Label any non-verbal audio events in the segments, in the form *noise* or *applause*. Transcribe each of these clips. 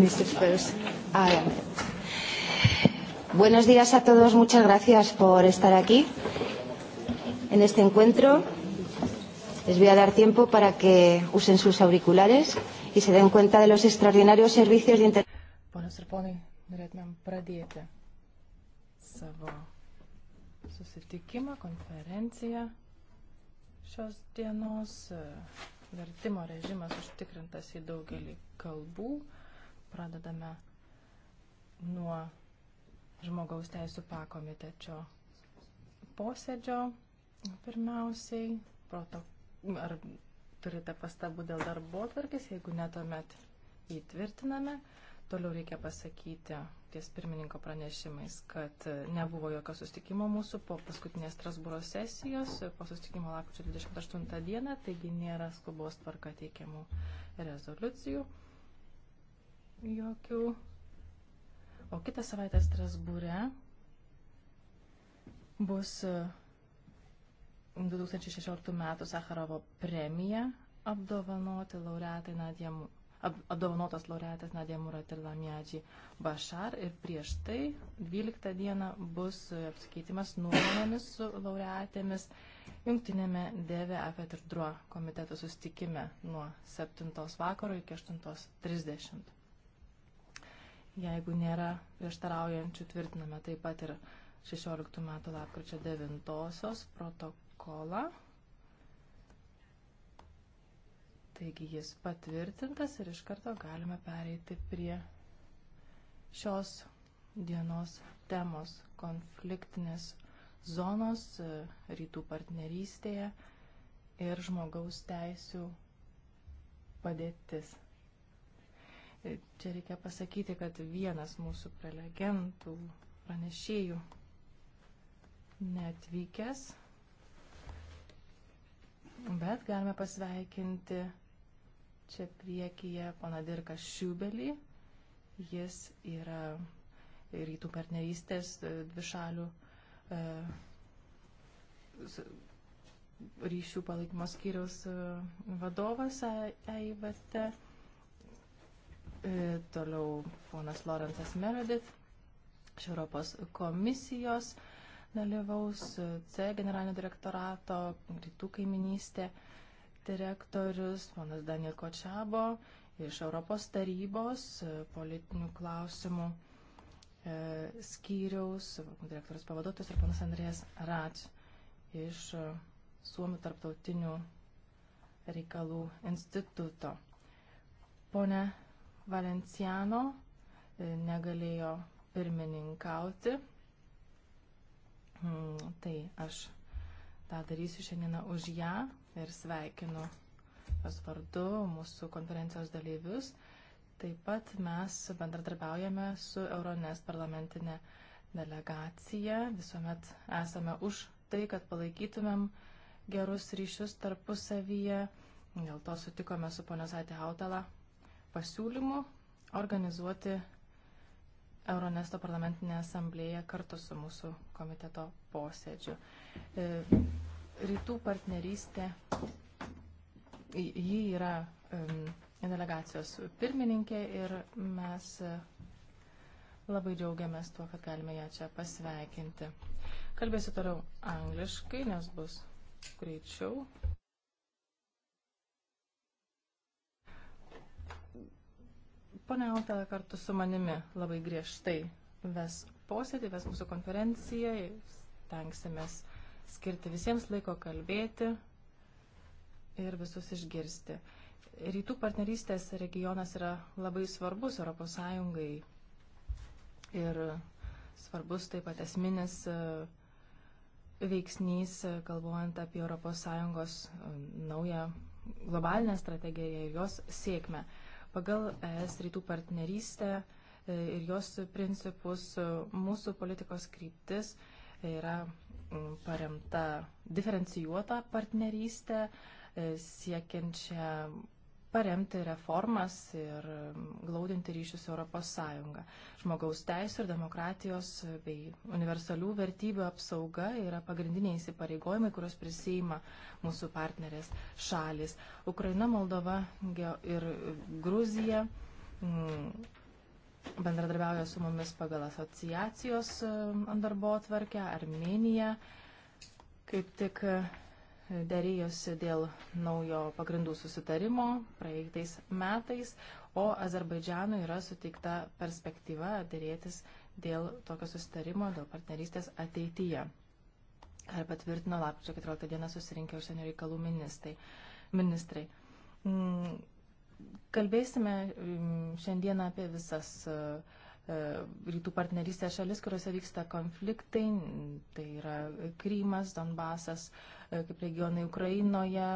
Mrs. First. I am it. Buenos días a todos. Muchas gracias por estar aquí en este encuentro. Les voy a dar tiempo para que usen sus auriculares y se den cuenta de los extraordinarios servicios de internet. Ponas ir ponai, norėtumėm pradėti savo susitikimą, konferenciją šios dienos. Vertimo režimas užtikrintas į daugelį kalbų. Pradedame nuo žmogaus teisų pakomitečio posėdžio. Pirmiausiai, proto, ar turite pastabų dėl darbo tvarkės, jeigu netomet įtvirtiname. Toliau reikia pasakyti ties pirmininko pranešimais, kad nebuvo jokio sustikimo mūsų po paskutinės Strasbūro sesijos, po sustikimo lapkričio 28 dieną, taigi nėra skubos tvarka teikiamų rezoliucijų jokių. O kitą savaitę Strasbūre bus 2016 e, metų Sakarovo premija apdovanoti laureatai Nadija apdovanotas laureatas Nadė Murat ir Lamjadži Bašar ir prieš tai 12 dieną bus e, apsikeitimas nuomonėmis su laureatėmis jungtinėme Deve Afet ir Druo komiteto sustikime nuo 7 vakaro iki 8.30. Jeigu nėra prieštaraujančių, tvirtiname taip pat ir 16 metų lapkričio 9 protokolą. Taigi jis patvirtintas ir iš karto galime pereiti prie šios dienos temos konfliktinės zonos e, rytų partnerystėje ir žmogaus teisų padėtis. Čia reikia pasakyti, kad vienas mūsų prelegentų pranešėjų neatvykęs, bet galime pasveikinti čia priekyje pana Dirka Šiubelį. Jis yra rytų partnerystės e, dvišalių e, ryšių palaikymo skyriaus e, vadovas EIVT. E, E, toliau ponas Lorenzas Meredith iš Europos komisijos dalyvaus e, C generalinio direktorato, rytų kaiminystė direktorius, ponas Daniel Kočiabo iš Europos tarybos e, politinių klausimų e, skyriaus, direktorius pavaduotojas ir ponas Andrės Rač iš Suomių tarptautinių reikalų instituto. Pone Valenciano e, negalėjo pirmininkauti. Hmm, tai aš tą darysiu šiandieną už ją ir sveikinu jos vardu mūsų konferencijos dalyvius. Taip pat mes bendradarbiaujame su Euronės parlamentinė delegacija. Visuomet esame už tai, kad palaikytumėm gerus ryšius tarpusavyje. Dėl to sutikome su ponios Aitė Hautala pasiūlymų organizuoti Euronesto parlamentinę asamblėją kartu su mūsų komiteto posėdžiu. E, rytų partnerystė, ji yra delegacijos pirmininkė ir mes e, labai džiaugiamės tuo, kad galime ją čia pasveikinti. Kalbėsiu toliau angliškai, nes bus greičiau. Pone Autala kartu su manimi labai griežtai ves posėdį, ves mūsų konferenciją, stengsimės skirti visiems laiko kalbėti ir visus išgirsti. Rytų partnerystės regionas yra labai svarbus ES ir svarbus taip pat esminis e, veiksnys, kalbuojant e, apie ES e, naują globalinę strategiją ir jos sėkmę. Pagal ES rytų partnerystę e, ir jos principus e, mūsų politikos kryptis yra paremta diferencijuota partnerystė e, siekiančia paremti reformas ir glaudinti ryšius Europos Sąjungą. Žmogaus teisų ir demokratijos bei universalių vertybių apsauga yra pagrindiniai įsipareigojimai, kurios prisima mūsų partnerės šalis. Ukraina, Moldova ir Gruzija mm, bendradarbiauja su mumis pagal asociacijos mm, darbo atvarkę, Armenija. Kaip tik dėrėjosi dėl naujo pagrindų susitarimo praeitais metais, o Azerbaidžianui yra suteikta perspektyva dėrėtis dėl tokio susitarimo, dėl partnerystės ateityje. Ar patvirtino lapkričio 14 dieną susirinkę užsienio reikalų ministrai. ministrai. Mm, kalbėsime mm, šiandieną apie visas e, e, rytų partnerystės šalis, kuriuose vyksta konfliktai, tai yra Krymas, Donbasas, uh, E, kaip regionai Ukrainoje,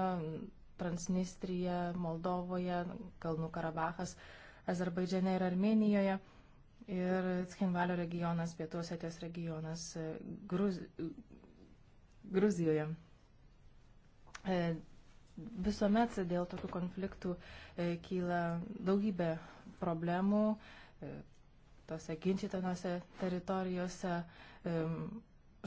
Transnistrija, Moldovoje, Kalnų Karabachas, Azerbaidžiane ir Armenijoje. Ir Cchinvalio regionas, Pietų Osetijos regionas e, Gruz... Gruzijoje. E, visuomet dėl tokių konfliktų kyla daugybė problemų tose ginčytinose teritorijose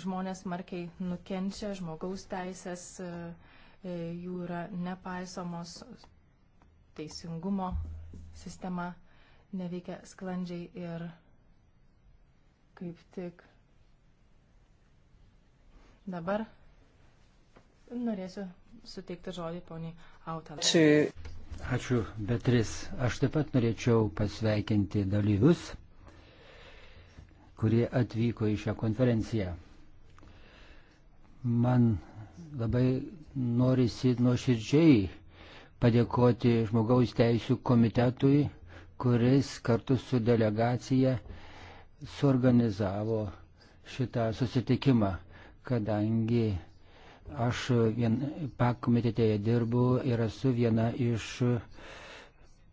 žmonės markiai nukenčia, žmogaus teisės e, e, jų yra nepaisomos, teisingumo sistema neveikia sklandžiai ir kaip tik dabar norėsiu suteikti žodį poniai Autalai. Ačiū, Betris. Aš taip pat norėčiau pasveikinti dalyvius, kurie atvyko į šią konferenciją. Man labai norisi nuoširdžiai padėkoti žmogaus teisų komitetui, kuris kartu su delegacija suorganizavo šitą susitikimą, kadangi aš vien, pakomitetėje dirbu ir esu viena iš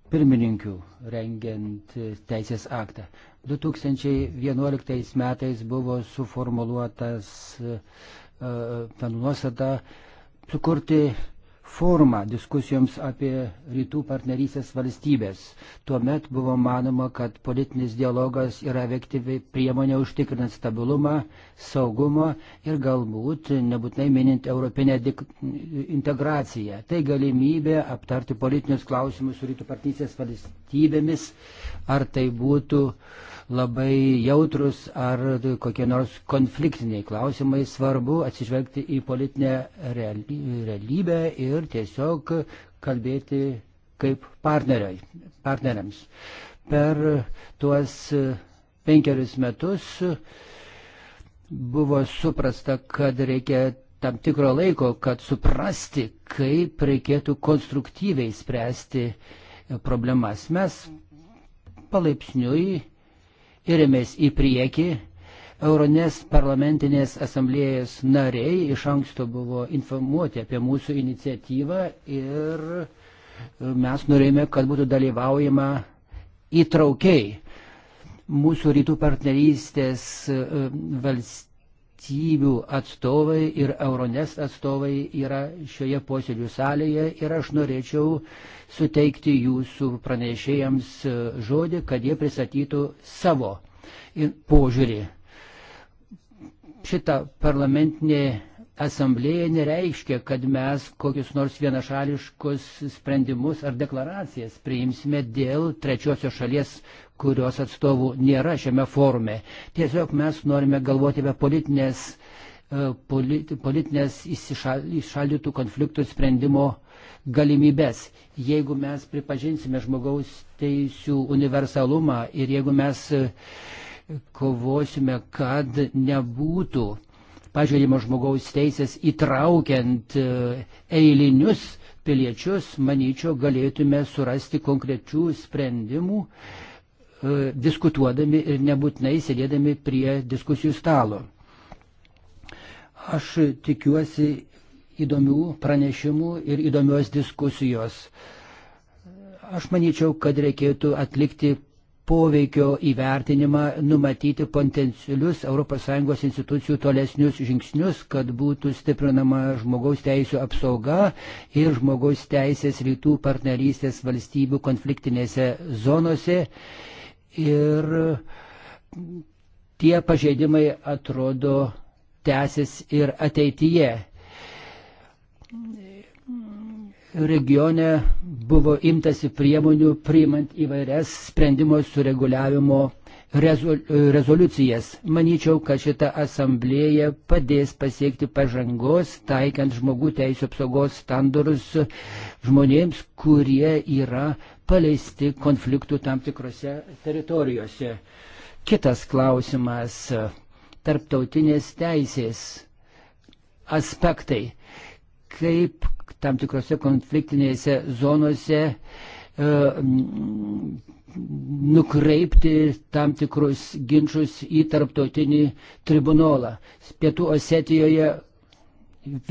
pirmininkių rengiant teisės aktą. 2011 metais buvo suformuluotas uh, E, tą nuostatą sukurti formą diskusijoms apie rytų partnerystės valstybės. Tuomet buvo manoma, kad politinis dialogas yra efektyvi priemonė užtikrinant stabilumą, saugumą ir galbūt nebūtinai minint europinę integraciją. Tai galimybė aptarti politinius klausimus su rytų partnerystės valstybėmis, ar tai būtų uh, labai jautrus ar kokie nors konfliktiniai klausimai. Svarbu atsižvelgti į politinę realybę ir tiesiog kalbėti kaip partneriams. Per tuos penkerius metus buvo suprasta, kad reikia tam tikro laiko, kad suprasti, kaip reikėtų konstruktyviai spręsti problemas. Mes palaipsniui irėmės į priekį. Euronės parlamentinės asamblėjos nariai iš anksto buvo informuoti apie mūsų iniciatyvą ir e, mes norėjome, kad būtų dalyvaujama įtraukiai. Mūsų rytų partnerystės e, valstybės valstybių atstovai ir Euronest atstovai yra šioje posėdžių salėje ir aš norėčiau suteikti jūsų pranešėjams e, žodį, kad jie pristatytų savo požiūrį. Šita parlamentinė asamblėje nereiškia, kad mes kokius nors vienašališkus sprendimus ar deklaracijas priimsime dėl trečiosios šalies, kurios atstovų nėra šiame forume. Tiesiog mes norime galvoti apie politinės, e, politi, politinės įsišalytų konfliktų sprendimo galimybės. Jeigu mes pripažinsime žmogaus teisų universalumą ir jeigu mes e, kovosime, kad nebūtų uh, pažeidimo žmogaus teisės įtraukiant e, eilinius piliečius, manyčiau, galėtume surasti konkrečių sprendimų, e, diskutuodami ir nebūtinai sėdėdami prie diskusijų stalo. Aš tikiuosi įdomių pranešimų ir įdomios diskusijos. Aš manyčiau, kad reikėtų atlikti poveikio įvertinimą, numatyti potencialius ES institucijų tolesnius žingsnius, kad būtų stiprinama žmogaus teisų apsauga ir žmogaus teisės rytų partnerystės valstybių konfliktinėse zonose. Ir tie pažeidimai atrodo tęsis ir ateityje. Regione buvo imtasi priemonių priimant įvairias sprendimo sureguliavimo rezoliucijas. Manyčiau, kad šita asamblėja padės pasiekti pažangos, taikant žmogų teisų apsaugos standarus žmonėms, kurie yra paleisti konfliktų tam tikrose teritorijose. Kitas klausimas - tarptautinės teisės aspektai kaip tam tikrose konfliktinėse zonose e, nukreipti tam tikrus ginčius į tarptautinį tribunolą. Pietų Osetijoje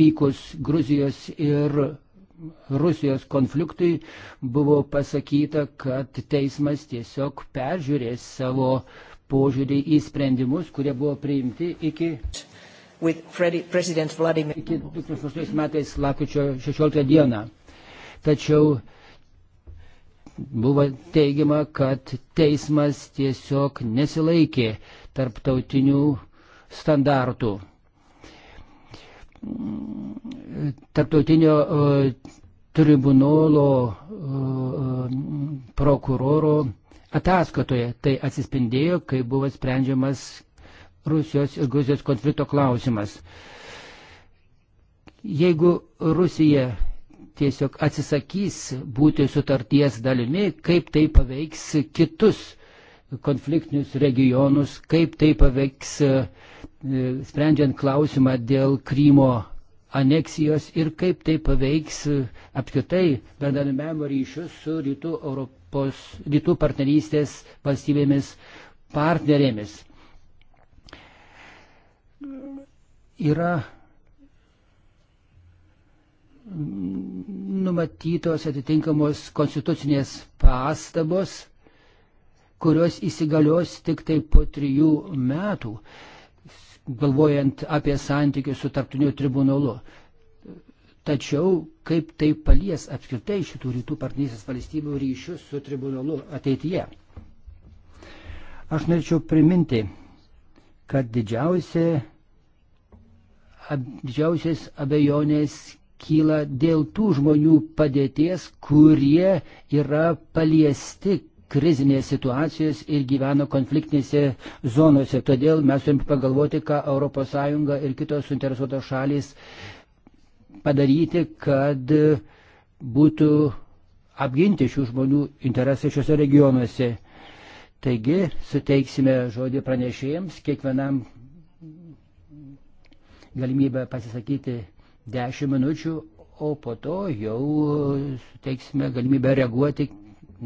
vykus Gruzijos ir Rusijos konfliktui buvo pasakyta, kad teismas tiesiog peržiūrės savo požiūrį į sprendimus, kurie buvo priimti iki with President Vladimir. Iki 2008 metais lakučio 16 dieną. Tačiau buvo teigiama, kad teismas tiesiog nesilaikė tarptautinių standartų. Tarptautinio tribunolo prokuroro ataskatoje tai atsispindėjo, kai buvo sprendžiamas Rusijos ir Gruzijos konflikto klausimas. Jeigu Rusija tiesiog atsisakys būti sutarties dalimi, kaip tai paveiks kitus konfliktinius regionus, kaip tai paveiks e, sprendžiant klausimą dėl Krymo aneksijos ir kaip tai paveiks e, apskritai bendradarbiavimo ryšius su rytų, Europos, rytų partnerystės valstybėmis partnerėmis yra numatytos atitinkamos konstitucinės pastabos, kurios įsigalios tik tai po trijų metų, galvojant apie santykius su tarptautiniu tribunolu. Tačiau kaip tai palies apskritai šitų rytų partnerystės valstybių ryšius su tribunolu ateityje? Aš norėčiau priminti, kad didžiausia didžiausias abejonės kyla dėl tų žmonių padėties, kurie yra paliesti krizinės situacijos ir gyvena konfliktinėse zonose. Todėl mes turime pagalvoti, ką ES ir kitos suinteresuotos šalys padaryti, kad būtų apginti šių žmonių interesai šiuose regionuose. Taigi suteiksime žodį pranešėjams, kiekvienam galimybę pasisakyti 10 minučių, o po to jau suteiksime galimybę reaguoti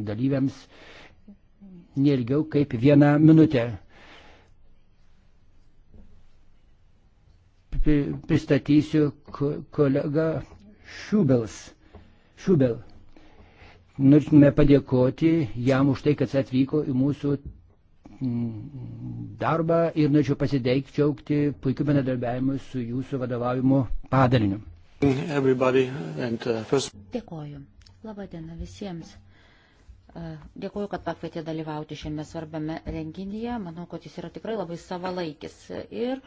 dalyviams nelgiau kaip vieną minutę. Pristatysiu kolegą Šubels. Šubel. Norėtume padėkoti jam už tai, kad atvyko į mūsų Mm, darbą ir norėčiau pasideikčiaukti puikiu bendradarbiavimu su jūsų vadovavimu padaliniu. Mm, and, uh, first... Dėkoju. Labadiena visiems. Uh, Dėkuoju, kad pakvietė dalyvauti šiame svarbiame renginyje. Manau, kad jis yra tikrai labai savalaikis. Ir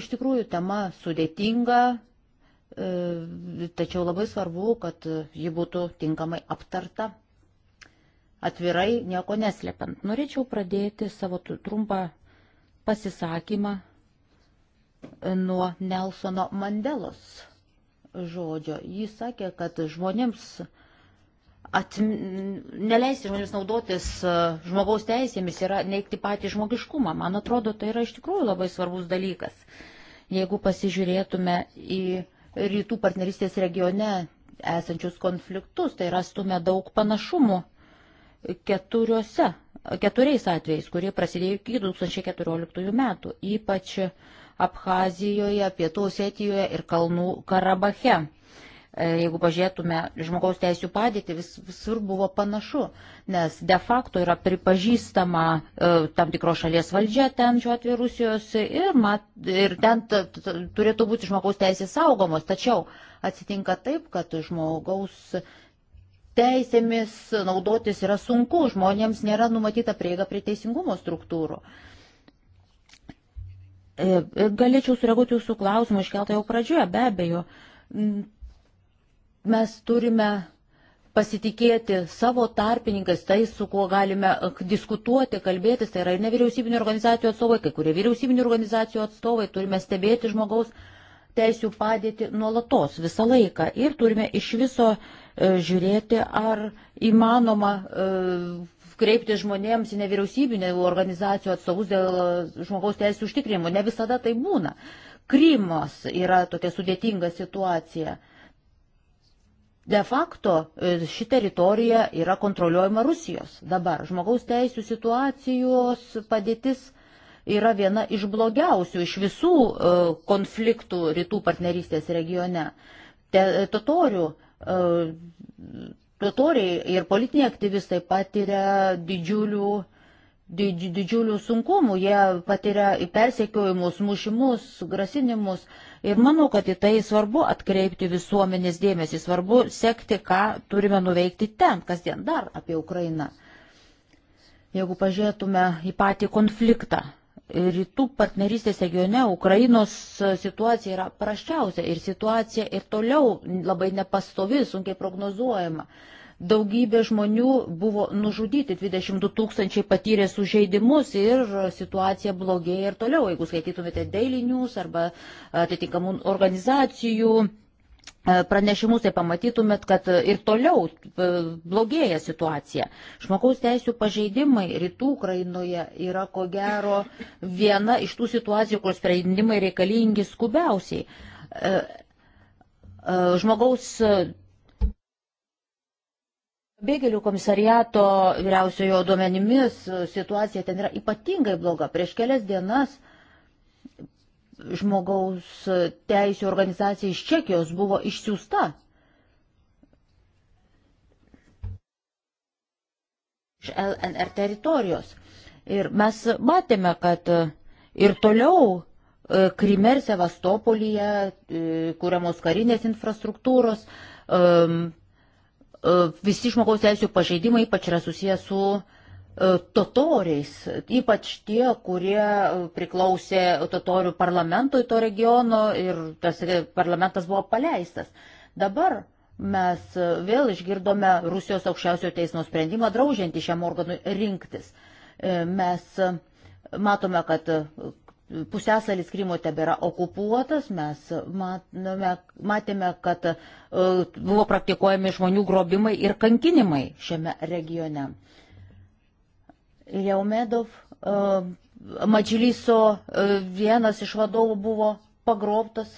iš tikrųjų tema sudėtinga, uh, tačiau labai svarbu, kad ji būtų tinkamai aptarta atvirai, nieko neslepiant. Norėčiau pradėti savo trumpą pasisakymą e, nuo Nelsono Mandelos žodžio. Jis sakė, kad žmonėms atm... neleisti žmonėms naudotis e, žmogaus teisėmis yra neikti patį žmogiškumą. Man atrodo, tai yra iš tikrųjų labai svarbus dalykas. Jeigu pasižiūrėtume į rytų partnerystės regione esančius konfliktus, tai rastume daug panašumų keturiuose, keturiais atvejais, kurie prasidėjo iki 2014 metų, ypač Abhazijoje, Pietų Osetijoje ir Kalnų Karabache. E, jeigu pažiūrėtume žmogaus teisų padėtį, vis, visur buvo panašu, nes de facto yra pripažįstama e, tam tikros šalies valdžia ten šiuo atveju Rusijos ir, mat, ir ten t, t, t, turėtų būti žmogaus teisės saugomos. Tačiau atsitinka taip, kad žmogaus teisėmis naudotis yra sunku, žmonėms nėra numatyta prieiga prie teisingumo struktūrų. E, e, galėčiau sureaguoti jūsų klausimą iškeltą jau pradžioje, be abejo. Mes turime pasitikėti savo tarpininkais, tais, su kuo galime diskutuoti, kalbėtis, tai yra ir nevyriausybinio organizacijų atstovai, kai kurie vyriausybinio organizacijų atstovai, turime stebėti žmogaus teisų padėti nuolatos visą laiką ir turime iš viso E, žiūrėti, ar įmanoma e, kreipti žmonėms į nevyriausybinę organizacijų atstovus dėl žmogaus teisų užtikrinimo. Ne visada tai būna. Krymas yra tokia sudėtinga situacija. De facto e, ši teritorija yra kontroliuojama Rusijos. Dabar žmogaus teisų situacijos padėtis yra viena iš blogiausių iš visų konfliktų rytų partnerystės regione. Totorių E, totoriai ir politiniai aktyvistai patiria didžiulių, didž, didžiulių sunkumų, jie patiria persekiojimus, mušimus, grasinimus. Ir manau, kad į tai svarbu atkreipti visuomenės dėmesį, svarbu sekti, ką turime nuveikti ten, kasdien dar apie Ukrainą. Jeigu pažiūrėtume į patį konfliktą, Rytų partnerystės regione Ukrainos situacija yra praščiausia ir situacija ir toliau labai nepastovi, sunkiai prognozuojama. Daugybė žmonių buvo nužudyti, 22 tūkstančiai patyrė sužeidimus ir situacija blogėja ir toliau. Jeigu skaitytumėte dailinius arba atitinkamų organizacijų E, pranešimus, tai pamatytumėt, kad e, ir toliau e, blogėja situacija. Žmogaus teisų pažeidimai rytų Ukrainoje yra ko gero viena iš tų situacijų, kur sprendimai reikalingi skubiausiai. Žmogaus Bėgelių komisariato vyriausiojo duomenimis situacija ten yra ypatingai bloga. Prieš kelias dienas uh, žmogaus teisų organizacija iš Čekijos buvo išsiųsta. Iš LNR teritorijos. Ir mes matėme, kad e, ir toliau e, Krime ir Sevastopolyje e, kuriamos karinės infrastruktūros, visi žmogaus teisų pažeidimai ypač yra susijęs su E, totoriais, ypač tie, kurie e, priklausė totorių parlamentui to regiono ir tas parlamentas buvo paleistas. Dabar mes e, vėl išgirdome Rusijos aukščiausio teismo sprendimą draužiantį šiam organui rinktis. Mes matome, kad pusėsalis Krymo tebėra okupuotas, mes matome, matėme, kad buvo praktikuojami žmonių grobimai ir kankinimai šiame regione. Jaumedov e, Madžiliso e, vienas iš vadovų buvo pagrobtas,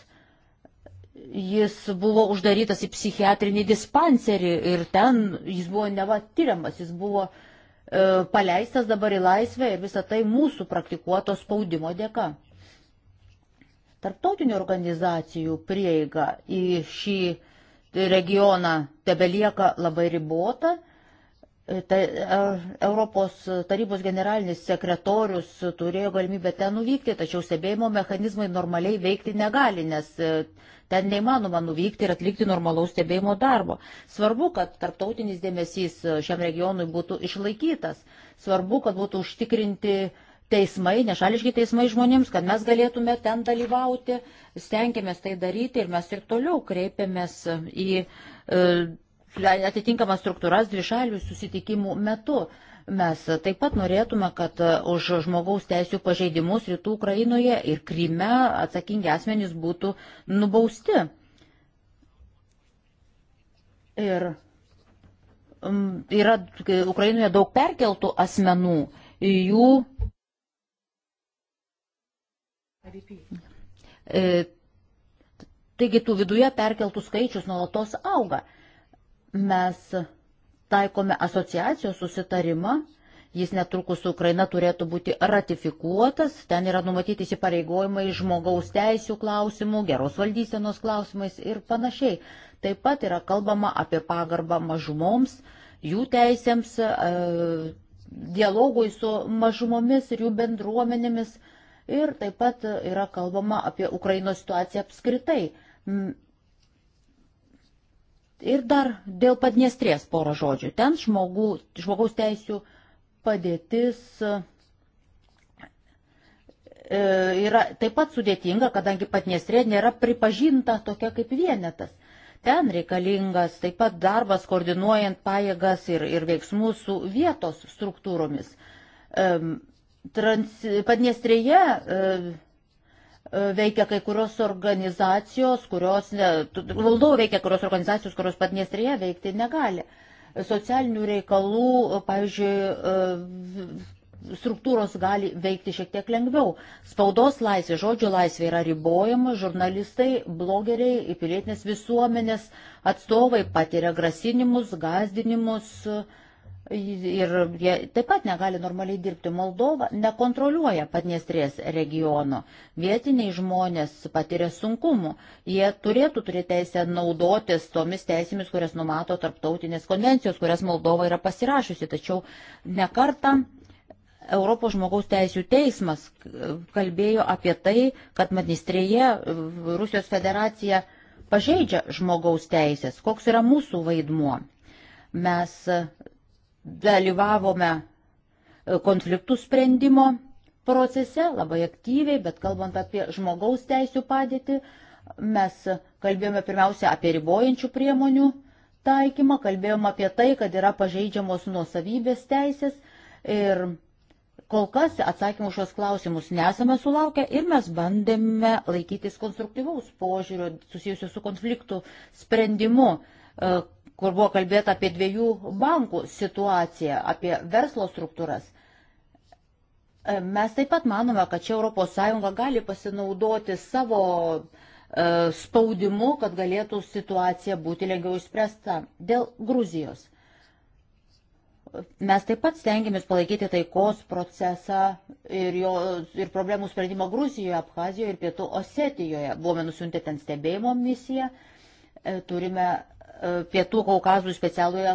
jis buvo uždarytas į psichiatrinį dispanserį ir ten jis buvo neva tyriamas, jis buvo e, paleistas dabar į laisvę ir visą tai mūsų praktikuoto spaudimo dėka. Tarptautinių organizacijų prieiga į šį regioną tebelieka labai ribota Ta, e, Europos tarybos generalinis sekretorius turėjo galimybę ten nuvykti, tačiau stebėjimo mechanizmai normaliai veikti negali, nes e, ten neįmanoma nuvykti ir atlikti normalaus stebėjimo darbo. Svarbu, kad tarptautinis dėmesys e, šiam regionui būtų išlaikytas. Svarbu, kad būtų užtikrinti teismai, nešališki teismai žmonėms, kad mes galėtume ten dalyvauti, stengiamės tai daryti ir mes ir toliau kreipiamės į e, atitinkamas struktūras dvišalių susitikimų metu. Mes taip pat norėtume, kad e, už žmogaus teisų pažeidimus rytų Ukrainoje ir Kryme atsakingi asmenys būtų nubausti. Ir yra e, Ukrainoje daug perkeltų asmenų, jų. E, taigi tų viduje perkeltų skaičius nuolatos auga mes taikome asociacijos susitarimą, jis netrukus su Ukraina turėtų būti ratifikuotas, ten yra numatyti įsipareigojimai žmogaus teisų klausimų, geros valdysenos klausimais ir panašiai. Taip pat yra kalbama apie pagarbą mažumoms, jų teisėms, e, dialogui su mažumomis ir jų bendruomenėmis. Ir taip pat yra kalbama apie Ukrainos situaciją apskritai. Ir dar dėl Padniestrės porą žodžių. Ten žmogų, žmogaus teisų padėtis e, yra taip pat sudėtinga, kadangi Padniestrė nėra pripažinta tokia kaip vienetas. Ten reikalingas taip pat darbas koordinuojant pajėgas ir, ir veiksmus su vietos struktūromis. Trans, Padniestrėje e, E, veikia kai kurios organizacijos, kurios, valdovų veikia kurios organizacijos, kurios Padniestrėje veikti negali. Socialinių reikalų, pavyzdžiui, e, struktūros gali veikti šiek tiek lengviau. Spaudos laisvė, žodžio laisvė yra ribojama, žurnalistai, blogeriai, pilietinės visuomenės atstovai patiria grasinimus, gazdinimus. Uh, ir jie taip pat negali normaliai dirbti. Moldova nekontroliuoja Padniestrės regiono. Vietiniai žmonės patiria sunkumų. Jie turėtų turėti teisę naudotis tomis teisėmis, kurias numato tarptautinės konvencijos, kurias Moldova yra pasirašusi. Tačiau nekartą Europos žmogaus teisų teismas kalbėjo apie tai, kad Madnistrėje Rusijos federacija pažeidžia žmogaus teisės. Koks yra mūsų vaidmuo? Mes dalyvavome e, konfliktų sprendimo procese labai aktyviai, bet kalbant apie žmogaus teisų padėtį, mes kalbėjome pirmiausia apie ribojančių priemonių taikymą, kalbėjome apie tai, kad yra pažeidžiamos nuosavybės teisės ir kol kas atsakymų šios klausimus nesame sulaukę ir mes bandėme laikytis konstruktyvaus požiūrio susijusio su konfliktų sprendimu e, kur buvo kalbėta apie dviejų bankų situaciją, apie verslo struktūras. E, mes taip pat manome, kad čia ES gali pasinaudoti savo e, spaudimu, kad galėtų situacija būti lengviau išspręsta dėl Gruzijos. Mes taip pat stengiamės palaikyti taikos procesą ir, jo, ir problemų sprendimo Gruzijoje, Abhazijoje ir Pietų Osetijoje. Buvome nusiuntę ten stebėjimo misiją, e, turime Pietų Kaukazų specialųjį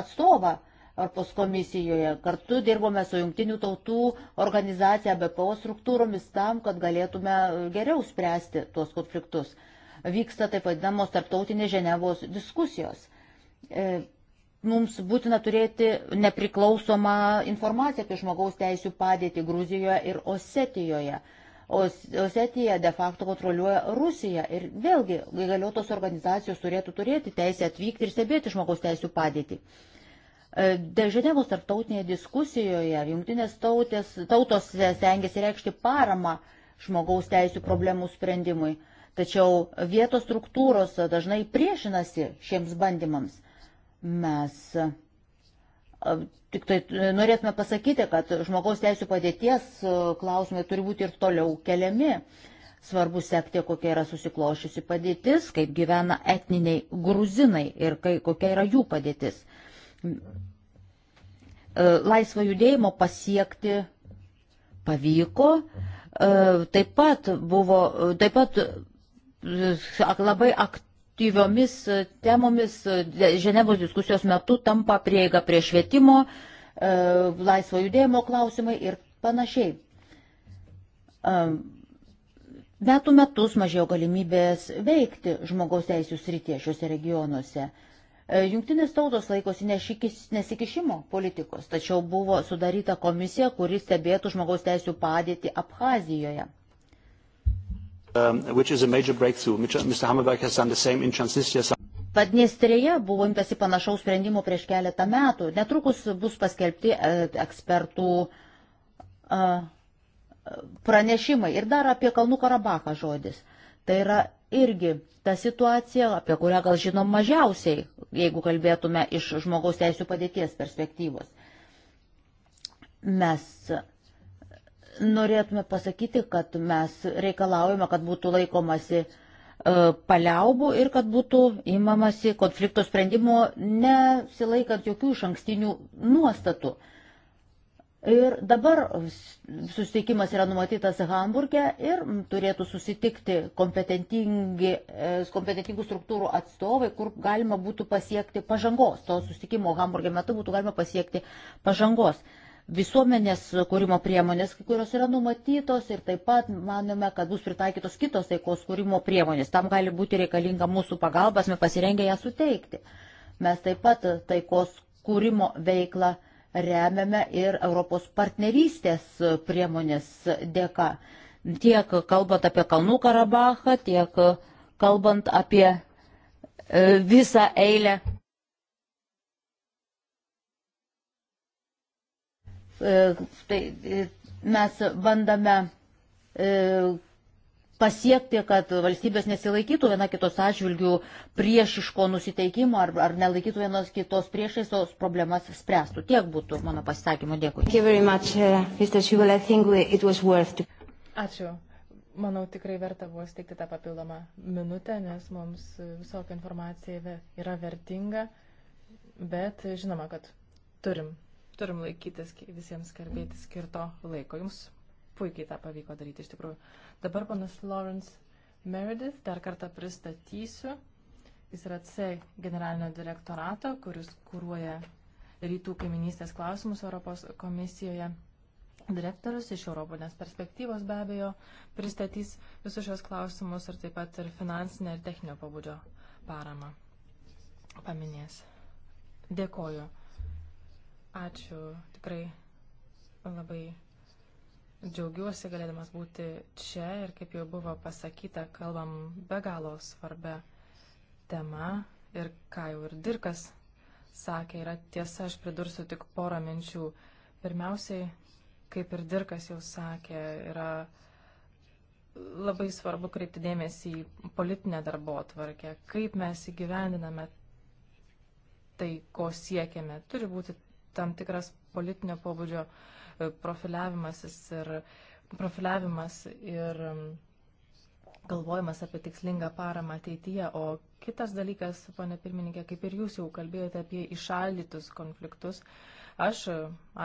atstovą Europos komisijoje. Kartu dirbome su jungtinių tautų organizacija BPO struktūromis tam, kad galėtume e, geriau spręsti tuos konfliktus. Vyksta taip vadinamos tarptautinės Ženevos diskusijos. E, mums būtina turėti nepriklausomą informaciją apie žmogaus teisų padėtį Gruzijoje ir Osetijoje. Osetija de facto kontroliuoja Rusiją ir vėlgi įgaliotos organizacijos turėtų turėti teisę atvykti ir stebėti žmogaus teisų padėtį. E, Ženevos tarptautinėje diskusijoje jungtinės tautės, tautos stengiasi reikšti paramą žmogaus teisų problemų sprendimui, tačiau vietos struktūros dažnai priešinasi šiems bandymams. Mes e, Tik tai e, norėtume pasakyti, kad žmogaus teisų padėties e, klausimai turi būti ir toliau keliami. Svarbu sekti, kokia yra susiklošiusi padėtis, kaip gyvena etniniai gruzinai ir kai, kokia yra jų padėtis. E, laisvo judėjimo pasiekti pavyko. Taip pat buvo, taip pat labai aktyviai aktyviomis e, temomis e, Ženevos diskusijos metu tampa prieiga prie švietimo, e, laisvo judėjimo klausimai ir panašiai. Metų metus mažėjo galimybės veikti žmogaus teisų srityje šiuose regionuose. Junktinės tautos laikosi nesikišimo politikos, tačiau buvo sudaryta komisija, kuris stebėtų žmogaus teisų padėtį Abhazijoje um, which is a major breakthrough. Mr. Hammerberg has done the same in Transnistria. Padniestrėje buvo imtasi panašaus sprendimo prieš keletą metų. Netrukus bus paskelbti e, ekspertų e, pranešimai. Ir dar apie Kalnų Karabachą žodis. Tai yra irgi ta situacija, apie kurią gal žinom mažiausiai, jeigu kalbėtume iš žmogaus teisų padėties perspektyvos. Mes norėtume pasakyti, kad mes reikalaujame, kad būtų laikomasi e, paliaubų ir kad būtų imamasi konflikto sprendimo nesilaikant jokių iš ankstinių nuostatų. Ir dabar susitikimas yra numatytas Hamburgė ir turėtų susitikti e, kompetentingų struktūrų atstovai, kur galima būtų pasiekti pažangos. To susitikimo Hamburgė metu būtų galima pasiekti pažangos visuomenės kūrimo priemonės, kurios yra numatytos ir taip pat manome, kad bus pritaikytos kitos taikos kūrimo priemonės. Tam gali būti reikalinga mūsų pagalba, mes pasirengę ją suteikti. Mes taip pat taikos kūrimo veiklą remiame ir Europos partnerystės priemonės dėka. Tiek kalbant apie Kalnų Karabachą, tiek kalbant apie e, visą eilę E, tai e, mes bandame e, pasiekti, kad valstybės nesilaikytų viena kitos atžvilgių priešiško nusiteikimo ar, ar nelaikytų vienos kitos priešais, o problemas spręstų. Tiek būtų mano pasisakymo. Dėkui. Much, uh, to... Ačiū. Manau, tikrai verta buvo steigti tą papildomą minutę, nes mums visokia informacija yra vertinga, bet žinoma, kad turim Turim laikytis visiems kalbėti skirto laiko. Jums puikiai tą pavyko daryti iš tikrųjų. Dabar panas Lawrence Meredith dar kartą pristatysiu. Jis yra C generalinio direktorato, kuris kūruoja rytų kaiminystės klausimus Europos komisijoje. Direktorius iš Europinės perspektyvos be abejo pristatys visus šios klausimus ir taip pat ir finansinę ir techninio pabudžio paramą paminės. Dėkoju. Ačiū. Tikrai labai džiaugiuosi galėdamas būti čia ir kaip jau buvo pasakyta, kalbam be galo svarbę temą ir ką jau ir Dirkas sakė, yra tiesa, aš pridursiu tik porą minčių. Pirmiausiai, kaip ir Dirkas jau sakė, yra labai svarbu kreipti dėmesį į politinę darbo atvarkę, kaip mes įgyvendiname tai, ko siekiame. Turi būti tam tikras politinio pobūdžio e, profiliavimasis ir profiliavimas ir galvojimas apie tikslingą paramą ateityje. O kitas dalykas, ponė pirmininkė, kaip ir jūs jau kalbėjote apie išaldytus konfliktus, aš e,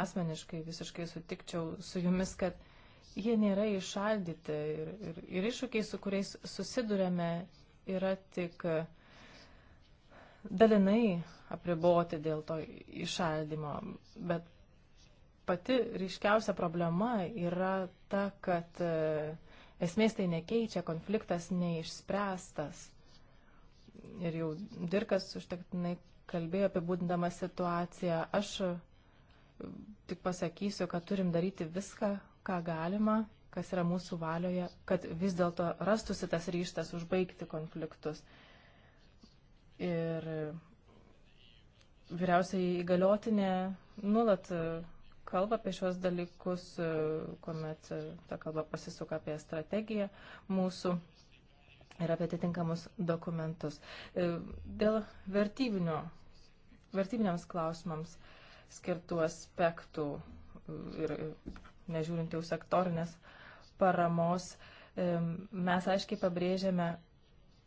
asmeniškai visiškai sutikčiau su jumis, kad jie nėra išaldyti ir, ir, ir iššūkiai, su kuriais susidurėme, yra tik uh, dalinai apriboti dėl to išaldimo, bet pati ryškiausia problema yra ta, kad e, esmės tai nekeičia, konfliktas neišspręstas. Ir jau Dirkas užtektinai kalbėjo apibūdindama situaciją. Aš e, tik pasakysiu, kad turim daryti viską, ką galima, kas yra mūsų valioje, kad vis dėlto rastųsi tas ryštas užbaigti konfliktus. Ir vyriausiai įgaliotinė nulat kalba apie šios dalykus, kuomet ta kalba pasisuka apie strategiją mūsų ir apie atitinkamus dokumentus. Dėl vertybinio, vertybiniams klausimams skirtų aspektų ir nežiūrint jau sektorinės paramos, mes aiškiai pabrėžiame,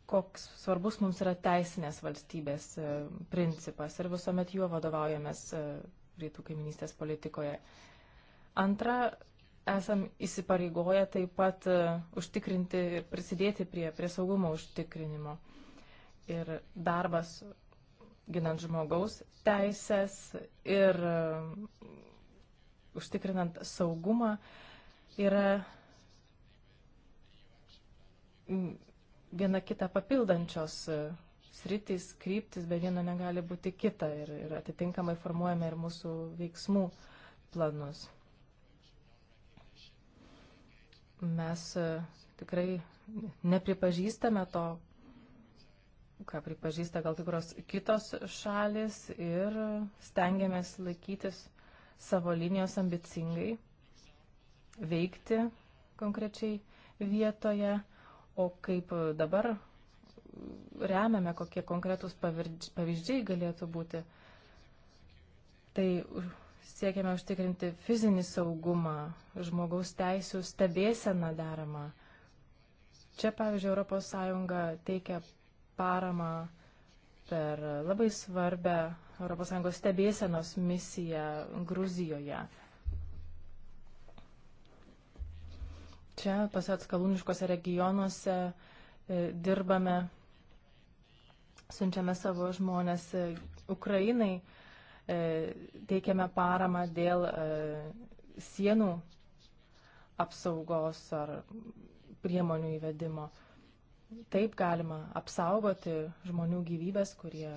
koks svarbus mums yra teisinės valstybės e, principas ir visuomet juo vadovaujamės e, rytų kaiminystės politikoje. Antra, esam įsipareigoję taip pat e, užtikrinti ir prisidėti prie, prie saugumo užtikrinimo. Ir darbas ginant žmogaus teisės ir užtikrinant saugumą yra viena kitą papildančios e, sritys, kryptis, be vieno negali būti kita ir, ir atitinkamai formuojame ir mūsų veiksmų planus. Mes e, tikrai nepripažįstame to, ką pripažįsta gal tikros kitos šalis ir stengiamės laikytis savo linijos ambicingai, veikti konkrečiai vietoje O kaip dabar remiame, kokie konkretūs pavyzdžiai galėtų būti, tai siekiame užtikrinti fizinį saugumą, žmogaus teisų stebėseną deramą. Čia, pavyzdžiui, ES teikia paramą per labai svarbę ES stebėsenos misiją Gruzijoje Čia, pase atskalūniškose regionuose e, dirbame, siunčiame savo žmonės e, Ukrainai, e, teikiame paramą dėl sienų apsaugos ar priemonių įvedimo. Taip galima apsaugoti žmonių gyvybės, kurie,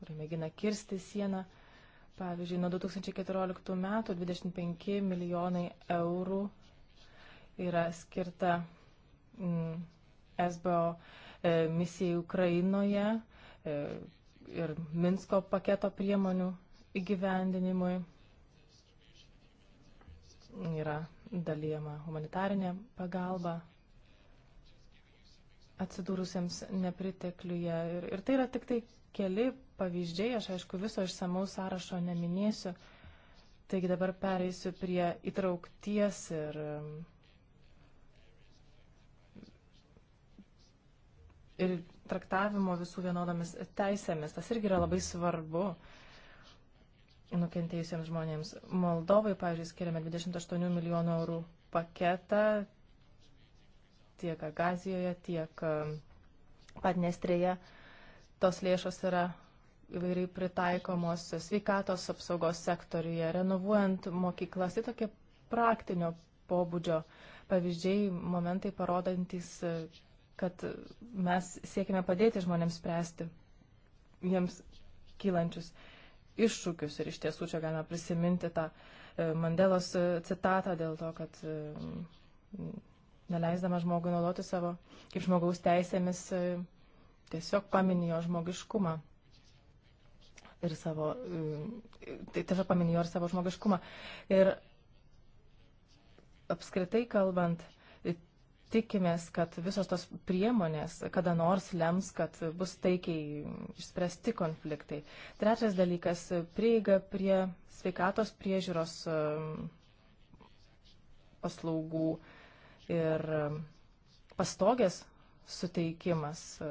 kurie mėgina kirsti sieną. Pavyzdžiui, nuo 2014 metų 25 milijonai eurų yra skirta mm, SBO e, misijai Ukrainoje e, ir Minsko paketo priemonių įgyvendinimui. Yra dalyjama humanitarinė pagalba atsidūrusiems nepritekliuje. Ir, ir tai yra tik tai keli pavyzdžiai, aš aišku viso išsamaus sąrašo neminėsiu. Taigi dabar pereisiu prie įtraukties ir um, ir traktavimo visų vienodomis teisėmis. Tas irgi yra labai svarbu nukentėjusiems žmonėms. Moldovai, pavyzdžiui, skiriame 28 milijonų eurų paketą tiek Agazijoje, tiek e, Padnestrėje. Tos lėšos yra įvairiai pritaikomos sveikatos apsaugos sektoriuje, renovuojant mokyklas. Tai tokie praktinio pobūdžio pavyzdžiai, momentai parodantis, kad mes siekime padėti žmonėms spręsti jiems kylančius iššūkius. Ir iš tiesų čia galime prisiminti tą e, Mandelos e, citatą dėl to, kad e, neleisdama žmogui naudoti savo kaip žmogaus teisėmis, tiesiog paminėjo žmogiškumą. Ir savo, tai tiesiog paminėjo ir savo žmogiškumą. Ir apskritai kalbant, tikimės, kad visos tos priemonės kada nors lems, kad bus taikiai išspręsti konfliktai. Trečias dalykas - prieiga prie sveikatos priežiūros um, paslaugų ir um, pastogės suteikimas, uh,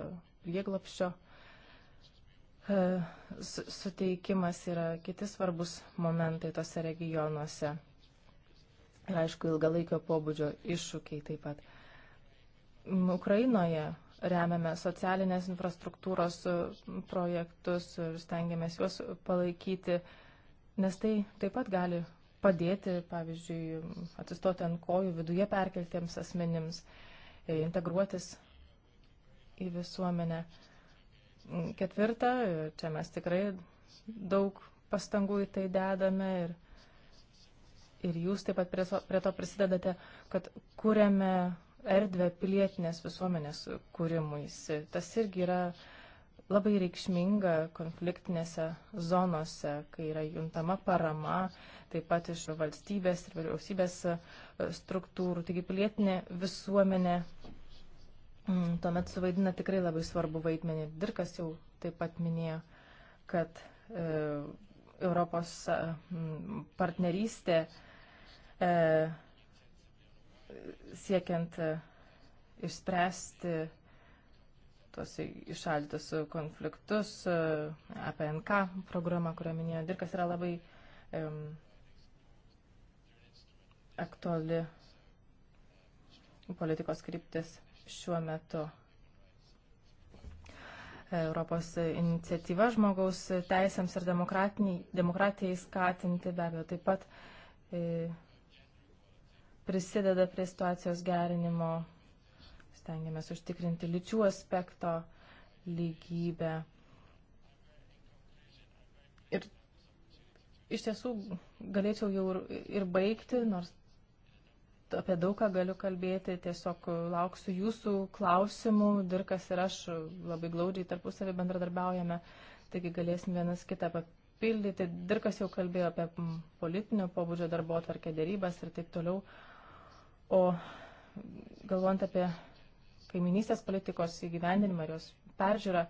prieglapščio uh, suteikimas yra kiti svarbus momentai tose regionuose. Ir aišku, ilgalaikio pobūdžio iššūkiai taip pat. Ukrainoje remiame socialinės infrastruktūros projektus ir stengiamės juos palaikyti, nes tai taip pat gali padėti, pavyzdžiui, atsistoti ant kojų viduje perkeltiems asmenims, e, integruotis į visuomenę. Ketvirta, čia mes tikrai daug pastangų į tai dedame ir, ir jūs taip pat prie, prie to prisidedate, kad kuriame erdvę pilietinės visuomenės kūrimuisi. Tas irgi yra labai reikšminga konfliktinėse zonose, kai yra juntama parama taip pat iš valstybės ir vyriausybės e, struktūrų. Taigi pilietinė visuomenė mm, tuomet suvaidina tikrai labai svarbu vaidmenį. Dirkas jau taip pat minėjo, kad e, Europos e, partnerystė e, siekiant e, išspręsti tuos išaldytus konfliktus, e, APNK programa, kurią minėjo Dirkas, yra labai um, aktuali politikos kryptis šiuo metu. Europos iniciatyva žmogaus teisėms ir demokratijai skatinti be abejo taip pat e, prisideda prie situacijos gerinimo. Stengiamės užtikrinti lyčių aspekto lygybę. Ir iš tiesų galėčiau jau ir, ir baigti, nors apie daug ką galiu kalbėti, tiesiog lauksiu jūsų klausimų. Dirkas ir aš labai glaudžiai tarpusavį bendradarbiaujame, taigi galėsim vienas kitą papildyti. Dirkas jau kalbėjo apie politinio pobūdžio darbo atvarkę dėrybas ir taip toliau. O galvojant apie kaiminystės politikos įgyvendinimą ir jos peržiūrą,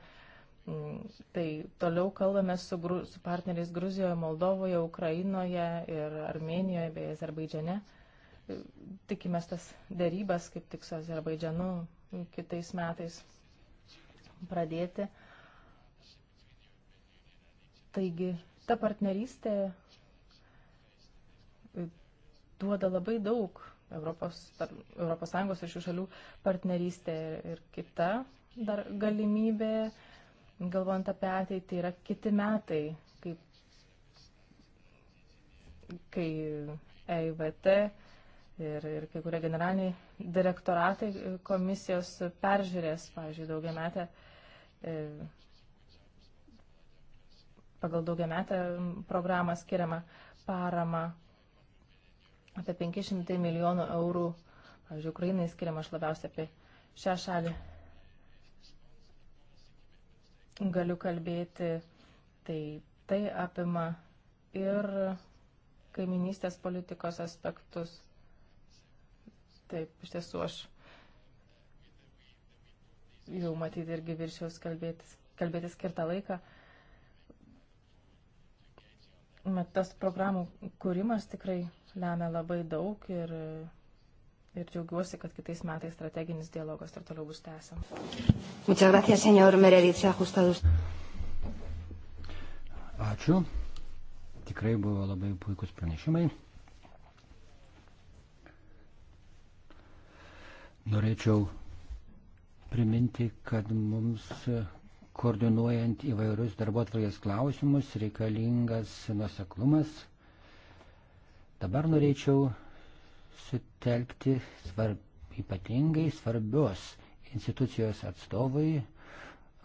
tai toliau kalbame su, gru, su partneriais Gruzijoje, Moldovoje, Ukrainoje ir Armenijoje bei Azerbaidžiane. E, tikimės tas dėrybas kaip tik su Azerbaidžianu kitais metais pradėti. Taigi ta partnerystė e, duoda labai daug Europos, tarp, Europos Sąjungos ir šių šalių partnerystė ir kita dar galimybė, galvojant apie ateitį, yra kiti metai, kaip, kai EIVT ir, ir kai kurie generaliniai direktoratai e, komisijos peržiūrės, pavyzdžiui, daugiametę e, pagal daugiametę programą skiriamą paramą apie 500 milijonų eurų, pavyzdžiui, Ukrainai skiriama aš labiausiai apie šią šalį. Galiu kalbėti, tai tai apima ir kaiminystės politikos aspektus. Taip, iš tiesų aš jau matyti irgi viršiaus kalbėtis, kalbėtis skirtą laiką. Bet tas programų kūrimas tikrai lemia labai daug ir, ir džiaugiuosi, kad kitais metais strateginis dialogas ir toliau bus tęsiamas. Ačiū. Tikrai buvo labai puikus pranešimai. Norėčiau priminti, kad mums koordinuojant įvairius darbo atvarkės klausimus reikalingas nuseklumas Dabar norėčiau sutelkti svarb, ypatingai svarbios institucijos atstovui,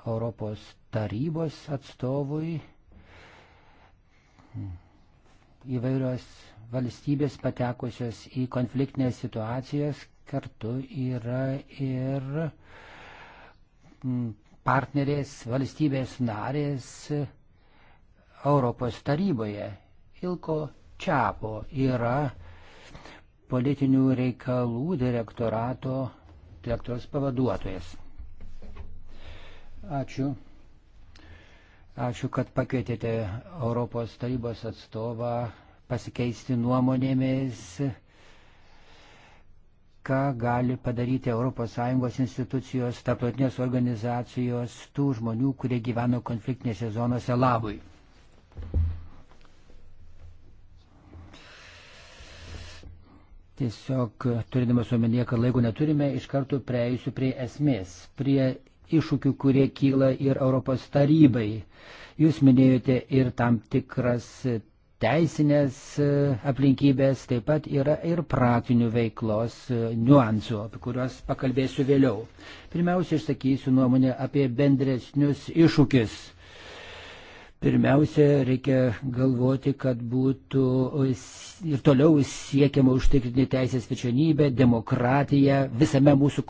Europos tarybos atstovui, įvairios valstybės patekusios į konfliktinės situacijas kartu yra ir partnerės valstybės narės Europos taryboje. Ilko čiapo yra politinių reikalų direktorato direktoriaus pavaduotojas. Ačiū. Ačiū, kad pakvietėte Europos tarybos atstovą pasikeisti nuomonėmis, ką gali padaryti ES institucijos, tarptautinės organizacijos, tų žmonių, kurie gyveno konfliktinėse zonose labui. Tiesiog e, turėdamas omenyje, kad laiko neturime, iš karto prieisiu prie esmės, prie iššūkių, kurie kyla ir Europos tarybai. Jūs minėjote ir tam tikras teisinės e, aplinkybės, taip pat yra ir praktinių veiklos e, niuansų, apie kuriuos pakalbėsiu vėliau. Pirmiausia, išsakysiu nuomonę apie bendresnius iššūkius Pirmiausia, reikia galvoti, kad būtų ir toliau siekiama užtikrinti teisės vičianybę, demokratiją visame mūsų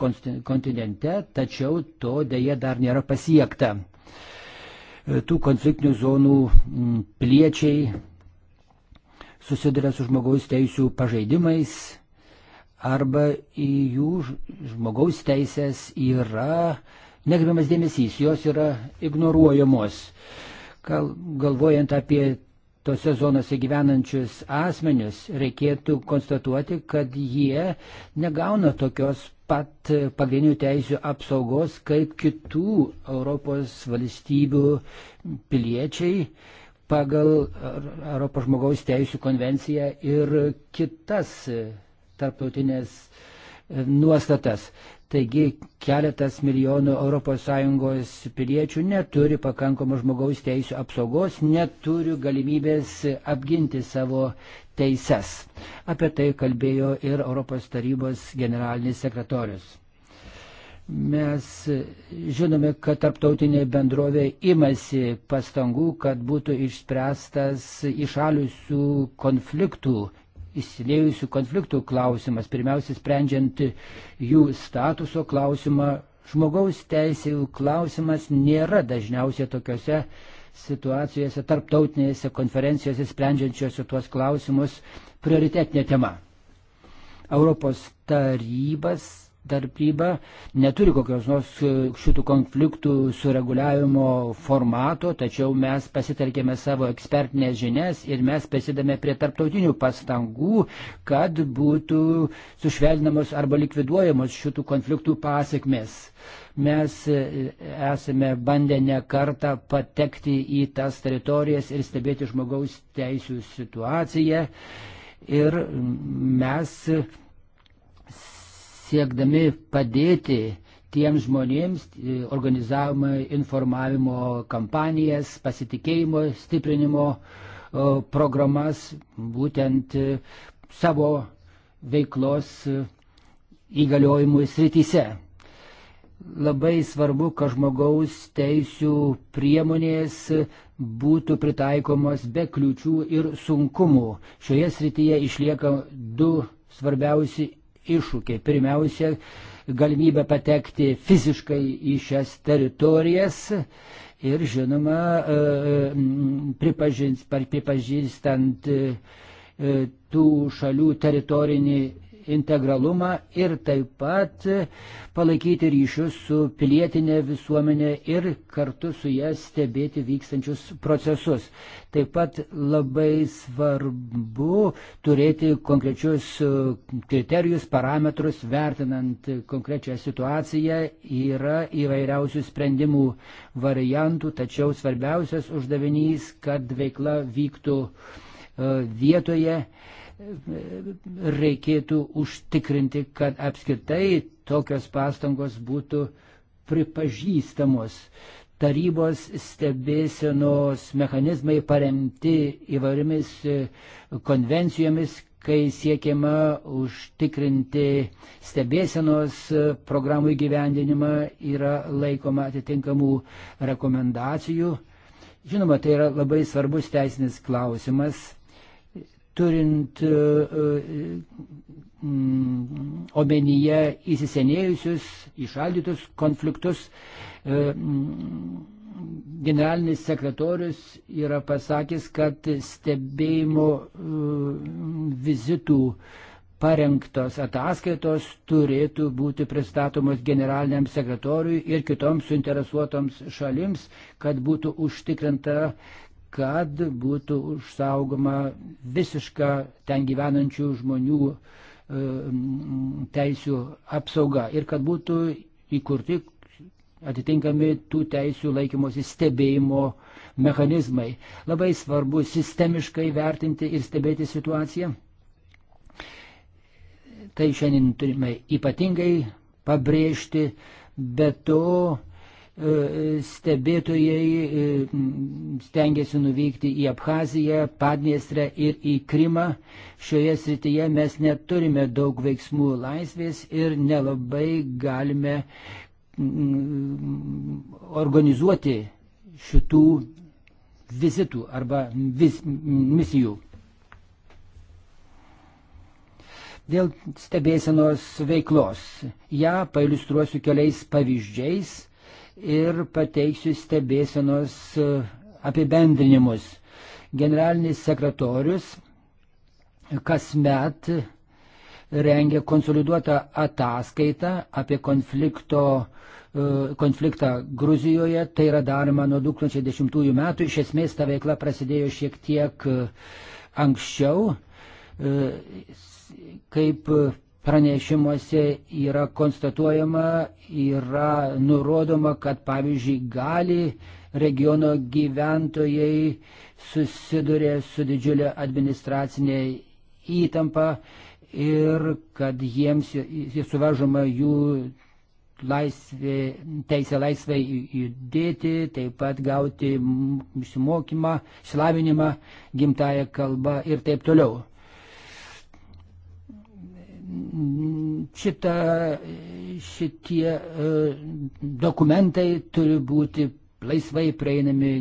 kontinente, tačiau to dėje dar nėra pasiekta. Tų konfliktinių zonų piliečiai susiduria su žmogaus teisų pažeidimais arba į jų žmogaus teisės yra negribiamas dėmesys, jos yra ignoruojamos. Uh, galvojant apie tose zonose gyvenančius asmenius, reikėtų konstatuoti, kad jie negauna tokios pat pagrindinių teisių apsaugos kaip kitų Europos valstybių piliečiai pagal Europos žmogaus teisų konvenciją ir kitas tarptautinės nuostatas. Taigi keletas milijonų ES piliečių neturi pakankamo žmogaus teisų apsaugos, neturi galimybės apginti savo teises. Apie tai kalbėjo ir Europos tarybos generalinis sekretorius. Mes žinome, kad tarptautinė bendrovė imasi pastangų, kad būtų išspręstas išalusių konfliktų įsilėjusių konfliktų klausimas, pirmiausia sprendžiant jų statuso klausimą. Žmogaus teisėjų klausimas nėra dažniausiai tokiuose situacijose, tarptautinėse konferencijose sprendžiančiose tuos klausimus prioritetinė tema. Europos tarybas tarpyba neturi kokios nors e, šitų konfliktų sureguliavimo formato, tačiau mes pasitelkėme savo ekspertinės žinias ir mes prisidame prie tarptautinių pastangų, kad būtų sušvelninamos arba likviduojamos šitų konfliktų pasiekmes mes e, esame bandę ne kartą patekti į tas teritorijas ir stebėti žmogaus teisų situaciją. Ir mes siekdami padėti tiems žmonėms, e, organizavome informavimo kampanijas, pasitikėjimo stiprinimo e, programas, būtent e, savo veiklos įgaliojimų srityse labai svarbu, kad žmogaus teisų priemonės būtų pritaikomos be kliučių ir sunkumų. Šioje srityje išlieka du svarbiausi iššūkiai. Pirmiausia, galimybė patekti fiziškai į šias teritorijas ir, žinoma, e, pripažins, pripažįstant e, tų šalių teritorinį integralumą ir taip pat palaikyti ryšius su pilietinė visuomenė ir kartu su ją stebėti vykstančius procesus. Taip pat labai svarbu turėti konkrečius kriterijus, parametrus, vertinant konkrečią situaciją. Yra įvairiausių sprendimų variantų, tačiau svarbiausias uždavinys, kad veikla vyktų e, vietoje reikėtų užtikrinti, kad apskritai tokios pastangos būtų pripažįstamos. Tarybos stebėsenos mechanizmai paremti įvairiomis e, konvencijomis, kai siekiama užtikrinti stebėsenos e, programų įgyvendinimą, yra laikoma atitinkamų rekomendacijų. Žinoma, tai yra labai svarbus teisinis klausimas turint e, e, mm, omenyje įsisenėjusius, išaldytus konfliktus, e, mm, generalinis sekretorius yra pasakęs, kad stebėjimo vizitų parengtos ataskaitos turėtų būti pristatomos generaliniam sekretoriui ir kitoms suinteresuotoms šalims, kad būtų užtikrinta, kad būtų užsaugoma visiška ten gyvenančių žmonių e, teisių apsauga ir kad būtų įkurti atitinkami tų teisių laikymosi stebėjimo mechanizmai. Labai svarbu sistemiškai vertinti ir stebėti situaciją. Tai šiandien turime ypatingai pabrėžti, bet to E, stebėtojai e, stengiasi nuvykti į Abhaziją, Padniestrę ir į Krimą. Šioje srityje mes neturime daug veiksmų laisvės ir nelabai galime mm, organizuoti šitų vizitų arba vis, misijų. Dėl stebėsenos veiklos ją pailustruosiu keliais pavyzdžiais ir pateiksiu stebėsenos e, apibendrinimus. Generalinis sekretorius kasmet rengia konsoliduotą ataskaitą apie konflikto, e, konfliktą Gruzijoje. Tai yra daroma nuo 2010 metų. Iš esmės ta veikla prasidėjo šiek tiek e, anksčiau kaip pranešimuose yra konstatuojama, yra nurodoma, kad pavyzdžiui gali regiono gyventojai susiduria su didžiulė administracinė įtampa ir kad jiems suvažoma jų laisvė, teisė laisvai judėti, taip pat gauti išsimokymą, išsilavinimą gimtają kalbą ir taip toliau šita, šitie e, dokumentai turi būti laisvai prieinami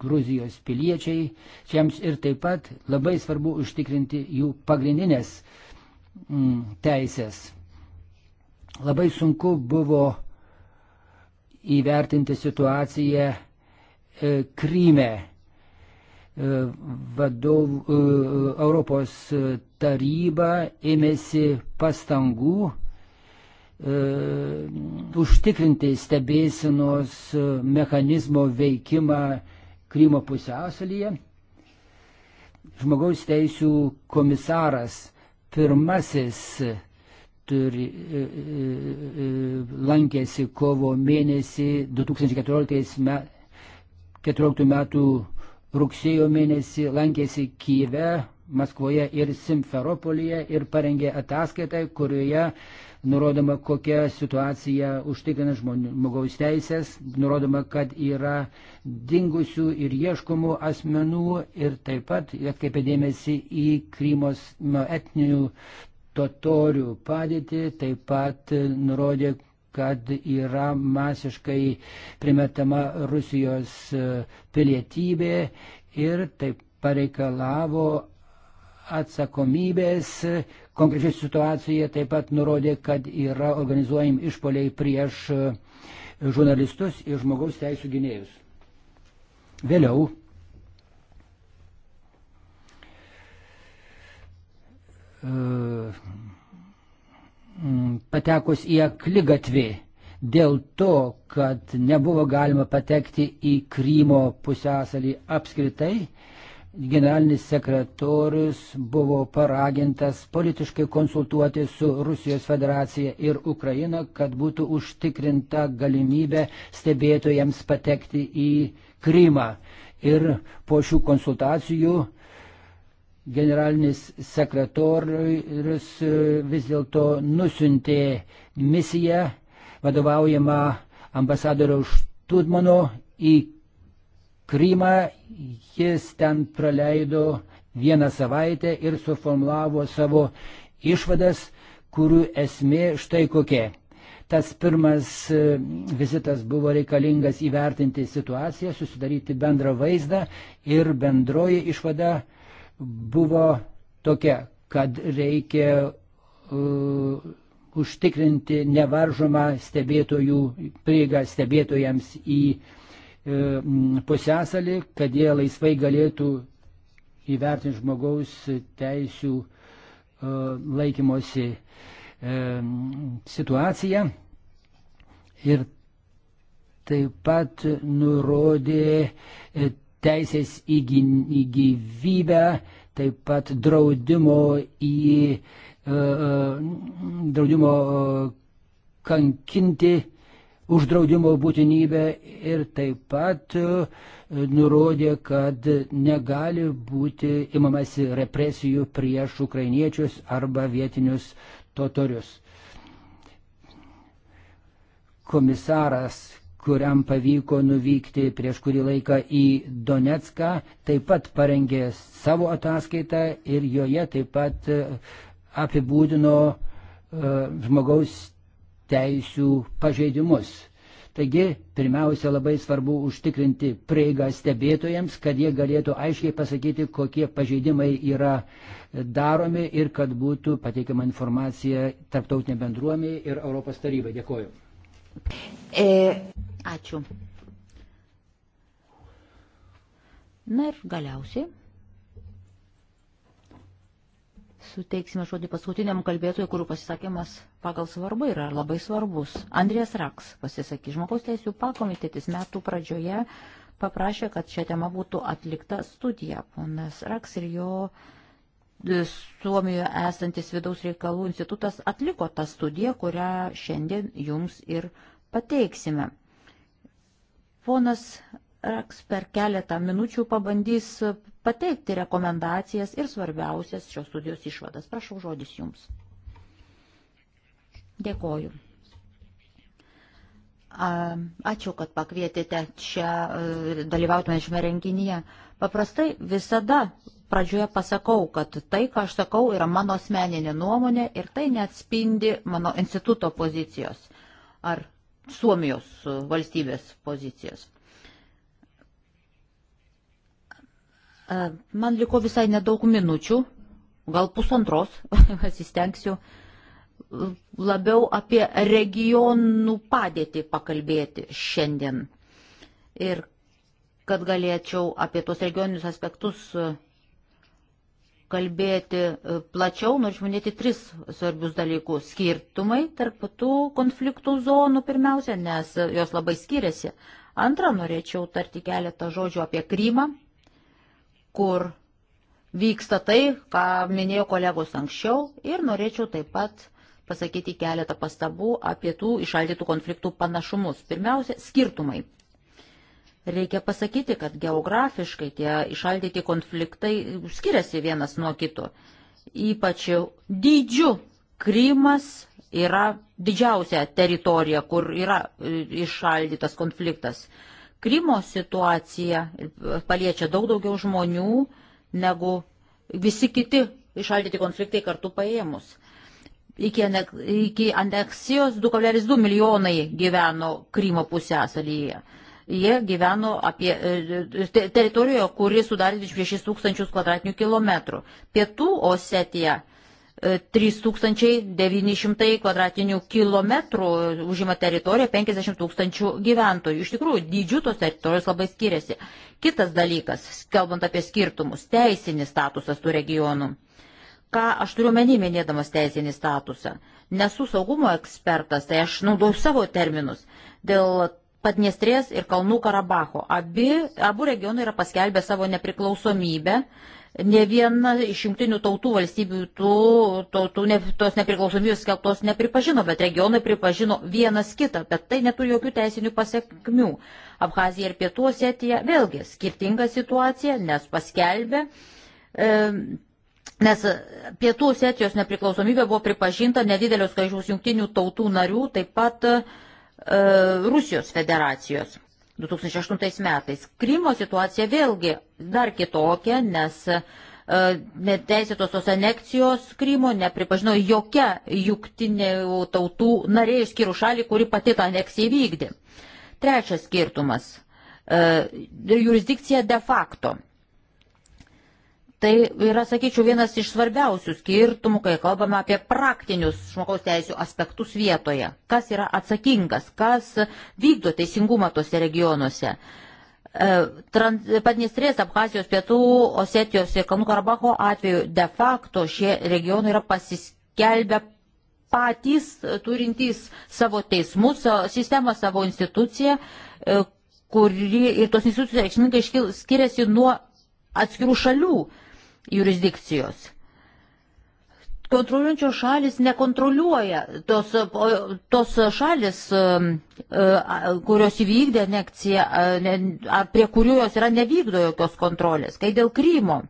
Gruzijos piliečiai, šiems ir taip pat labai svarbu užtikrinti jų pagrindinės mm, teisės. Labai sunku buvo įvertinti situaciją e, Kryme E, vadovų e, Europos taryba ėmėsi pastangų e, užtikrinti stebėsinos mechanizmo veikimą Krymo pusiausalyje. Žmogaus teisų komisaras pirmasis turi, e, e, lankėsi kovo mėnesį 2014 me, metų rugsėjo mėnesį lankėsi Kyve, Maskvoje ir Simferopolyje ir parengė ataskaitą, kurioje nurodoma, kokia situacija užtikrina žmogaus teisės, nurodoma, kad yra dingusių ir ieškomų asmenų ir taip pat atkreipė dėmesį į Krymos etninių totorių padėtį, taip pat nurodė, kad yra masiškai primetama Rusijos e, pilietybė ir taip pareikalavo atsakomybės. Konkrečiai situacija taip pat nurodė, kad yra organizuojami išpoliai prieš e, žurnalistus ir žmogaus teisų gynėjus. Vėliau uh, Mm, patekus į akligatvį dėl to, kad nebuvo galima patekti į Krymo pusęsalį apskritai, generalinis sekretorius buvo paragintas politiškai konsultuoti su Rusijos federacija ir Ukraina, kad būtų užtikrinta galimybė stebėtojams patekti į Krymą. Ir po šių konsultacijų generalinis sekretorius e, vis dėlto nusintė misiją vadovaujama ambasadoriaus Tudmano į Krymą. Jis ten praleido vieną savaitę ir suformulavo savo išvadas, kurių esmė štai kokia. Tas pirmas e, vizitas buvo reikalingas įvertinti situaciją, susidaryti bendrą vaizdą ir bendroji išvada buvo tokia, kad reikia uh, užtikrinti nevaržomą stebėtojų prieigą stebėtojams į uh, e, pusęsalį, kad jie laisvai galėtų įvertinti žmogaus teisų uh, e, laikymosi situaciją ir taip pat nurodė teisės į gyvybę, taip pat draudimo į e, e, draudimo e, kankinti, uždraudimo būtinybę ir taip pat nurodė, kad negali būti imamasi represijų prieš ukrainiečius arba vietinius totorius. Komisaras kuriam pavyko nuvykti prieš kurį laiką į Donetską, taip pat parengė savo ataskaitą ir joje taip pat e, apibūdino e, žmogaus teisių pažeidimus. Taigi, pirmiausia, labai svarbu užtikrinti prieigą stebėtojams, kad jie galėtų aiškiai pasakyti, kokie pažeidimai yra daromi ir kad būtų pateikiama informacija tarptautinė bendruomenė ir Europos taryba. Dėkuoju. E... Ačiū. Na ir galiausiai suteiksime žodį paskutiniam kalbėtojui, kurių pasisakymas pagal svarbu yra labai svarbus. Andrės Raks pasisakė, žmogaus teisų pakomitėtis metų pradžioje paprašė, kad šią temą būtų atlikta studija. Ponas Raks ir jo e, Suomijoje esantis vidaus reikalų institutas atliko tą studiją, kurią šiandien jums ir pateiksime. Ponas Raks per keletą minučių pabandys pateikti rekomendacijas ir svarbiausias šios studijos išvadas. Prašau žodis jums. Dėkoju. Ačiū, kad pakvietėte čia e, dalyvautume šiame renginyje. Paprastai visada pradžioje pasakau, kad tai, ką aš sakau, yra mano asmeninė nuomonė ir tai neatspindi mano instituto pozicijos ar Suomijos e, valstybės pozicijas. E, man liko visai nedaug minučių, gal pusantros, *laughs* pasistengsiu e, labiau apie regionų padėtį pakalbėti šiandien. Ir kad galėčiau apie tuos regioninius aspektus kalbėti e, plačiau, noriu žmonėti tris svarbius dalykus. Skirtumai tarp tų konfliktų zonų pirmiausia, nes jos labai skiriasi. Antra, norėčiau tarti keletą žodžių apie Krymą, kur vyksta tai, ką minėjo kolegos anksčiau. Ir norėčiau taip pat pasakyti keletą pastabų apie tų išaldytų konfliktų panašumus. Pirmiausia, skirtumai Reikia pasakyti, kad geografiškai tie išaldyti konfliktai skiriasi vienas nuo kito. Ypač dydžiu Krymas yra didžiausia teritorija, kur yra e, išaldytas konfliktas. Krymo situacija paliečia daug daugiau žmonių negu visi kiti išaldyti konfliktai kartu paėmus. Iki, iki aneksijos 2,2 milijonai gyveno Krymo pusėsalyje. Jie gyveno apie, e, te, teritorijoje, kuri sudarė 26 tūkstančius kvadratinių kilometrų. Pietų Osetija 3900 e, kvadratinių kilometrų užima teritoriją 50 tūkstančių gyventojų. Iš tikrųjų, dydžių tos teritorijos labai skiriasi. Kitas dalykas, kalbant apie skirtumus, teisinis statusas tų regionų. Ką aš turiu menį minėdamas teisinį statusą? Nesu saugumo ekspertas, tai aš naudoju savo terminus. Dėl Padniestrės ir Kalnų Karabacho. Abi, abu regionai yra paskelbę savo nepriklausomybę. Ne viena iš jungtinių tautų valstybių tų, to, tų ne, tos nepriklausomybės skelbtos nepripažino, bet regionai pripažino vienas kitą, bet tai neturi jokių teisinių pasiekmių. Abhazija ir Pietų Osetija vėlgi skirtinga situacija, nes paskelbė. E, Nes Pietų Osetijos nepriklausomybė buvo pripažinta nedidelios skaičiaus jungtinių tautų narių, taip pat uh, E, Rusijos federacijos 2008 metais. Krymo situacija vėlgi dar kitokia, nes e, neteisėtos tos aneksijos Krymo nepripažino jokia jungtinių tautų narė išskyrus šalį, kuri pati tą aneksiją vykdė. Trečias skirtumas. E, jurisdikcija de facto. Tai yra, sakyčiau, vienas iš svarbiausių skirtumų, kai kalbame apie praktinius žmogaus teisų aspektus vietoje. Kas yra atsakingas, kas vykdo teisingumą tose regionuose. E, Padniestrės, Abhazijos, Pietų, Osetijos ir Kalnų Karabaho atveju de facto šie regionai yra pasiskelbę patys e, turintys savo teismus, sistemą, savo instituciją, e, kuri ir tos institucijos reikšmingai skiriasi nuo atskirų šalių jurisdikcijos. Kontroliuojančios šalis nekontroliuoja, tos, tos šalis, um, uh, kurios įvykdė anekciją, uh, prie kurių jos yra nevykdo jokios kontrolės, kai dėl Krymo.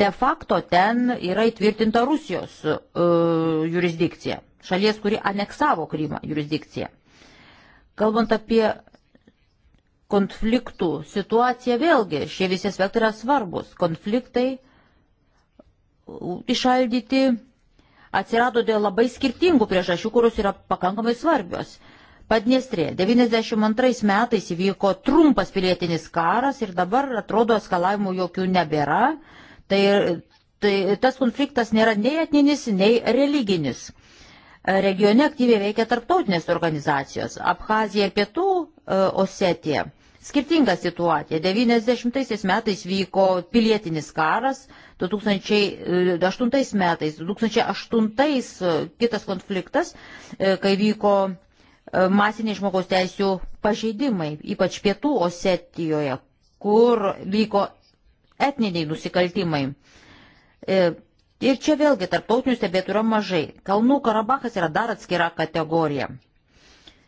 De facto ten yra įtvirtinta Rusijos uh, jurisdikcija, šalies, kuri aneksavo Krymą jurisdikciją. Kalbant apie konfliktų situaciją, vėlgi šie visi aspektai yra svarbus. Konfliktai išaldyti atsirado dėl labai skirtingų priežasčių, kurios yra pakankamai svarbios. Padniestrė 92 metais įvyko trumpas pilietinis karas ir dabar atrodo eskalavimų jokių nebėra. Tai, tai tas konfliktas nėra nei etninis, nei religinis. Regione aktyviai veikia tarptautinės organizacijos - Abhazija ir Pietų e, Osetija skirtinga situacija. 90 metais vyko pilietinis karas, 2008 e, metais, 2008 e, kitas konfliktas, e, kai vyko masiniai žmogaus teisų pažeidimai, ypač pietų Osetijoje, kur vyko etniniai nusikaltimai. Ir čia vėlgi tarptautinių stebėtų yra mažai. Kalnų Karabachas yra dar atskira kategorija,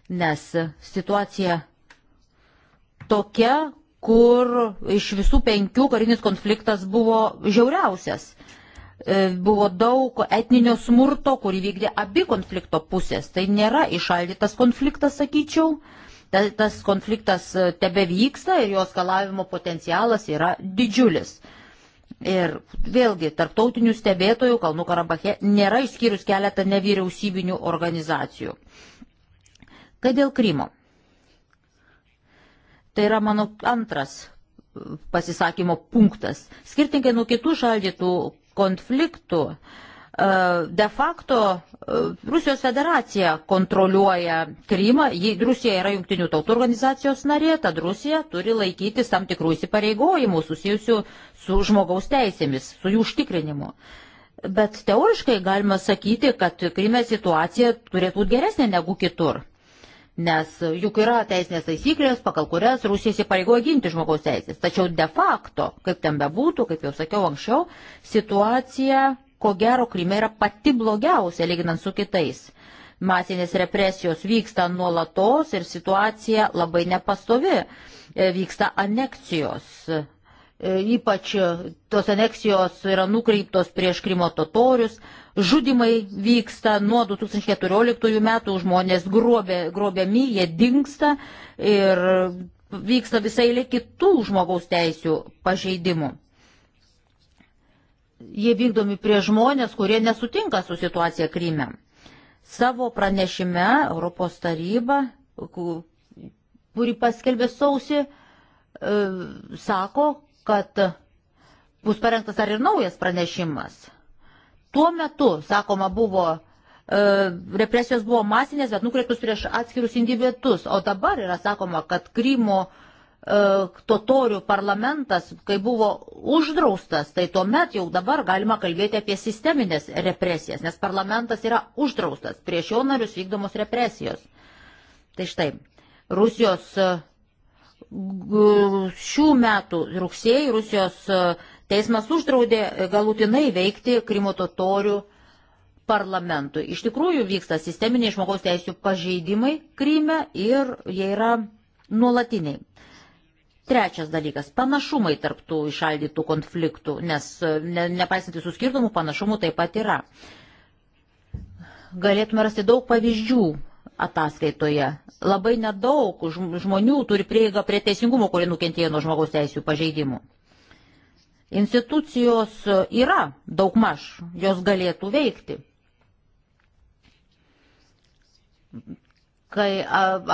nes situacija tokia, kur iš visų penkių karinis konfliktas buvo žiauriausias. E, buvo daug etninio smurto, kurį vykdė abi konflikto pusės. Tai nėra išaldytas konfliktas, sakyčiau. Ta, tas konfliktas e, tebe vyksta ir jo skalavimo potencialas yra didžiulis. Ir vėlgi, tarptautinių stebėtojų Kalnų Karabache nėra išskyrus keletą nevyriausybinių organizacijų. Kad dėl Krymo. Tai yra mano antras pasisakymo punktas. Skirtingai nuo kitų šaldytų konfliktų, e, de facto e, Rusijos federacija kontroliuoja Krymą, Rusija yra jungtinių tautų organizacijos narė, tad Rusija turi laikytis tam tikrų įsipareigojimų susijusių su žmogaus teisėmis, su jų užtikrinimu. Bet teoriškai galima sakyti, kad Kryme situacija turėtų būti geresnė negu kitur. Nes juk yra teisinės taisyklės, pagal kurias Rusija įsipareigoja ginti žmogaus teisės. Tačiau de facto, kaip ten bebūtų, kaip jau sakiau anksčiau, situacija, ko gero, Kryme yra pati blogiausia, lyginant su kitais. Masinės represijos vyksta nuolatos ir situacija labai nepastovi. E, vyksta aneksijos. E, ypač tos aneksijos yra nukreiptos prieš Krymo totorius, Žudimai vyksta nuo 2014 metų, žmonės grobė, grobiami, jie dinksta ir vyksta visai lė kitų žmogaus teisių pažeidimų. Jie vykdomi prie žmonės, kurie nesutinka su situacija Kryme. Savo pranešime Europos taryba, kuri paskelbė sausį, e, sako, kad bus parengtas ar ir naujas pranešimas Tuo metu, sakoma, buvo e, represijos buvo masinės, bet nukreiptus prieš atskirus individus. O dabar yra sakoma, kad Krymo e, totorių parlamentas, kai buvo uždraustas, tai tuomet jau dabar galima kalbėti apie sisteminės represijas, nes parlamentas yra uždraustas, prieš jo narius vykdomos represijos. Tai štai, Rusijos šių metų rugsėjai Rusijos Teismas uždraudė e, galutinai veikti Krimo totorių parlamentui. Iš tikrųjų vyksta sisteminiai žmogaus teisų pažeidimai Kryme ir jie yra nuolatiniai. Trečias dalykas - panašumai tarptų išaldytų konfliktų, nes e, ne, nepaisant visų skirtumų, panašumų taip pat yra. Galėtume rasti daug pavyzdžių ataskaitoje. Labai nedaug žmonių turi prieigą prie teisingumo, kurie nukentėjo nuo žmogaus teisų pažeidimų. Institucijos e, yra daugmaž, jos galėtų veikti. Kai,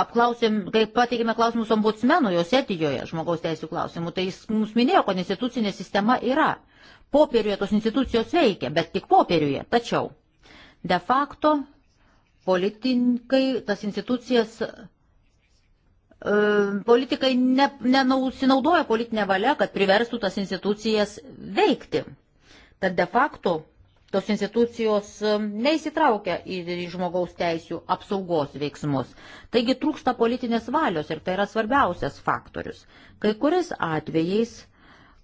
apklausėm, kai pateikėme klausimus ombudsmenų jos etijoje žmogaus teisų klausimų, tai jis mums minėjo, kad institucinė sistema yra. Popieriuje tos institucijos veikia, bet tik popieriuje. Tačiau de facto politikai tas institucijas E, politikai ne, nenusinaudoja politinę valią, kad priverstų tas institucijas veikti. Tad de facto tos institucijos e, neįsitraukia į, į žmogaus teisų apsaugos veiksmus. Taigi trūksta politinės valios ir tai yra svarbiausias faktorius. Kai kuris atvejais,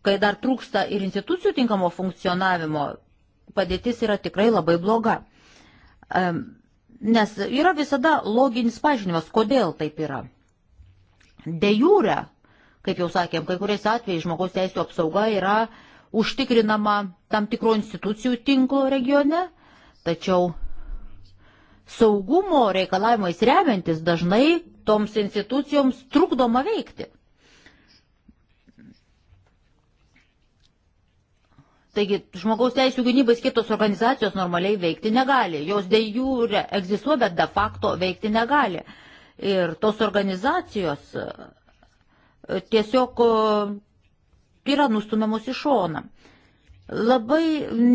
kai dar trūksta ir institucijų tinkamo funkcionavimo, padėtis yra tikrai labai bloga. E, nes yra visada loginis pažinimas, kodėl taip yra. De jūre, kaip jau sakėm, kai kuriais atvejais žmogaus teisų apsauga yra užtikrinama tam tikro institucijų tinklo regione, tačiau saugumo reikalavimais remiantis dažnai toms institucijoms trukdoma veikti. Taigi žmogaus teisų gynybai skirtos organizacijos normaliai veikti negali. Jos de jūre egzistuoja, bet de facto veikti negali. Ir tos organizacijos e, tiesiog e, yra nustumiamos į šoną. Labai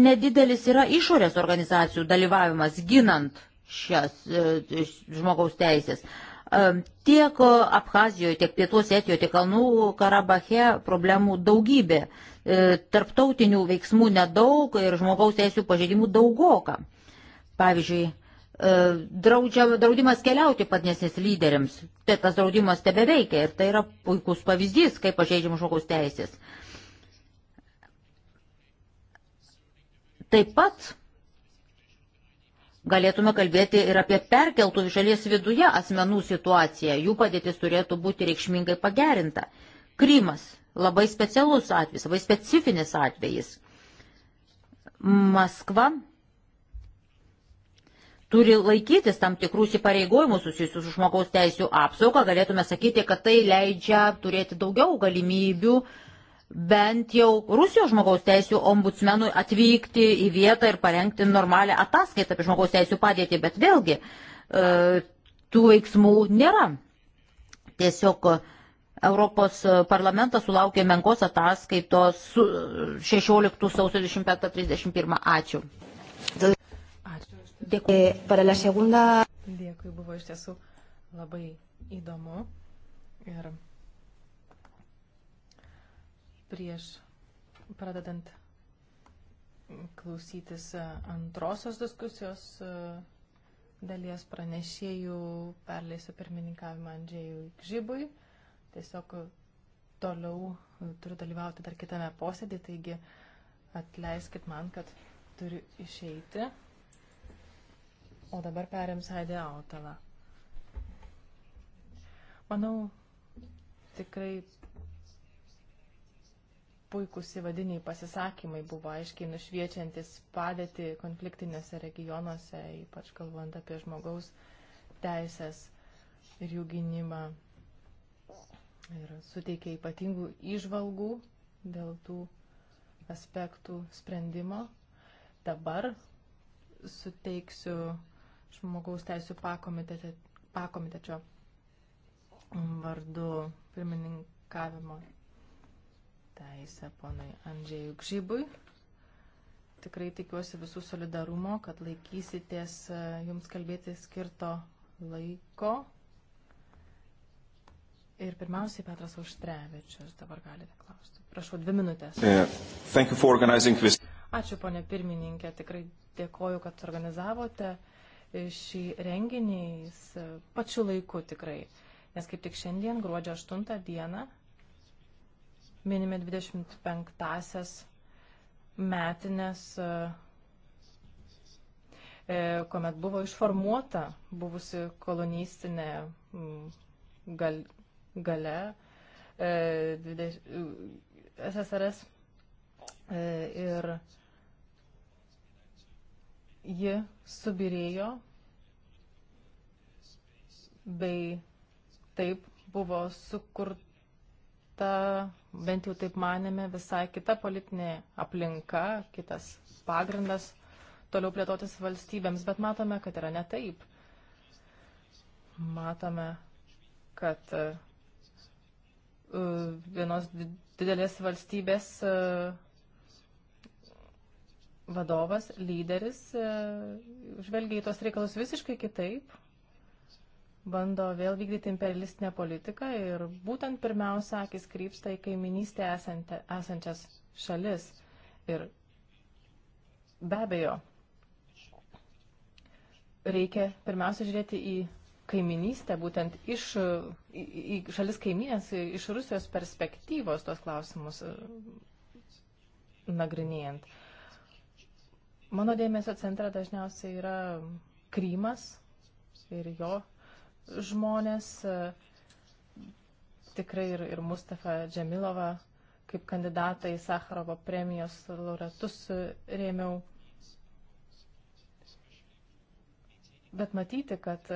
nedidelis yra išorės organizacijų dalyvavimas ginant šias e, žmogaus teisės. Tiek Abhazijoje, tiek Pietuose Etijoje, tiek Kalnų Karabache problemų daugybė. Tarptautinių veiksmų nedaug ir žmogaus teisų pažeidimų daugoka. Pavyzdžiui, E, draudžia, draudimas keliauti padnesnės lyderiams. Tai tas draudimas tebe veikia ir tai yra puikus pavyzdys, kaip pažeidžiam žmogaus teisės. Taip pat galėtume kalbėti ir apie perkeltų šalies viduje asmenų situaciją. Jų padėtis turėtų būti reikšmingai pagerinta. Krymas labai specialus atvejis, labai specifinis atvejis. Maskva turi laikytis tam tikrus įpareigojimus susijusius su žmogaus teisų apsauga, galėtume sakyti, kad tai leidžia turėti daugiau galimybių bent jau Rusijos žmogaus teisų ombudsmenui atvykti į vietą ir parengti normalią ataskaitą apie žmogaus teisų padėtį, bet vėlgi e, tų veiksmų nėra. Tiesiog Europos parlamentas sulaukė menkos ataskaitos 16 sausio 25-31. Ačiū. Dėkui. E, segunda... Dėkui, buvo iš tiesų labai įdomu. Ir prieš pradedant klausytis antrosios diskusijos e, dalies pranešėjų, perleisiu pirmininkavimą Andžėjui Gžibui. Tiesiog toliau turiu dalyvauti dar kitame posėdį, taigi atleiskit man, kad turiu išeiti o dabar perims Haidė Autala. Manau, tikrai puikūs įvadiniai pasisakymai buvo aiškiai nušviečiantis padėti konfliktiniuose regionuose, ypač kalbant apie žmogaus teisės ir jų gynimą. Ir suteikė ypatingų išvalgų dėl tų aspektų sprendimo. Dabar suteiksiu žmogaus teisų pakomitečio, pakomitečio vardu pirmininkavimo teisę ponui Andžiai Gžybui. Tikrai tikiuosi visų solidarumo, kad laikysitės e, jums kalbėti skirto laiko. Ir pirmiausiai Petras Užtrevičius dabar galite klausti. Prašau, dvi minutės. E, yeah. Ačiū, ponė pirmininkė, tikrai dėkoju, kad organizavote šį renginį jis e, pačiu laiku tikrai. Nes kaip tik šiandien, gruodžio 8 dieną, minime 25-asias metinės, e, e, kuomet buvo išformuota buvusi kolonistinė gal, gale SSRS ir ji subirėjo bei taip buvo sukurta, bent jau taip manėme, visai kita politinė aplinka, kitas pagrindas toliau plėtotis valstybėms, bet matome, kad yra ne taip. Matome, kad uh, vienos didelės valstybės uh, vadovas, lyderis e, žvelgia į tos reikalus visiškai kitaip, bando vėl vykdyti imperialistinę politiką ir būtent pirmiausia akis krypsta į kaiminystę esantė, esančias šalis. Ir be abejo, reikia pirmiausia žiūrėti į kaiminystę, būtent iš į, į šalis kaiminės, iš Rusijos perspektyvos tos klausimus e, nagrinėjant. Uh, Mano dėmesio centre dažniausiai yra Krymas ir jo žmonės, tikrai ir, ir Mustafa Džemilova kaip kandidatą į Sakharovo premijos laureatus rėmiau. Bet matyti, kad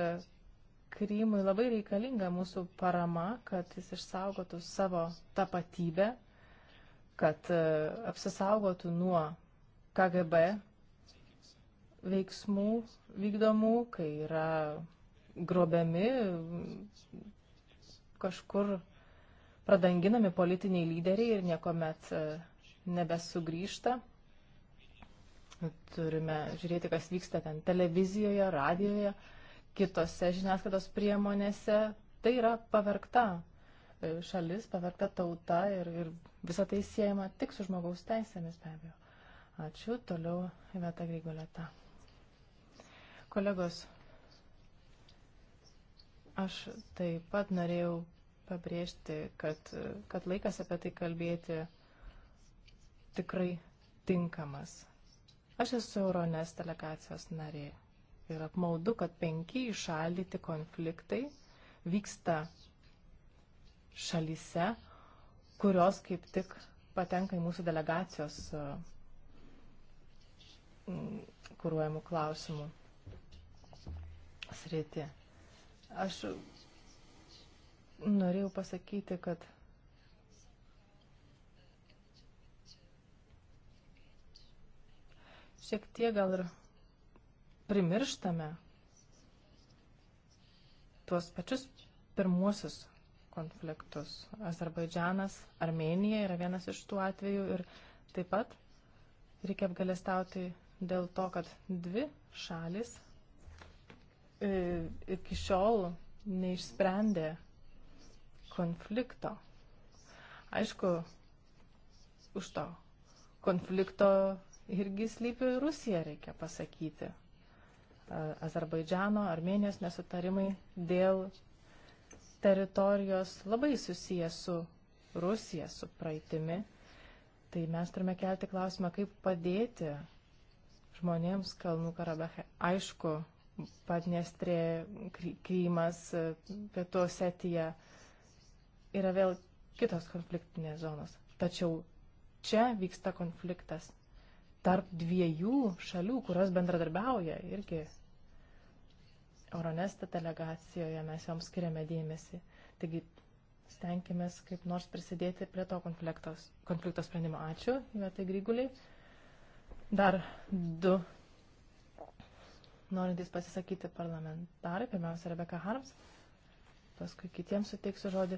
Krymui labai reikalinga mūsų parama, kad jis išsaugotų savo tapatybę, kad e, apsisaugotų nuo KGB veiksmų vykdomų, kai yra grobiami kažkur pradanginami politiniai lyderiai ir niekuomet e, nebesugrįžta. Turime žiūrėti, kas vyksta ten televizijoje, radijoje, kitose žiniasklaidos priemonėse. Tai yra pavergta e, šalis, pavergta tauta ir, ir visą tai siejama tik su žmogaus teisėmis be abejo. Ačiū, toliau Iveta Grigoleta. Kolegos, aš taip pat norėjau pabrėžti, kad, kad laikas apie tai kalbėti tikrai tinkamas. Aš esu Euronės delegacijos narė ir apmaudu, kad penki išaldyti konfliktai vyksta šalyse, kurios kaip tik patenka į mūsų delegacijos mm, kūruojamų klausimų sritį. Aš norėjau pasakyti, kad šiek tiek gal ir primirštame tuos pačius pirmuosius konfliktus. Azerbaidžianas, Armenija yra vienas iš tų atvejų ir taip pat reikia apgalestauti dėl to, kad dvi šalis E, iki šiol neišsprendė konflikto. Aišku, už to konflikto irgi slypi Rusija, reikia pasakyti. Azerbaidžiano, Armenijos nesutarimai dėl teritorijos labai susijęs su Rusija, su praeitimi. Tai mes turime kelti klausimą, kaip padėti žmonėms Kalnų Karabache. Aišku, Padniestrė, Krymas, Pietų Osetija yra vėl kitos konfliktinės zonos. Tačiau čia vyksta konfliktas tarp dviejų šalių, kurios bendradarbiauja irgi. Euronesta delegacijoje mes joms skiriame dėmesį. Taigi stenkimės kaip nors prisidėti prie to konfliktos, konflikto sprendimo. Ačiū, Juotai Griguliai. Dar du norintys pasisakyti parlamentarai, pirmiausia Rebeka Harms, paskui kitiems suteiksiu žodį.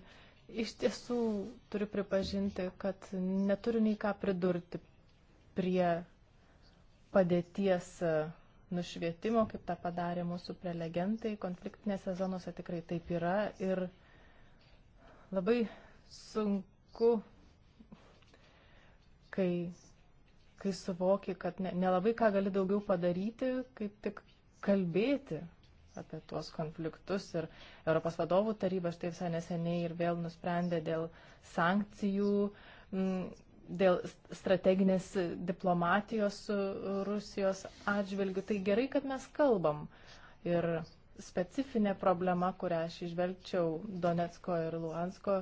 Iš tiesų turiu pripažinti, kad neturiu nei ką pridurti prie padėties e, nušvietimo, kaip tą padarė mūsų prelegentai. Konfliktinėse zonose tikrai taip yra ir labai sunku, kai kai suvoki, kad nelabai ne ką gali daugiau padaryti, kaip tik kalbėti apie tuos konfliktus ir Europos vadovų taryba štai visai neseniai ir vėl nusprendė dėl sankcijų, mm, dėl strateginės diplomatijos Rusijos atžvilgių. Tai gerai, kad mes kalbam. Ir specifinė problema, kurią aš išvelgčiau Donetsko ir Luansko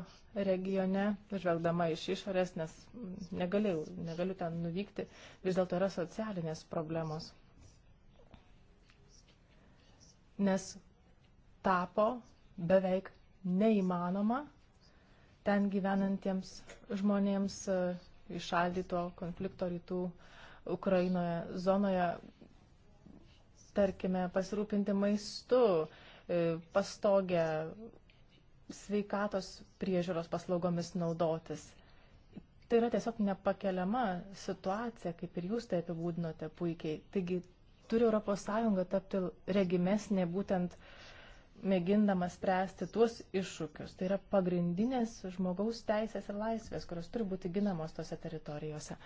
regione, žvelgdama iš išorės, nes negalėjau, negaliu ten nuvykti, vis dėlto yra socialinės problemos nes tapo beveik neįmanoma ten gyvenantiems žmonėms e, išaldyto konflikto rytų Ukrainoje zonoje, tarkime, pasirūpinti maistu, e, pastogę, sveikatos priežiūros paslaugomis naudotis. Tai yra tiesiog nepakeliama situacija, kaip ir jūs tai apibūdinote puikiai. Taigi Turi ES tapti regimesnė būtent mėgindama spręsti tuos iššūkius. Tai yra pagrindinės žmogaus teisės ir laisvės, kurios turi būti ginamos tose teritorijose.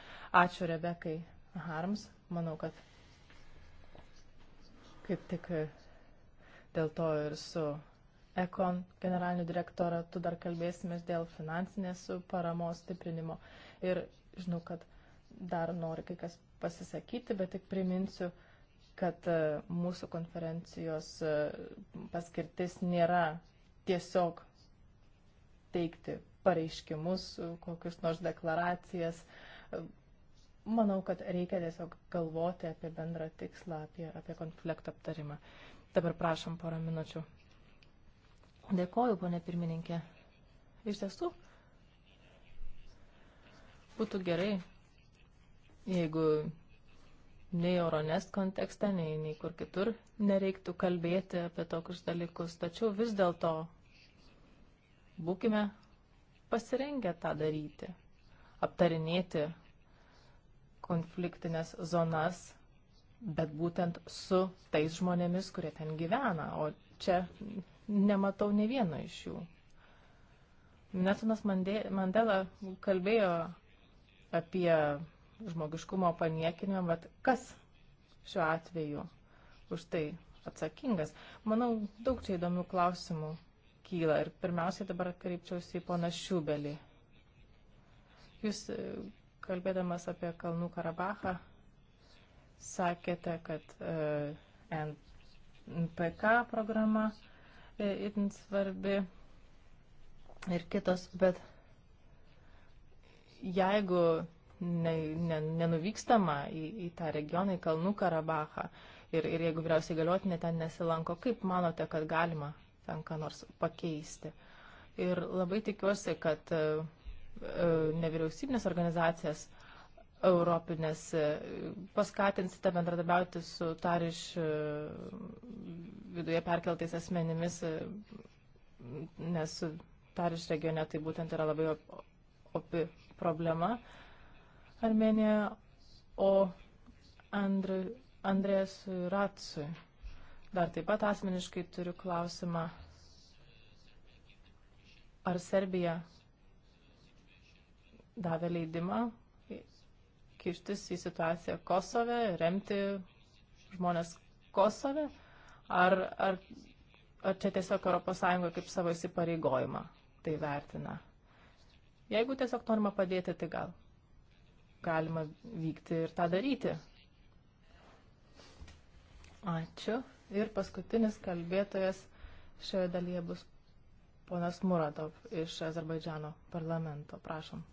Ačiū Rebekai Harms. Manau, kad kaip tik dėl to ir su Ekon generaliniu direktoratu dar kalbėsimės dėl finansinės paramos stiprinimo. Ir žinau, kad dar nori kai kas pasisakyti, bet tik priminsiu, kad e, mūsų konferencijos e, paskirtis nėra tiesiog teikti pareiškimus, kokius nors deklaracijas. E, manau, kad reikia tiesiog galvoti apie bendrą tikslą, apie, apie konflikto aptarimą. Dabar prašom porą minučių. Dėkoju, ponė pirmininkė. Iš tiesų, būtų gerai, jeigu nei Euronest kontekste, nei, nei kur kitur nereiktų kalbėti apie tokius dalykus. Tačiau vis dėlto būkime pasirengę tą daryti, aptarinėti konfliktinės zonas, bet būtent su tais žmonėmis, kurie ten gyvena, o čia nematau ne vieno iš jų. Nesonas Mandela kalbėjo apie žmogiškumo paniekinimą, bet kas šiuo atveju už tai atsakingas? Manau, daug čia įdomių klausimų kyla ir pirmiausiai dabar kreipčiausi į poną Šiubelį. Jūs e, kalbėdamas apie Kalnų Karabachą sakėte, kad e, NPK programa e, itin svarbi ir kitos, bet jeigu ne, ne, nenuvykstama į, į tą regioną, į Kalnų Karabachą. Ir, ir jeigu vyriausiai galiotinė ten nesilanko, kaip manote, kad galima ten ką nors pakeisti? Ir labai tikiuosi, kad e, e, nevyriausybinės organizacijas europinės e, paskatinsite bendradarbiauti su tariš viduje perkeltais asmenimis, nes tariš regione tai būtent yra labai opi problema. Armeniją, o Andr Andrės Ratsui. Dar taip pat asmeniškai turiu klausimą, ar Serbija davė leidimą kištis į situaciją Kosove, remti žmonės Kosove, ar, ar, ar čia tiesiog ES kaip savo įsipareigojimą tai vertina. Jeigu tiesiog norima padėti, tai gal galima vykti ir tą daryti. Ačiū. Ir paskutinis kalbėtojas šioje dalyje bus ponas Muratov iš Azerbaidžiano parlamento. Prašom.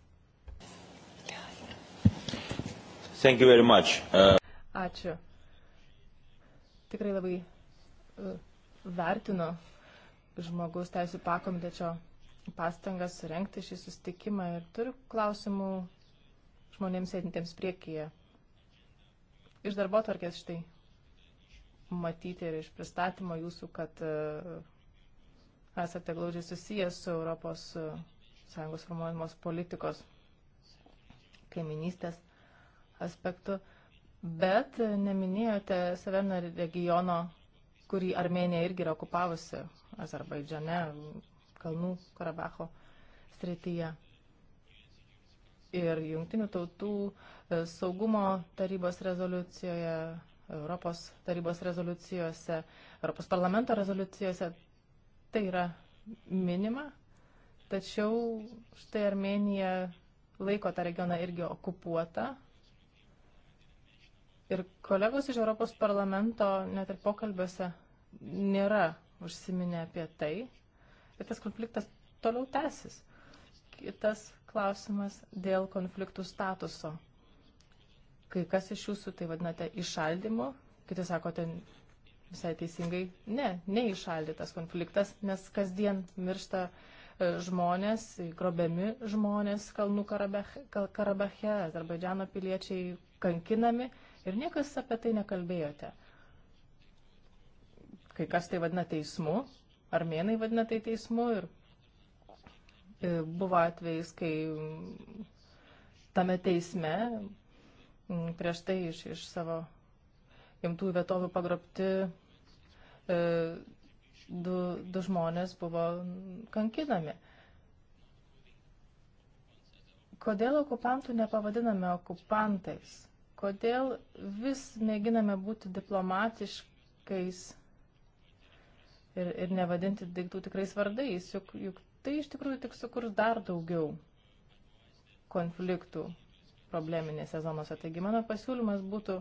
Thank you very much. Uh... Ačiū. Tikrai labai uh, vertinu žmogaus teisų pakomitečio pastangas surenkti šį sustikimą ir turiu klausimų žmonėms sėdintiems priekyje. Iš darbo tvarkės štai matyti ir iš pristatymo jūsų, kad e, esate glaudžiai susijęs su Europos e, Sąjungos formuojamos politikos kaiminystės aspektu, bet neminėjote Severno regiono, kurį Armenija irgi yra okupavusi Azerbaidžiane, Kalnų Karabacho srityje ir Junktinių tautų e, saugumo tarybos rezoliucijoje, Europos tarybos rezoliucijose, Europos parlamento rezoliucijose tai yra minima, tačiau štai Armenija laiko tą regioną irgi okupuotą. Ir kolegos iš Europos parlamento net ir pokalbiuose nėra užsiminę apie tai. Ir tas konfliktas toliau tęsis. Kitas klausimas dėl konfliktų statuso. Kai kas iš jūsų tai vadinate išaldymu, kiti sakote visai teisingai, ne, neišaldytas konfliktas, nes kasdien miršta e, žmonės, grobiami žmonės Kalnų Karabache, Azerbaidžiano piliečiai kankinami ir niekas apie tai nekalbėjote. Kai kas tai vadina teismu, armėnai vadina tai teismu ir E, buvo atvejais, kai mm, tame teisme mm, prieš tai iš, iš savo gimtų vietovių pagrobti e, du, du žmonės buvo kankinami. Kodėl okupantų nepavadiname okupantais? Kodėl vis mėginame būti diplomatiškais ir, ir nevadinti daiktų tikrais vardais? Juk, juk tai iš tikrųjų tik sukurs dar daugiau konfliktų probleminėse zonose. Taigi mano pasiūlymas būtų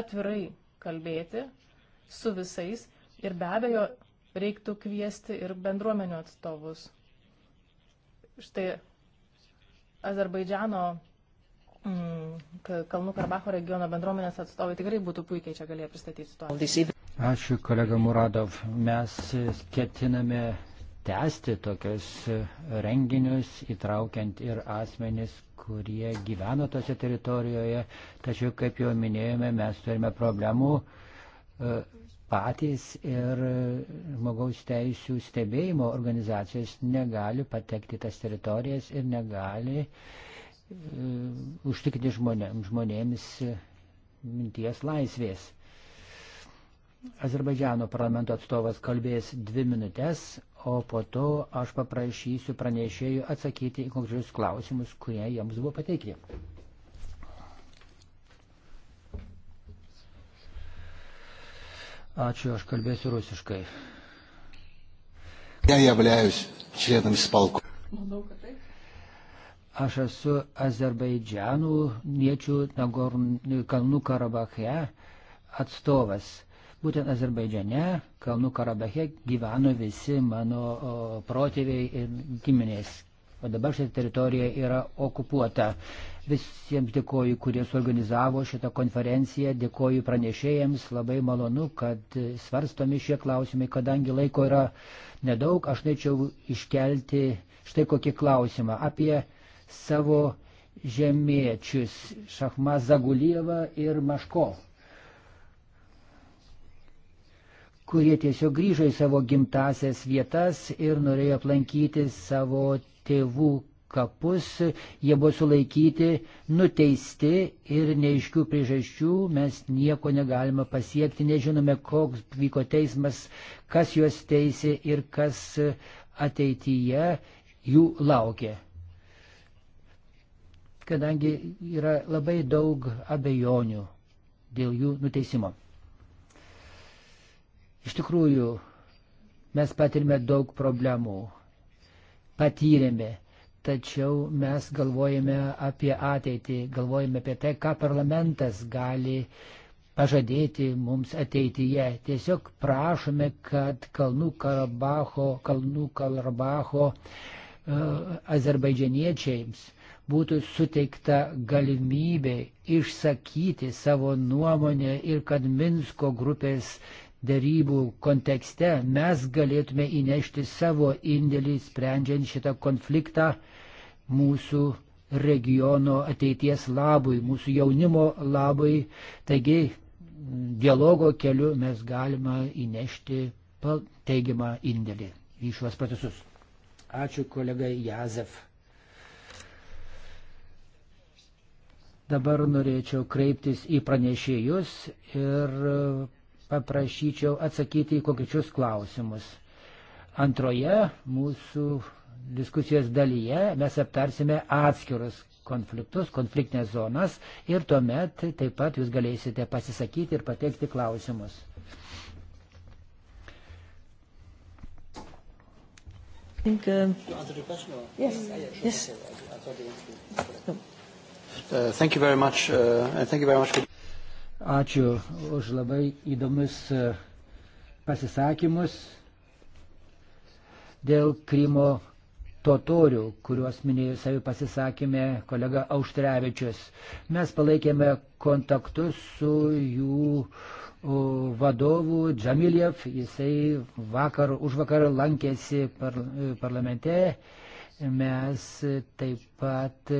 atvirai kalbėti su visais ir be abejo reiktų kviesti ir bendruomenių atstovus. Štai Azerbaidžiano mm, Kalnų Karabacho regiono bendruomenės atstovai tikrai būtų puikiai čia galėję pristatyti situaciją. Ačiū, kolega Muradov. Mes ketiname tęsti tokius renginius, įtraukiant ir asmenis, kurie gyveno tose teritorijoje. Tačiau, kaip jau minėjome, mes turime problemų e, patys ir žmogaus teisų stebėjimo organizacijos negali patekti tas teritorijas ir negali e, užtikrinti žmonėms minties laisvės. Azerbaidžiano parlamento atstovas kalbės dvi minutės, o po to aš paprašysiu pranešėjų atsakyti į konkrečius klausimus, kurie jiems buvo pateikti. Ačiū, aš kalbėsiu rusiškai. Aš esu Azerbaidžianų, niečių Nagorno kalnų Karabache atstovas Būtent Azerbaidžiane, Kalnų Karabache gyveno visi mano protėviai ir giminės. O dabar šitą teritoriją yra okupuota. Visiems dėkoju, kurie suorganizavo šitą konferenciją, dėkoju pranešėjams, labai malonu, kad svarstomi šie klausimai, kadangi laiko yra nedaug, aš norėčiau iškelti štai kokį klausimą apie savo žemiečius Šachmą Zagulievą ir Maško. kurie tiesiog grįžo į savo gimtasias vietas ir norėjo aplankyti savo tėvų kapus. Jie buvo sulaikyti, nuteisti ir neiškių priežasčių mes nieko negalime pasiekti, nežinome, koks vyko teismas, kas juos teisė ir kas ateityje jų laukia kadangi yra labai daug abejonių dėl jų nuteisimo. Iš tikrųjų, mes patirime daug problemų. Patyrėme. Tačiau mes galvojame apie ateitį, galvojame apie tai, ką parlamentas gali pažadėti mums ateityje. Tiesiog prašome, kad Kalnų Karabaho, Kalnų Karabaho uh, e, azerbaidžianiečiams būtų suteikta galimybė išsakyti savo nuomonę ir kad Minsko grupės uh, darybų kontekste mes galėtume įnešti savo indėlį sprendžiant šitą konfliktą mūsų regiono ateities labui, mūsų jaunimo labui. Taigi dialogo keliu mes galime įnešti teigiamą indėlį į šiuos procesus. Ačiū kolegai Jazef. Dabar norėčiau kreiptis į pranešėjus ir paprašyčiau atsakyti į konkrečius klausimus. Antroje mūsų diskusijos dalyje mes aptarsime atskirus konfliktus, konfliktinės zonas ir tuomet taip pat jūs galėsite pasisakyti ir pateikti klausimus. Think, um, yes. Yes. Uh, thank you very much. Uh, thank you very much for Ačiū už labai įdomius e, pasisakymus dėl Krymo totorių, kuriuos minėjo savi pasisakymė kolega Auštrevičius. Mes palaikėme kontaktus su jų vadovu Džamiliev, jisai vakar, už vakar lankėsi par, e, parlamente. Mes taip pat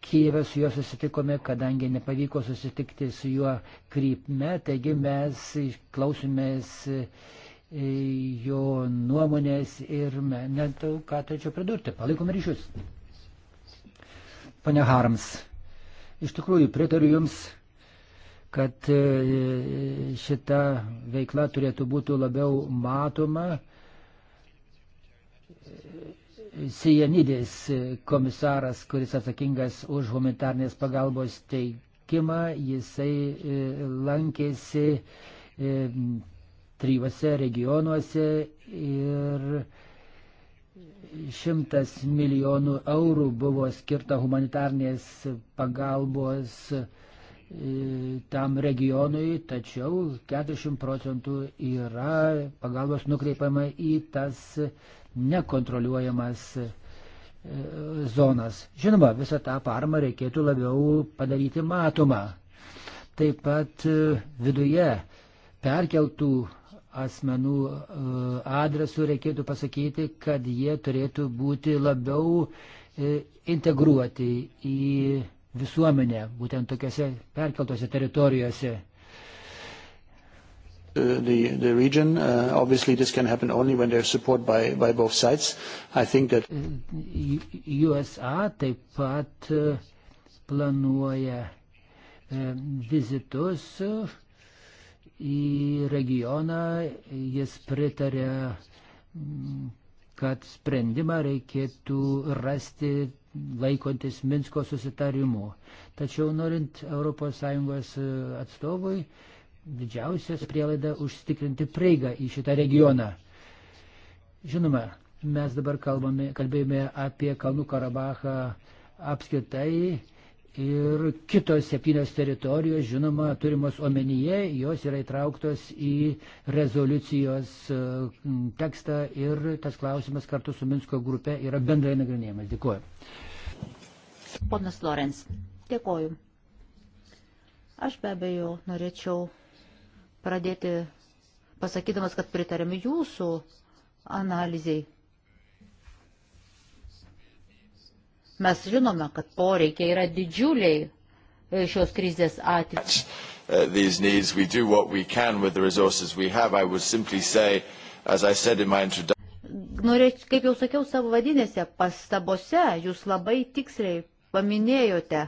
Kijeve su juo susitikome, kadangi nepavyko susitikti su juo krypme, taigi mes klausimės e, jo nuomonės ir net ką tačiau pridurti. Palaikom ryšius. Pane Harms, iš tikrųjų pritariu Jums kad e, šita veikla turėtų būti labiau matoma Sijanidis komisaras, kuris atsakingas už humanitarnės pagalbos teikimą, jisai e, lankėsi e, trijuose regionuose ir šimtas milijonų eurų buvo skirta humanitarnės pagalbos e, tam regionui, tačiau 40 procentų yra pagalbos nukreipiama į tas nekontroliuojamas e, zonas. Žinoma, visą tą paramą reikėtų labiau padaryti matomą. Taip pat e, viduje perkeltų asmenų e, adresų reikėtų pasakyti, kad jie turėtų būti labiau integruoti į visuomenę, būtent tokiuose perkeltose teritorijose. Uh, the, the region. Uh, obviously, this can happen only when there's support by, by both sides. I think that. USA uh, taip pat uh, planuoja uh, vizitus į regioną. Jis pritarė, mm, kad sprendimą reikėtų rasti laikantis Minsko susitarimu. Tačiau norint ES atstovui didžiausias prielaida užtikrinti prieigą į šitą regioną. Žinoma, mes dabar kalbame, kalbėjome apie Kalnų Karabachą apskritai ir kitos septynios teritorijos, žinoma, turimos omenyje, jos yra įtrauktos į rezoliucijos e, tekstą ir tas klausimas kartu su Minsko grupė yra bendrai nagrinėjamas. Dėkuoju. Ponas Lorenz, dėkuoju. Aš be abejo norėčiau pradėti pasakydamas, kad pritarėme jūsų analizai. Mes žinome, kad poreikiai yra didžiuliai e, šios krizės ateičiai. Uh, these needs, we do what we can with the resources we have. I would simply say, as I said in my introduction, Norėčiau, kaip jau sakiau savo vadinėse pastabose, jūs labai tiksliai paminėjote,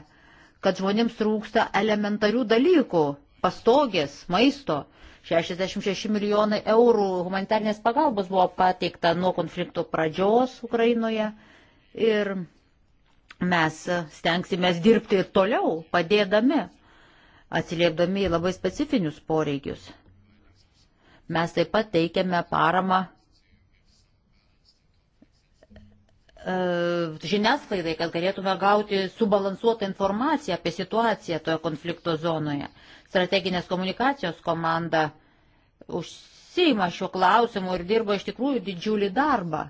kad žmonėms trūksta elementarių dalykų pastogės, maisto. 66 milijonai eurų humanitarnės pagalbos buvo pateikta nuo konflikto pradžios Ukrainoje ir mes stengsimės dirbti ir toliau, padėdami, atsiliepdami į labai specifinius poreikius. Mes taip pat teikiame paramą E, žiniasklaidai, kad galėtume gauti subalansuotą informaciją apie situaciją toje konflikto zonoje. Strateginės komunikacijos komanda užsima šiuo klausimu ir dirba iš tikrųjų didžiulį darbą.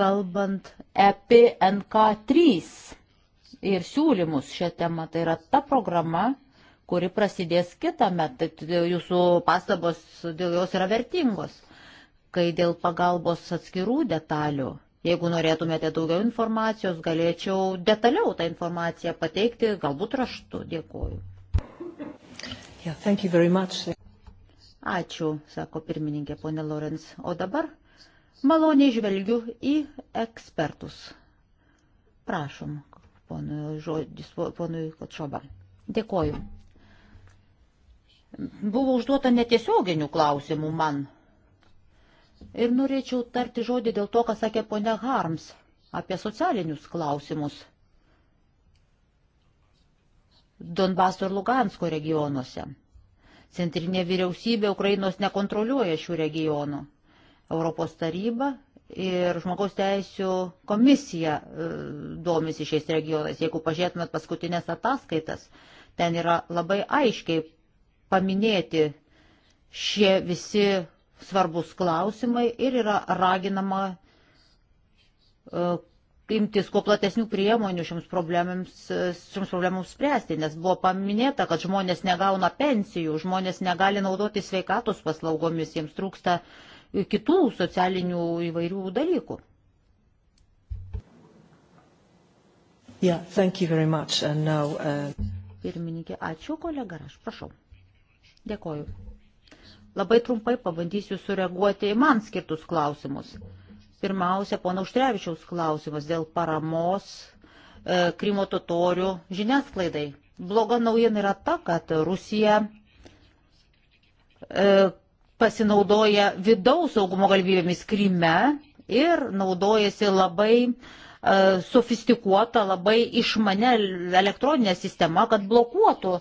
Kalbant EPNK3 ir siūlymus šią temą, tai yra ta programa, kuri prasidės kitą metą. Tai jūsų pastabos dėl jos yra vertingos. Kai dėl pagalbos atskirų detalių, jeigu norėtumėte daugiau informacijos, galėčiau detaliau tą informaciją pateikti, galbūt raštu. Dėkuoju. Yeah, Ačiū, sako pirmininkė ponė Lorenz. O dabar maloniai žvelgiu į ekspertus. Prašom, ponui, žodis, ponui Kotšoba. Dėkoju. Buvo užduota netiesioginių klausimų man. Ir norėčiau tarti žodį dėl to, ką sakė ponia Harms apie socialinius klausimus Donbaso ir Lugansko regionuose. Centrinė vyriausybė Ukrainos nekontroliuoja šių regionų. Europos taryba ir žmogaus teisų komisija e, domisi šiais regionais. Jeigu pažiūrėtumėt paskutinės ataskaitas, ten yra labai aiškiai paminėti šie visi svarbus klausimai ir yra raginama uh, imtis kuo platesnių priemonių šioms problemams, šioms problemams spręsti, nes buvo paminėta, kad žmonės negauna pensijų, žmonės negali naudoti sveikatos paslaugomis, jiems trūksta kitų socialinių įvairių dalykų. Yeah, now, uh... Pirmininkė, ačiū kolega, aš prašau. Dėkoju. Labai trumpai pabandysiu sureaguoti į man skirtus klausimus. Pirmiausia, pono Užtrevičiaus klausimas dėl paramos e, Krymo totorių žiniasklaidai. Bloga naujiena yra ta, kad Rusija e, pasinaudoja vidaus saugumo galimybėmis Kryme ir naudojasi labai e, sofistikuota, labai išmane elektroninė sistema, kad blokuotų e,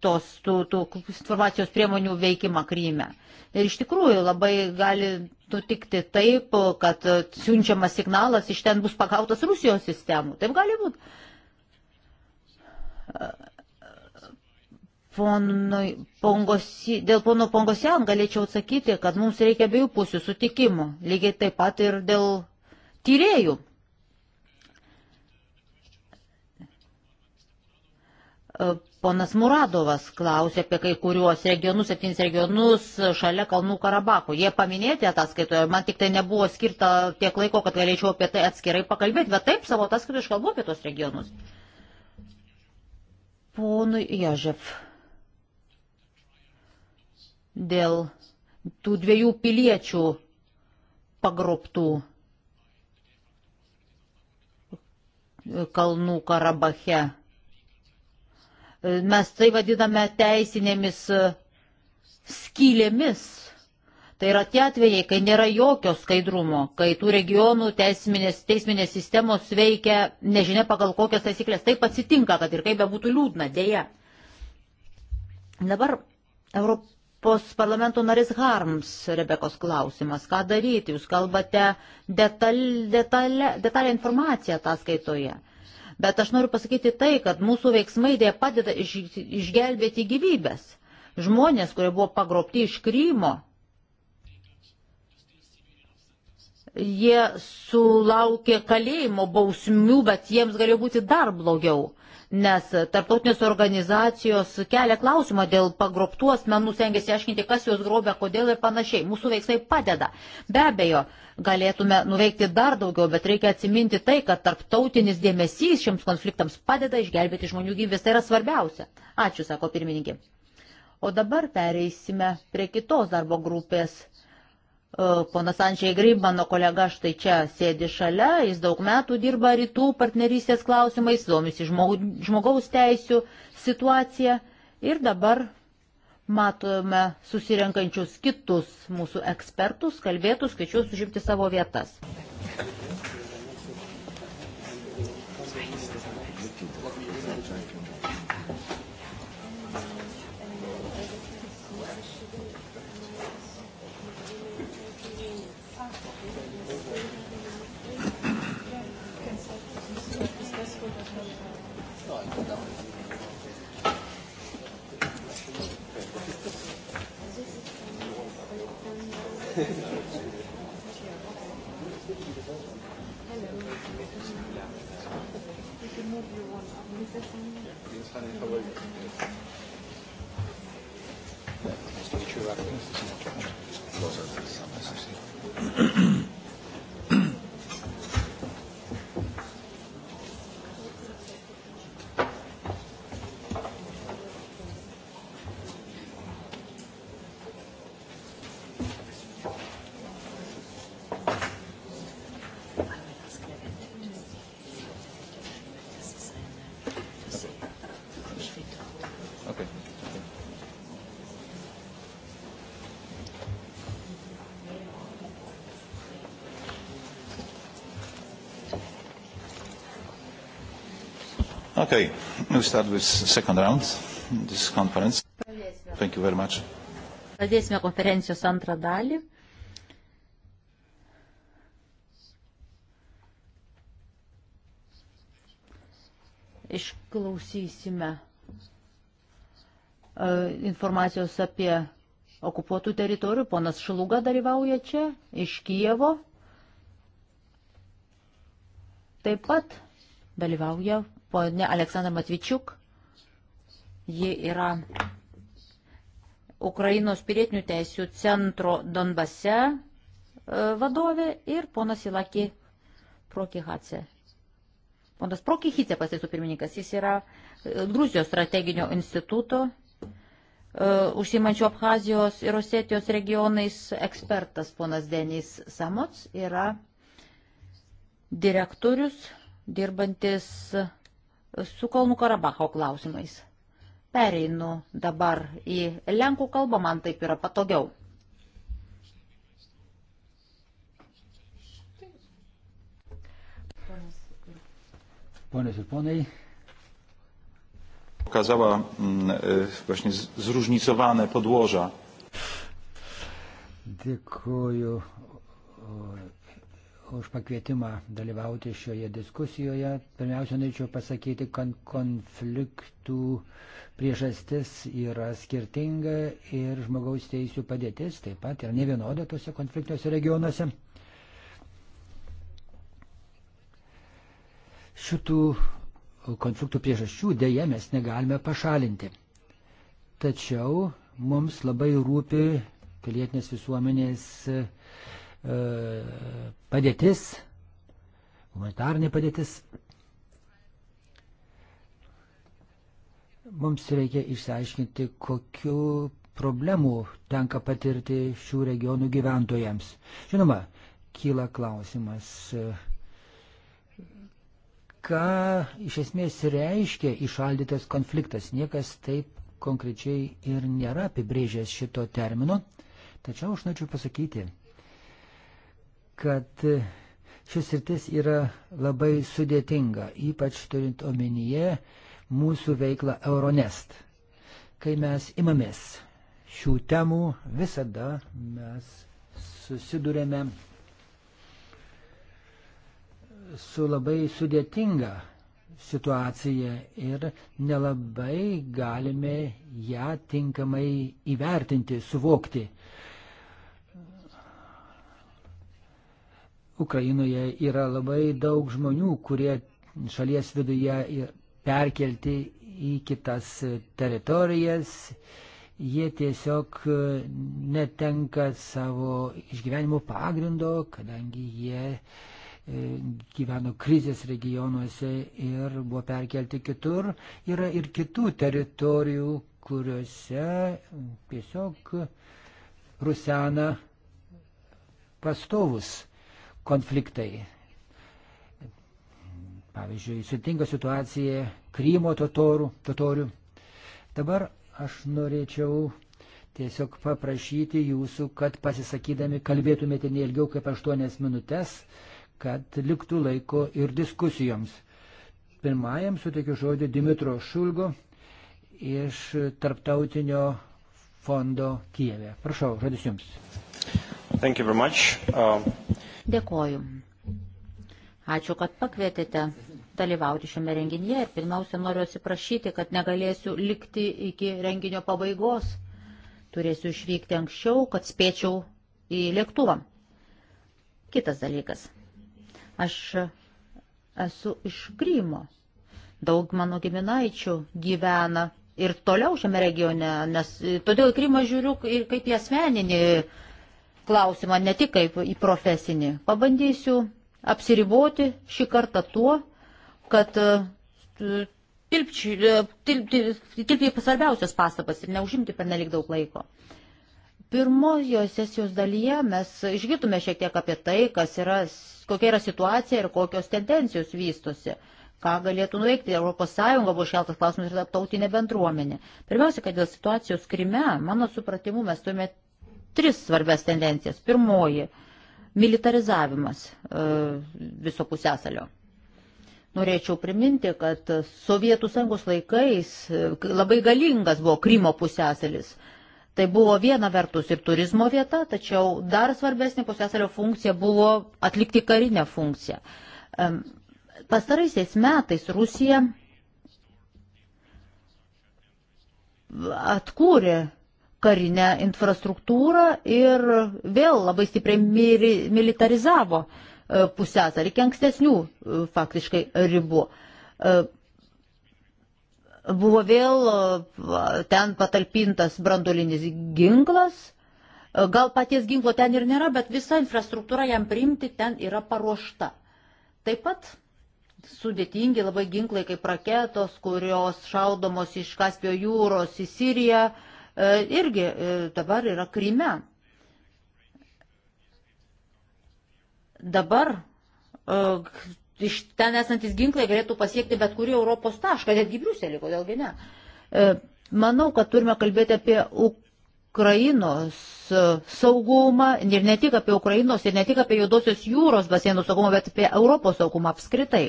tos tų, tų informacijos priemonių veikimą Kryme. Ir iš tikrųjų labai gali nutikti taip, kad siunčiamas signalas iš ten bus pakautas Rusijos sistemų. Taip gali būti. Ponui, pongosi, dėl pono Pongosian galėčiau atsakyti, kad mums reikia abiejų pusių sutikimų. Lygiai taip pat ir dėl tyrėjų. Uh, Ponas Muradovas klausė apie kai kuriuos regionus, septynis regionus šalia Kalnų Karabako. Jie paminėti ataskaitoje, man tik tai nebuvo skirta tiek laiko, kad galėčiau apie tai atskirai pakalbėti, bet taip savo ataskaitoje aš kalbu apie tos regionus. Ponui Ježev. Dėl tų dviejų piliečių pagrobtų Kalnų Karabache E, mes tai vadiname teisinėmis e, skylėmis. Tai yra tie atvejai, kai nėra jokio skaidrumo, kai tų regionų teisminės, teisminės sistemos veikia nežinia pagal kokias taisyklės. Taip atsitinka, kad ir kaip bebūtų liūdna, dėja. Dabar Europos parlamento narys Harms, Rebekos klausimas, ką daryti, jūs kalbate detalę detalė, detalė informaciją ataskaitoje. skaitoje. Bet aš noriu pasakyti tai, kad mūsų veiksmai dėja padeda iš, išgelbėti gyvybės. Žmonės, kurie buvo pagrobti iš Krymo, jie sulaukė kalėjimo bausmių, bet jiems galėjo būti dar blogiau nes tarptautinės organizacijos kelia klausimą dėl pagrobtų asmenų, stengiasi aiškinti, kas juos grobia, kodėl ir panašiai. Mūsų veiksmai padeda. Be abejo, galėtume nuveikti dar daugiau, bet reikia atsiminti tai, kad tarptautinis dėmesys šiems konfliktams padeda išgelbėti žmonių gyvybės. Tai yra svarbiausia. Ačiū, sako pirmininkė. O dabar pereisime prie kitos darbo grupės E, ponas Ančiai Gryb, mano kolega štai čia sėdi šalia, jis daug metų dirba rytų partnerystės klausimais, domisi žmogaus teisų situaciją ir dabar matome susirenkančius kitus mūsų ekspertus, kalbėtus, kviečius užimti savo vietas. Thank you. Okay, we'll start with second round, this conference. Pradėsime. Thank you very much. Pradėsime konferencijos antrą dalį. Išklausysime e, informacijos apie okupuotų teritorijų. Ponas Šluga dalyvauja čia iš Kijevo. Taip pat dalyvauja Pone Aleksandra Matvičiuk, ji yra Ukrainos pilietinių teisių centro Donbase e, vadovė ir ponas Ilaki Prokihace. Ponas Prokihice pasisų pirmininkas, jis yra e, Gruzijos strateginio instituto e, užsimančių Abhazijos ir Osetijos regionais ekspertas ponas Denys Samots yra direktorius dirbantis su Kalnų Karabacho klausimais. Pereinu dabar į lenkų kalbą, man taip yra patogiau. Ponios ir ponai. Pokazała mm, e, właśnie zróżnicowane podłoża. Dziękuję už pakvietimą dalyvauti šioje diskusijoje. Pirmiausia, norėčiau pasakyti, kad konfliktų priežastis yra skirtinga ir žmogaus teisų padėtis taip pat yra nevienoda tose konfliktuose regionuose. Šitų konfliktų priežasčių dėje mes negalime pašalinti. Tačiau mums labai rūpi pilietinės visuomenės uh, E, padėtis, humanitarnė padėtis. Mums reikia išsiaiškinti, kokiu problemų tenka patirti šių regionų gyventojams. Žinoma, kyla klausimas, e, ką iš esmės reiškia išaldytas konfliktas. Niekas taip konkrečiai ir nėra apibrėžęs šito termino. Tačiau aš norėčiau pasakyti, kad šis rytis yra labai sudėtinga, ypač turint omenyje mūsų veiklą Euronest. Kai mes imamės šių temų, visada mes susidurėme su labai sudėtinga situacija ir nelabai galime ją tinkamai įvertinti, suvokti. Ukrainoje yra labai daug žmonių, kurie šalies viduje perkelti į kitas teritorijas. Jie tiesiog e, netenka savo išgyvenimo pagrindo, kadangi jie e, gyveno krizės regionuose ir buvo perkelti kitur. Yra ir kitų teritorijų, kuriuose tiesiog rusena pastovus konfliktai. Pavyzdžiui, sutinka situacija Krymo totorų, totorių. Dabar aš norėčiau tiesiog paprašyti jūsų, kad pasisakydami kalbėtumėte ne ilgiau kaip aštuonias minutės, kad liktų laiko ir diskusijoms. Pirmajam suteikiu žodį Dimitro Šulgo iš Tarptautinio fondo Kijeve. Prašau, žodis jums. Thank you very much. Uh, Dėkoju. Ačiū, kad pakvietėte dalyvauti šiame renginyje ir pirmiausia noriu atsiprašyti, kad negalėsiu likti iki renginio pabaigos. Turėsiu išvykti anksčiau, kad spėčiau į lėktuvą. Kitas dalykas. Aš esu iš Krymo. Daug mano giminaičių gyvena ir toliau šiame regione, nes todėl Krymą žiūriu ir kaip į asmeninį klausimą ne tik kaip į profesinį. Pabandysiu apsiriboti šį kartą tuo, kad e, e, tilpti į svarbiausias pastabas ir neužimti per nelik daug laiko. Pirmojos sesijos dalyje mes išgirtume šiek tiek apie tai, yra, kokia yra situacija ir kokios tendencijos vystosi, ką galėtų nuveikti ES, buvo šeltas klausimas ir tarptautinė bendruomenė. Pirmiausia, kad dėl situacijos Krime, mano supratimu, mes turime tris svarbias tendencijas. Pirmoji - militarizavimas e, viso pusėsalio. Norėčiau priminti, kad Sovietų sąjungos laikais e, labai galingas buvo Krymo pusėsalis. Tai buvo viena vertus ir turizmo vieta, tačiau dar svarbesnė pusėsalio funkcija buvo atlikti karinę funkciją. Pastaraisiais metais Rusija atkūrė karinę infrastruktūrą ir vėl labai stipriai militarizavo e, pusęs ar iki ankstesnių e, faktiškai ribų. E, buvo vėl ten patalpintas brandolinis ginklas, gal paties ginklo ten ir nėra, bet visa infrastruktūra jam priimti ten yra paruošta. Taip pat sudėtingi labai ginklai kaip raketos, kurios šaudomos iš Kaspio jūros į Siriją, E, irgi e, dabar yra Kryme. Dabar e, iš ten esantis ginklai galėtų pasiekti bet kurį Europos tašką, netgi Briuselį, kodėlgi ne. Manau, kad turime kalbėti apie Ukrainos saugumą ir ne tik apie Ukrainos ir ne tik apie Juodosios jūros basėnų saugumą, bet apie Europos saugumą apskritai.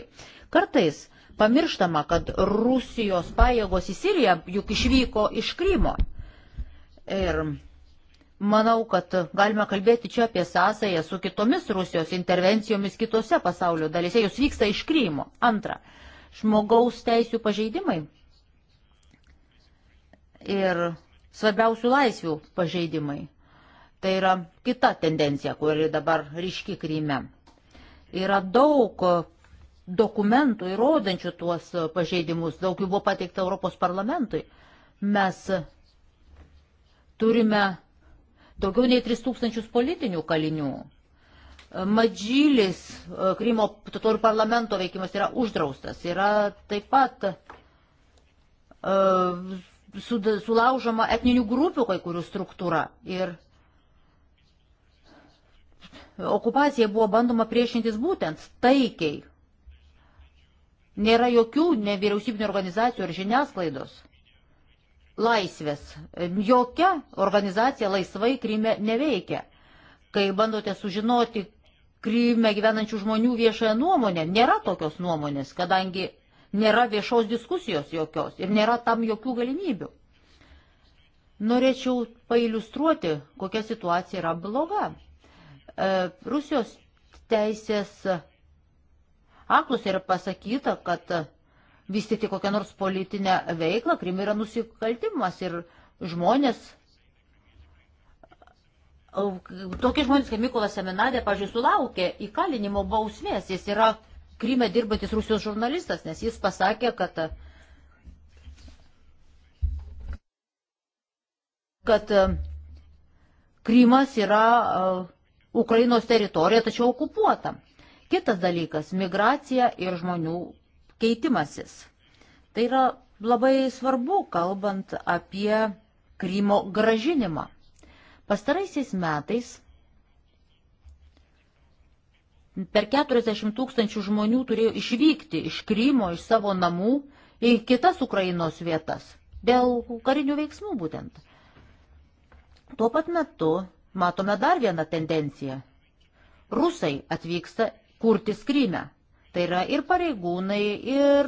Kartais pamirštama, kad Rusijos pajėgos į Siriją juk išvyko iš Krymo. Ir manau, kad galime kalbėti čia apie sąsąją su kitomis Rusijos intervencijomis kitose pasaulio dalyse. Jūs vyksta iš Krymo. Antra, žmogaus teisų pažeidimai ir svarbiausių laisvių pažeidimai. Tai yra kita tendencija, kuri dabar ryški Kryme. Yra daug dokumentų įrodančių tuos pažeidimus, daug jų buvo pateikta Europos parlamentui. Mes Turime daugiau nei 3000 politinių kalinių. Madžylis, e, Krymo totorių parlamento veikimas yra uždraustas. Yra taip pat uh, sulaužoma etninių grupių kai kurių struktūra. Ir okupacija buvo bandoma priešintis būtent taikiai. Nėra jokių nevyriausybinio organizacijų ar žiniasklaidos laisvės. Jokia organizacija laisvai Kryme neveikia. Kai bandote sužinoti Kryme gyvenančių žmonių viešąją nuomonę, nėra tokios nuomonės, kadangi nėra viešos diskusijos jokios ir nėra tam jokių galimybių. Norėčiau pailustruoti, kokia situacija yra bloga. E, Rusijos teisės aktus yra pasakyta, kad vystyti kokią nors politinę veiklą, Krim yra nusikaltimas ir žmonės, tokie žmonės kaip Mikolas Seminadė, pažiūrėjau, sulaukė įkalinimo bausmės, jis yra Kryme dirbantis Rusijos žurnalistas, nes jis pasakė, kad kad Krymas yra Ukrainos teritorija, tačiau okupuota. Kitas dalykas - migracija ir žmonių keitimasis. Tai yra labai svarbu, kalbant apie Krymo gražinimą. Pastaraisiais metais per 40 tūkstančių žmonių turėjo išvykti iš Krymo, iš savo namų į kitas Ukrainos vietas, dėl karinių veiksmų būtent. Tuo pat metu matome dar vieną tendenciją. Rusai atvyksta kurti skrymę. Tai yra ir pareigūnai, ir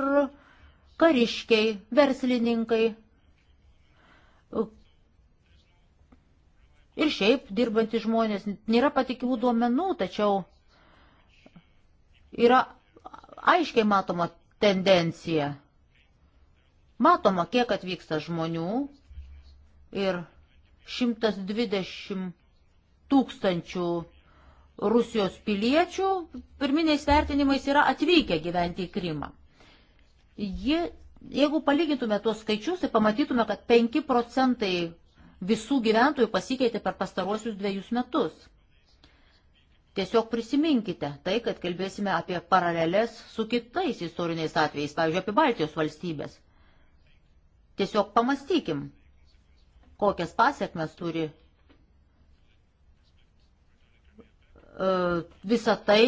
kariškiai, verslininkai. Ir šiaip dirbantys žmonės nėra patikimų duomenų, tačiau yra aiškiai matoma tendencija. Matoma, kiek atvyksta žmonių ir 120 tūkstančių Rusijos piliečių pirminiais vertinimais yra atvykę gyventi į Krymą. Ji, jeigu palygintume tuos skaičius, tai pamatytume, kad 5 procentai visų gyventojų pasikeitė per pastaruosius dviejus metus. Tiesiog prisiminkite tai, kad kalbėsime apie paralelės su kitais istoriniais atvejais, pavyzdžiui, apie Baltijos valstybės. Tiesiog pamastykim, kokias pasiekmes turi E, visą tai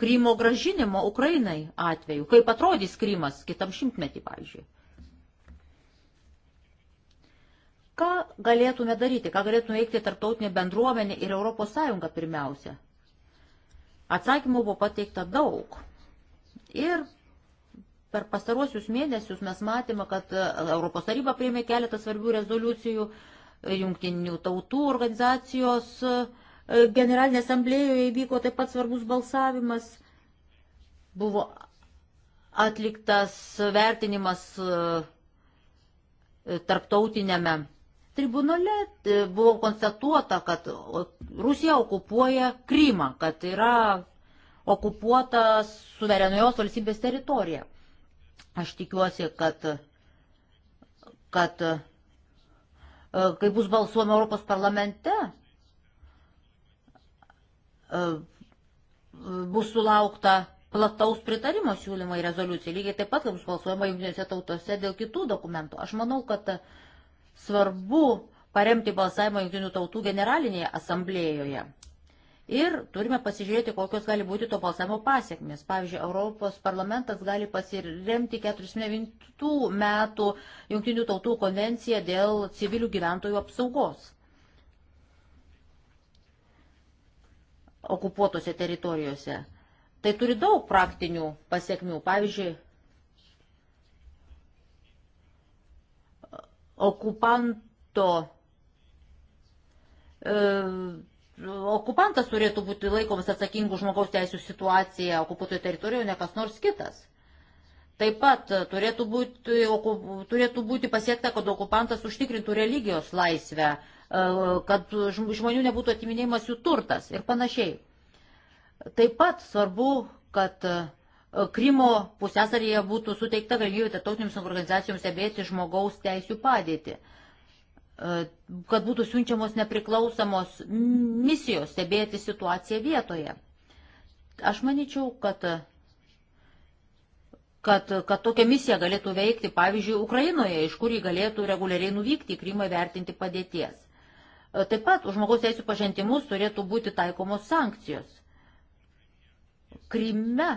Krymo gražinimo Ukrainai atveju. Kaip atrodys Krymas kitam šimtmetį, pavyzdžiui. Ką galėtume daryti, ką galėtume veikti tarptautinė bendruomenė ir ES pirmiausia? Atsakymų buvo pateikta daug. Ir per pastaruosius mėnesius mes matėme, kad Europos taryba priėmė keletą svarbių rezoliucijų, jungtinių tautų organizacijos uh, Generalinė asamblėjoje įvyko taip pat svarbus balsavimas. Buvo atliktas vertinimas e, tarptautinėme tribunale. E, buvo konstatuota, kad Rusija okupuoja Krymą, kad yra okupuota suverenios valstybės teritorija. Aš tikiuosi, kad, kad e, kai bus balsuoma Europos parlamente, E, bus sulaukta plataus pritarimo siūlymai rezoliucijai, lygiai taip pat, kaip bus balsuojama jungtinėse tautose dėl kitų dokumentų. Aš manau, kad svarbu paremti balsavimą jungtinių tautų generalinėje asamblėjoje. Ir turime pasižiūrėti, kokios gali būti to balsavimo pasiekmes. Pavyzdžiui, Europos parlamentas gali pasiremti 49 metų jungtinių tautų konvenciją dėl civilių gyventojų apsaugos. okupuotose teritorijose. Tai turi daug praktinių pasiekmių. Pavyzdžiui, okupanto, e, okupantas turėtų būti laikomas atsakingų žmogaus teisų situaciją okupuotoje teritorijoje, ne kas nors kitas. Taip pat turėtų būti, turėtų būti pasiekta, kad okupantas užtikrintų religijos laisvę, kad žmonių nebūtų atiminėjimas jų turtas ir panašiai. Taip pat svarbu, kad e, Krymo pusėsaryje būtų suteikta galimybė tarptautinėms organizacijoms stebėti žmogaus teisų padėtį e, kad būtų siunčiamos nepriklausomos misijos stebėti situaciją vietoje. Aš manyčiau, kad, kad, kad tokia misija galėtų veikti, pavyzdžiui, Ukrainoje, iš kurį galėtų reguliariai nuvykti į Krymą vertinti padėties. E, taip pat už žmogaus teisų pažentimus turėtų būti taikomos sankcijos. Kryme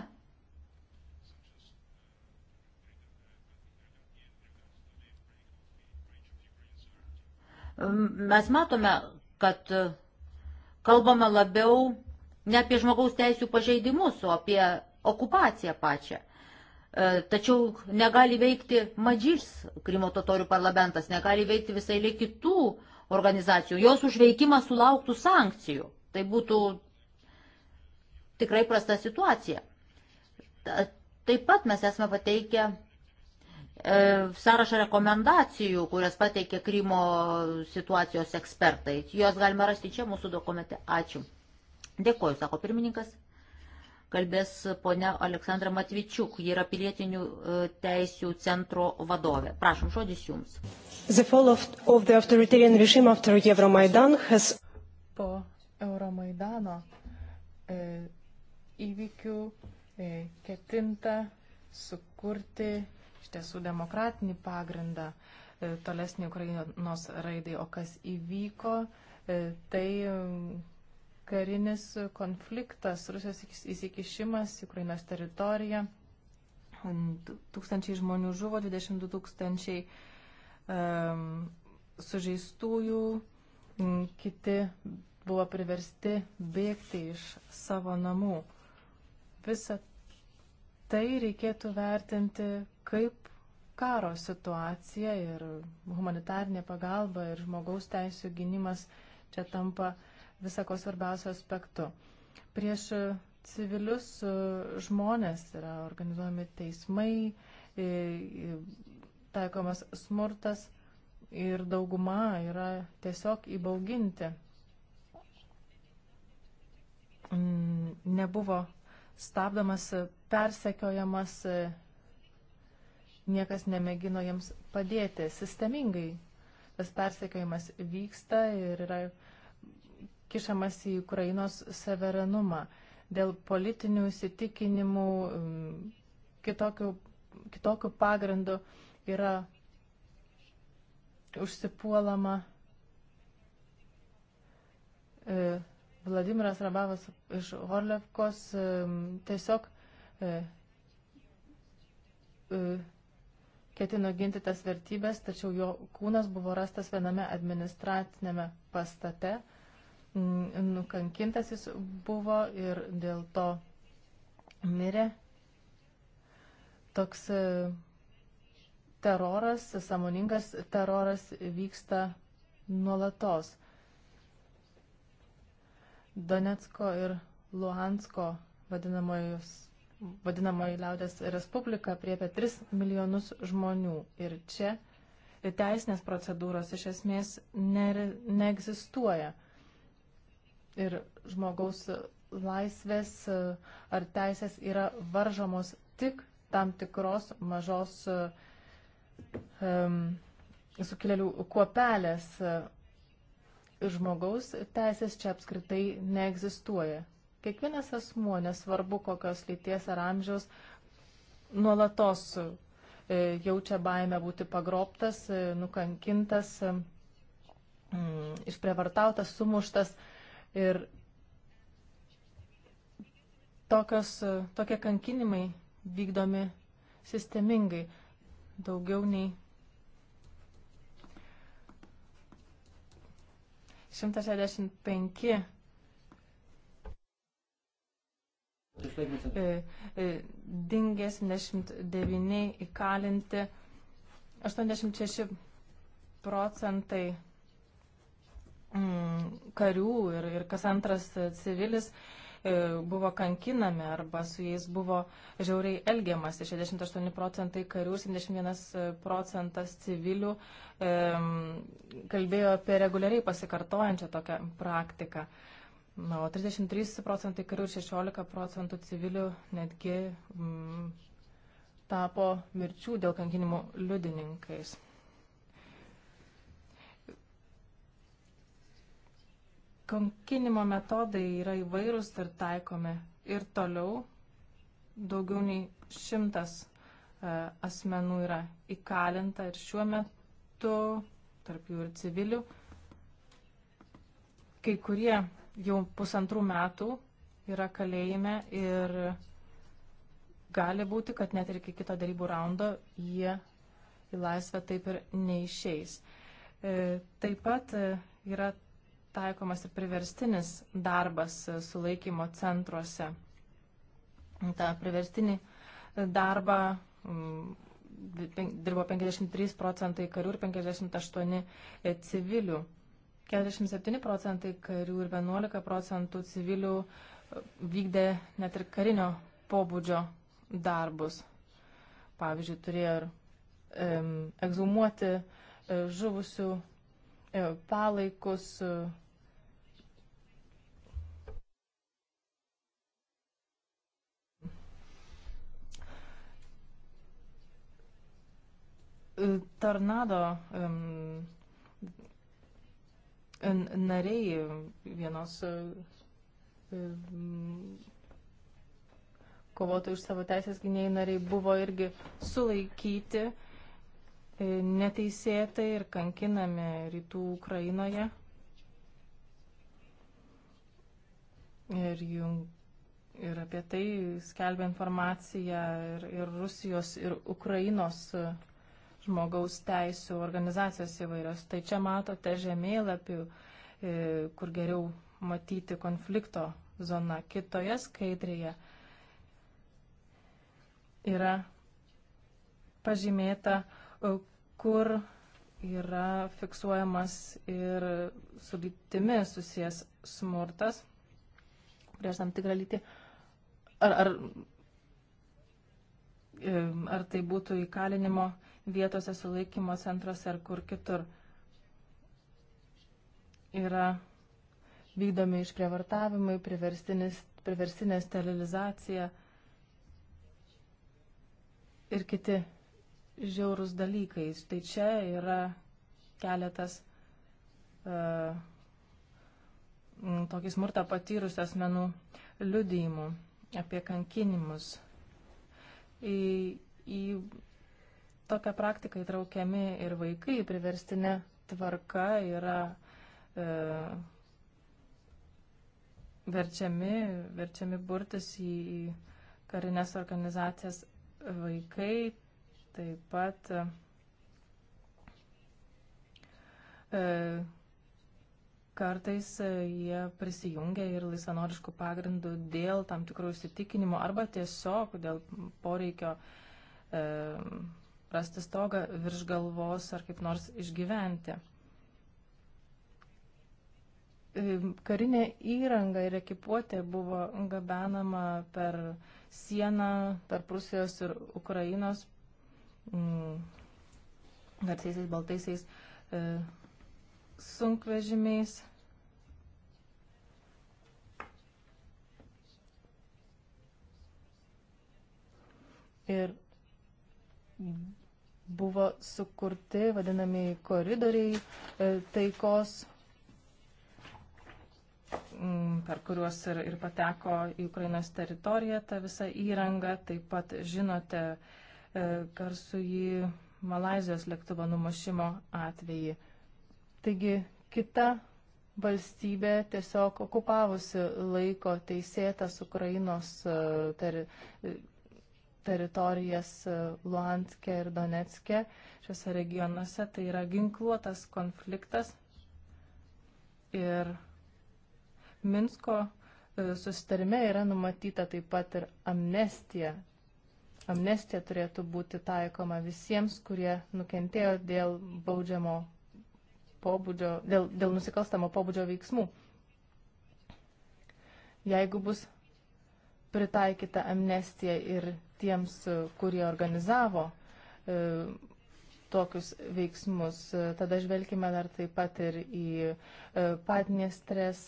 mes matome, kad kalbama labiau ne apie žmogaus teisų pažeidimus, o apie okupaciją pačią. E, tačiau negali veikti Madžis, Krymo totorių parlamentas, negali veikti visai lė kitų organizacijų, jos užveikimą sulauktų sankcijų. Tai būtų tikrai prasta situacija. Ta, taip pat mes esame pateikę e, sąrašą rekomendacijų, kurias pateikė Krymo situacijos ekspertai. Jos galima rasti čia mūsų dokumente. Ačiū. Dėkoju, sako pirmininkas kalbės ponia Aleksandra Matvičiuk, ji yra pilietinių e, teisių centro vadovė. Prašom, žodis jums. Has... Po Euromaidano e, įvykių e, ketinta sukurti iš tiesų demokratinį pagrindą e, tolesnį Ukrainos raidai, o kas įvyko, e, tai. E, karinis konfliktas, Rusijos įsikišimas į Ukrainos teritoriją. Tūkstančiai žmonių žuvo, 22 tūkstančiai um, sužeistųjų, kiti buvo priversti bėgti iš savo namų. Visą tai reikėtų vertinti kaip karo situacija ir humanitarnė pagalba ir žmogaus teisų gynimas čia tampa uh, visako svarbiausio aspektu. Prieš civilius e, žmonės yra organizuojami teismai, e, e, taikomas smurtas ir dauguma yra tiesiog įbauginti. Mm, nebuvo stabdomas, persekiojamas, niekas nemėgino jiems padėti. Sistemingai tas persekiojimas vyksta ir yra kišamas į Ukrainos severenumą dėl politinių įsitikinimų, mm, kitokių, kitokių pagrindų yra užsipuolama. E, Vladimiras Rabavas iš Horlevkos e, tiesiog e, ketino ginti tas vertybės, tačiau jo kūnas buvo rastas viename administracinėme pastate nukankintas jis buvo ir dėl to mirė. Toks e, teroras, samoningas teroras vyksta nuolatos. Donetsko ir Luhansko vadinamojus vadinamoji liaudės respublika priepia 3 milijonus žmonių. Ir čia teisinės procedūros iš esmės ne, neegzistuoja ir žmogaus laisvės e, ar teisės yra varžomos tik tam tikros mažos um, sukilėlių kuopelės. E, žmogaus teisės čia apskritai neegzistuoja. Kiekvienas asmuo, nesvarbu kokios lyties ar amžiaus, nuolatos jaučia baimę būti pagroptas, nukankintas, išprievartautas, sumuštas. Ir tokios, tokie kankinimai vykdomi sistemingai daugiau nei 165 e, e, dingęs 79 įkalinti 86 procentai mm, karių ir, ir kas antras civilis e, buvo kankinami arba su jais buvo žiauriai elgiamasi. 68 procentai karių, 71 e, procentas civilių e, kalbėjo apie reguliariai pasikartojančią tokią praktiką. Na, o 33 procentai karių ir 16 procentų civilių netgi mm, tapo mirčių dėl kankinimų liudininkais. Kankinimo metodai yra įvairūs ir taikomi ir toliau. Daugiau nei šimtas e, asmenų yra įkalinta ir šiuo metu, tarp jų ir civilių, kai kurie jau pusantrų metų yra kalėjime ir gali būti, kad net ir iki kito darybų raundo jie į laisvę taip ir neišeis. E, taip pat e, yra taikomas ir priverstinis darbas sulaikymo centruose. Ta priverstinį darbą mm, dirbo 53 procentai karių ir 58 e, civilių. 47 procentai karių ir 11 procentų civilių e, vykdė net ir karinio pobūdžio darbus. Pavyzdžiui, turėjo ir e, egzumuoti e, žuvusių e, palaikus, e, Tornado nariai vienos kovotojų už savo teisės gynėjai nariai buvo irgi sulaikyti e, neteisėtai ir kankinami rytų Ukrainoje. Ir, jung, ir apie tai skelbia informacija ir, ir Rusijos, ir Ukrainos žmogaus teisų organizacijos įvairios. Tai čia matote žemėlapių, e, kur geriau matyti konflikto zona. Kitoje skaidrėje yra pažymėta, e, kur yra fiksuojamas ir su lytimi susijęs smurtas prieš tam tikrą lytį. Ar, ar, e, ar tai būtų įkalinimo vietose sulaikymo centruose ar kur kitur yra vykdomi išprievartavimai, priverstinė sterilizacija ir kiti žiaurūs dalykai. Tai čia yra keletas uh, tokį smurtą patyrusių asmenų liudijimų apie kankinimus. Į, į tokią praktiką įtraukiami ir vaikai, priverstinė tvarka yra e, verčiami, verčiami burtis į, į karinės organizacijas vaikai, taip pat e, kartais jie prisijungia ir laisvanoriškų pagrindų dėl tam tikrų įsitikinimų arba tiesiog dėl poreikio e, rasti stogą virš galvos ar kaip nors išgyventi. Karinė įranga ir ekipuotė buvo gabenama per sieną tarp Rusijos ir Ukrainos garsiaisiais mm, baltaisiais e, sunkvežimiais. Ir buvo sukurti vadinami koridoriai e, taikos, mm, per kuriuos ir, ir pateko į Ukrainos teritoriją ta visa įranga. Taip pat žinote e, garsų į Malazijos lėktuvo numušimo atvejį. Taigi kita valstybė tiesiog okupavusi laiko teisėtas Ukrainos e, teri, teritorijas e, Luanskė ir Donetskė. Šiuose regionuose tai yra ginkluotas konfliktas ir Minsko e, susitarime yra numatyta taip pat ir amnestija. Amnestija turėtų būti taikoma visiems, kurie nukentėjo dėl baudžiamo pobūdžio, dėl, dėl nusikalstamo pobūdžio veiksmų. Jeigu bus pritaikyta amnestija ir tiems, kurie organizavo e, tokius veiksmus. Tada žvelgime dar taip pat ir į e, Padniestrės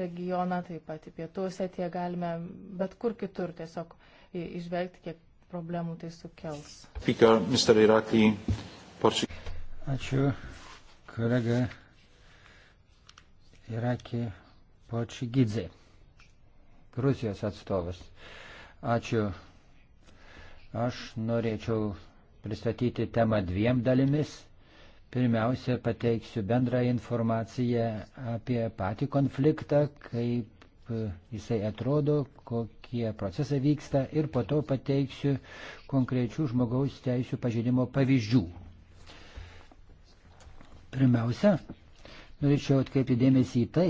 regioną, taip pat į pietuose, tie galime bet kur kitur tiesiog išvelgti, kiek problemų tai sukels. Ačiū, kolega Irakė Počigidze, Rusijos atstovas. Ačiū Aš norėčiau pristatyti temą dviem dalimis. Pirmiausia, pateiksiu bendrą informaciją apie patį konfliktą, kaip jisai atrodo, kokie procesai vyksta ir po to pateiksiu konkrečių žmogaus teisų pažinimo pavyzdžių. Pirmiausia, norėčiau atkreipti dėmesį į tai,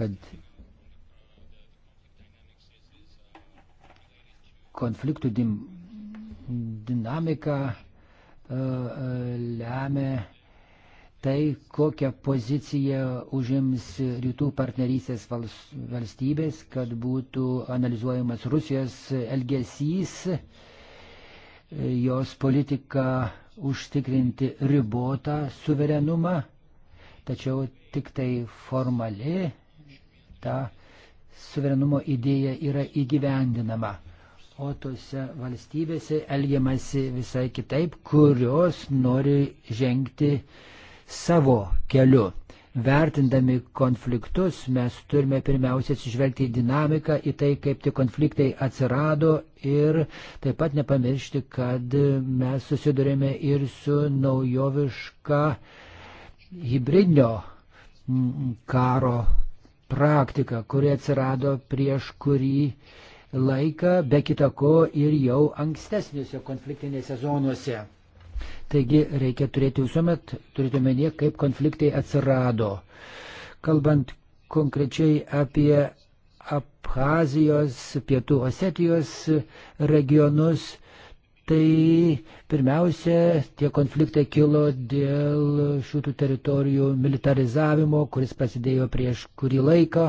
kad konfliktų dim, dinamika e, e, lemia tai, kokią poziciją užims rytų partnerysės valstybės, kad būtų analizuojamas Rusijos elgesys, jos politika užtikrinti ribotą suverenumą, tačiau tik tai formali ta suverenumo idėja yra įgyvendinama o tose valstybėse elgiamasi visai kitaip, kurios nori žengti savo keliu. Vertindami konfliktus mes turime pirmiausia atsižvelgti į dinamiką, į tai, kaip tie konfliktai atsirado ir taip pat nepamiršti, kad mes susidurėme ir su naujoviška hybridinio karo praktika, kuri atsirado prieš kurį laiką, be kitako ir jau ankstesniuose konfliktinėse zonuose. Taigi reikia turėti visuomet, turėti omenyje, kaip konfliktai atsirado. Kalbant konkrečiai apie Abhazijos, Pietų Osetijos regionus, tai pirmiausia, tie konfliktai kilo dėl šitų teritorijų militarizavimo, kuris prasidėjo prieš kurį laiką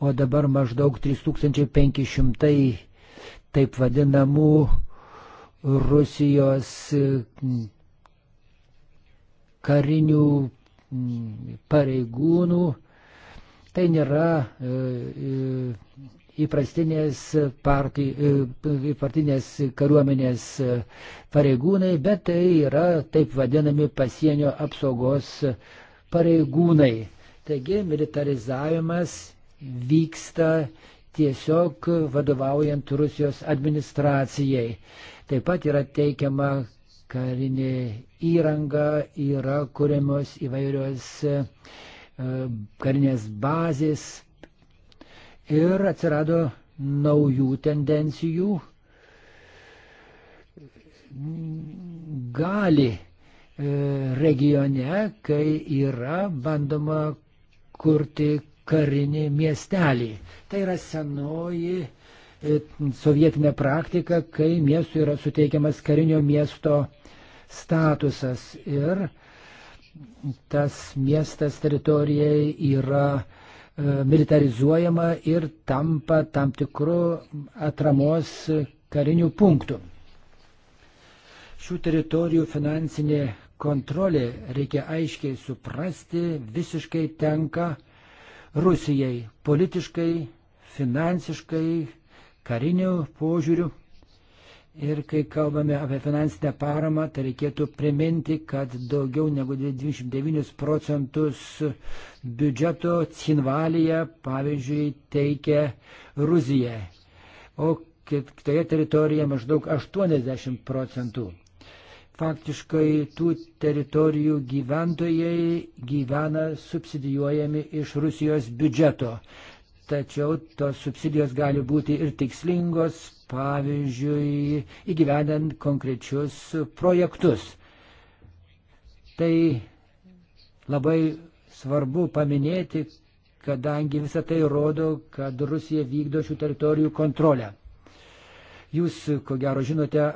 o dabar maždaug 3500 taip vadinamų Rusijos mm, karinių mm, pareigūnų. Tai nėra e, e, įprastinės, partij, e, įprastinės kariuomenės pareigūnai, bet tai yra taip vadinami pasienio apsaugos pareigūnai. Taigi militarizavimas vyksta tiesiog vadovaujant Rusijos administracijai. Taip pat yra teikiama karinė įranga, yra kuriamos įvairios e, karinės bazės ir atsirado naujų tendencijų. Gali e, regione, kai yra bandoma kurti karinį miestelį. Tai yra senoji e, sovietinė praktika, kai miestui yra suteikiamas karinio miesto statusas ir tas miestas teritorijai yra e, militarizuojama ir tampa tam tikru atramos karinių punktų. Šių teritorijų finansinė kontrolė, reikia aiškiai suprasti, visiškai tenka Rusijai politiškai, finansiškai, kariniu požiūriu. Ir kai kalbame apie finansinę paramą, tai reikėtų priminti, kad daugiau negu 29 procentus biudžeto Cinvalyje, pavyzdžiui, teikia Rusija, o kitoje teritorijoje maždaug 80 procentų faktiškai tų teritorijų gyventojai gyvena subsidijuojami iš Rusijos biudžeto. Tačiau tos subsidijos gali būti ir tikslingos, pavyzdžiui, įgyvenant konkrečius projektus. Tai labai svarbu paminėti, kadangi visa tai rodo, kad Rusija vykdo šių teritorijų kontrolę. Jūs, ko gero, žinote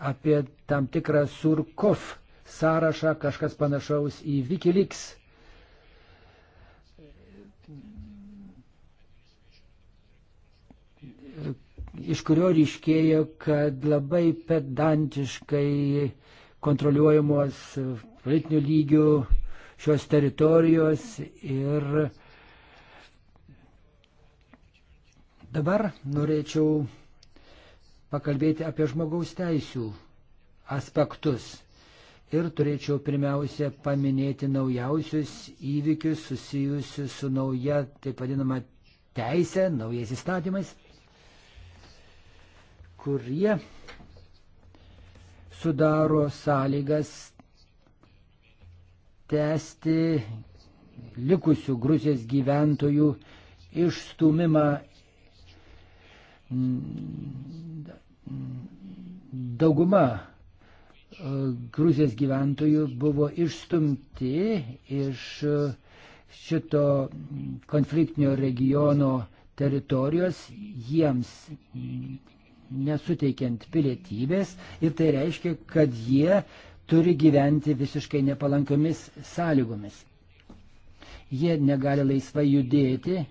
apie tam tikrą Surkov sąrašą, kažkas panašaus į Wikileaks. iš kurio ryškėjo, kad labai pedantiškai kontroliuojamos politinių lygių šios teritorijos ir dabar norėčiau pakalbėti apie žmogaus teisų aspektus. Ir turėčiau pirmiausia paminėti naujausius įvykius susijusius su nauja, taip vadinama, teisė, naujais įstatymais, kurie sudaro sąlygas tęsti likusių Gruzijos gyventojų išstumimą Mm, dauguma e, Gruzijos gyventojų buvo išstumti iš e, šito konfliktinio regiono teritorijos, jiems nesuteikiant pilietybės ir tai reiškia, kad jie turi gyventi visiškai nepalankiomis sąlygomis. Jie negali laisvai judėti,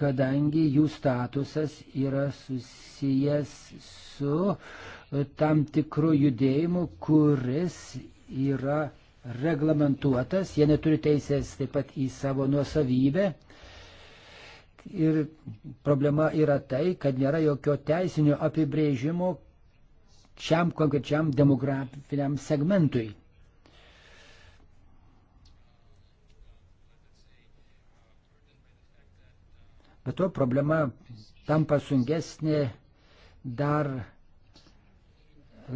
kadangi jų statusas yra susijęs su e, tam tikru judėjimu, kuris yra reglamentuotas, jie neturi teisės taip pat į savo nuosavybę. Ir problema yra tai, kad nėra jokio teisinio apibrėžimo šiam konkrečiam demografiniam segmentui. Bet to problema tampa sunkesnė dar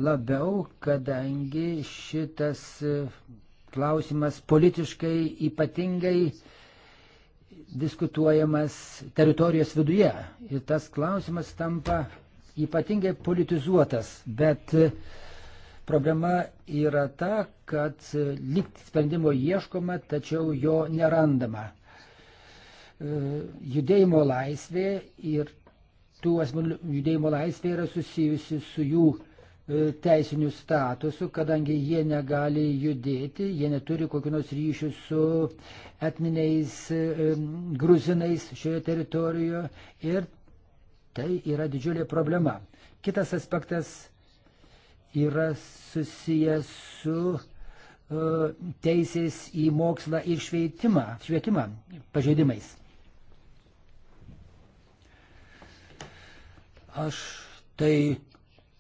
labiau, kadangi šitas e, klausimas politiškai ypatingai diskutuojamas teritorijos viduje. Ir tas klausimas tampa ypatingai politizuotas. Bet e, problema yra ta, kad e, likt sprendimo ieškoma, tačiau jo nerandama. E, judėjimo laisvė ir tų asmenų judėjimo laisvė yra susijusi su jų e, teisiniu statusu, kadangi jie negali judėti, jie neturi kokių nors ryšių su etniniais e, gruzinais šioje teritorijoje ir tai yra didžiulė problema. Kitas aspektas yra susijęs su teisės į mokslą ir švietimą, švietimą pažeidimais. Aš tai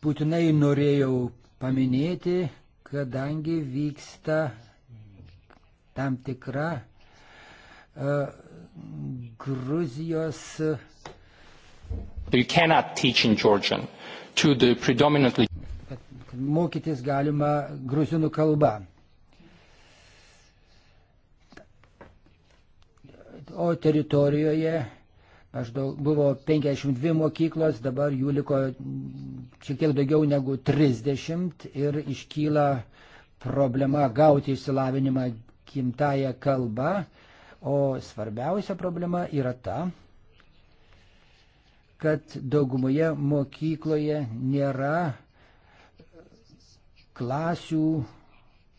būtinai norėjau paminėti, kadangi vyksta tam tikra uh, Gruzijos. You cannot teach in Georgian to the predominantly. Mokytis galima gruzinų kalbą. O teritorijoje maždaug buvo 52 mokyklos, dabar jų liko šiek tiek daugiau negu 30 ir iškyla problema gauti išsilavinimą gimtają kalbą, o svarbiausia problema yra ta, kad daugumoje mokykloje nėra klasių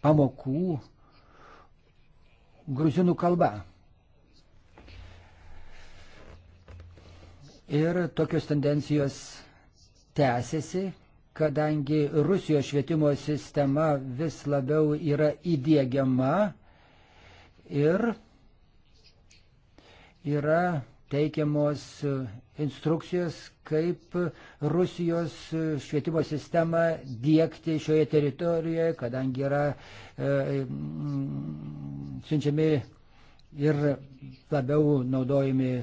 pamokų gruzinų kalba. Ir tokios tendencijos tęsiasi, kadangi Rusijos švietimo sistema vis labiau yra įdėgiama ir yra teikiamos instrukcijos, kaip Rusijos švietimo sistemą dėkti šioje teritorijoje, kadangi yra e, mm, siunčiami ir labiau naudojami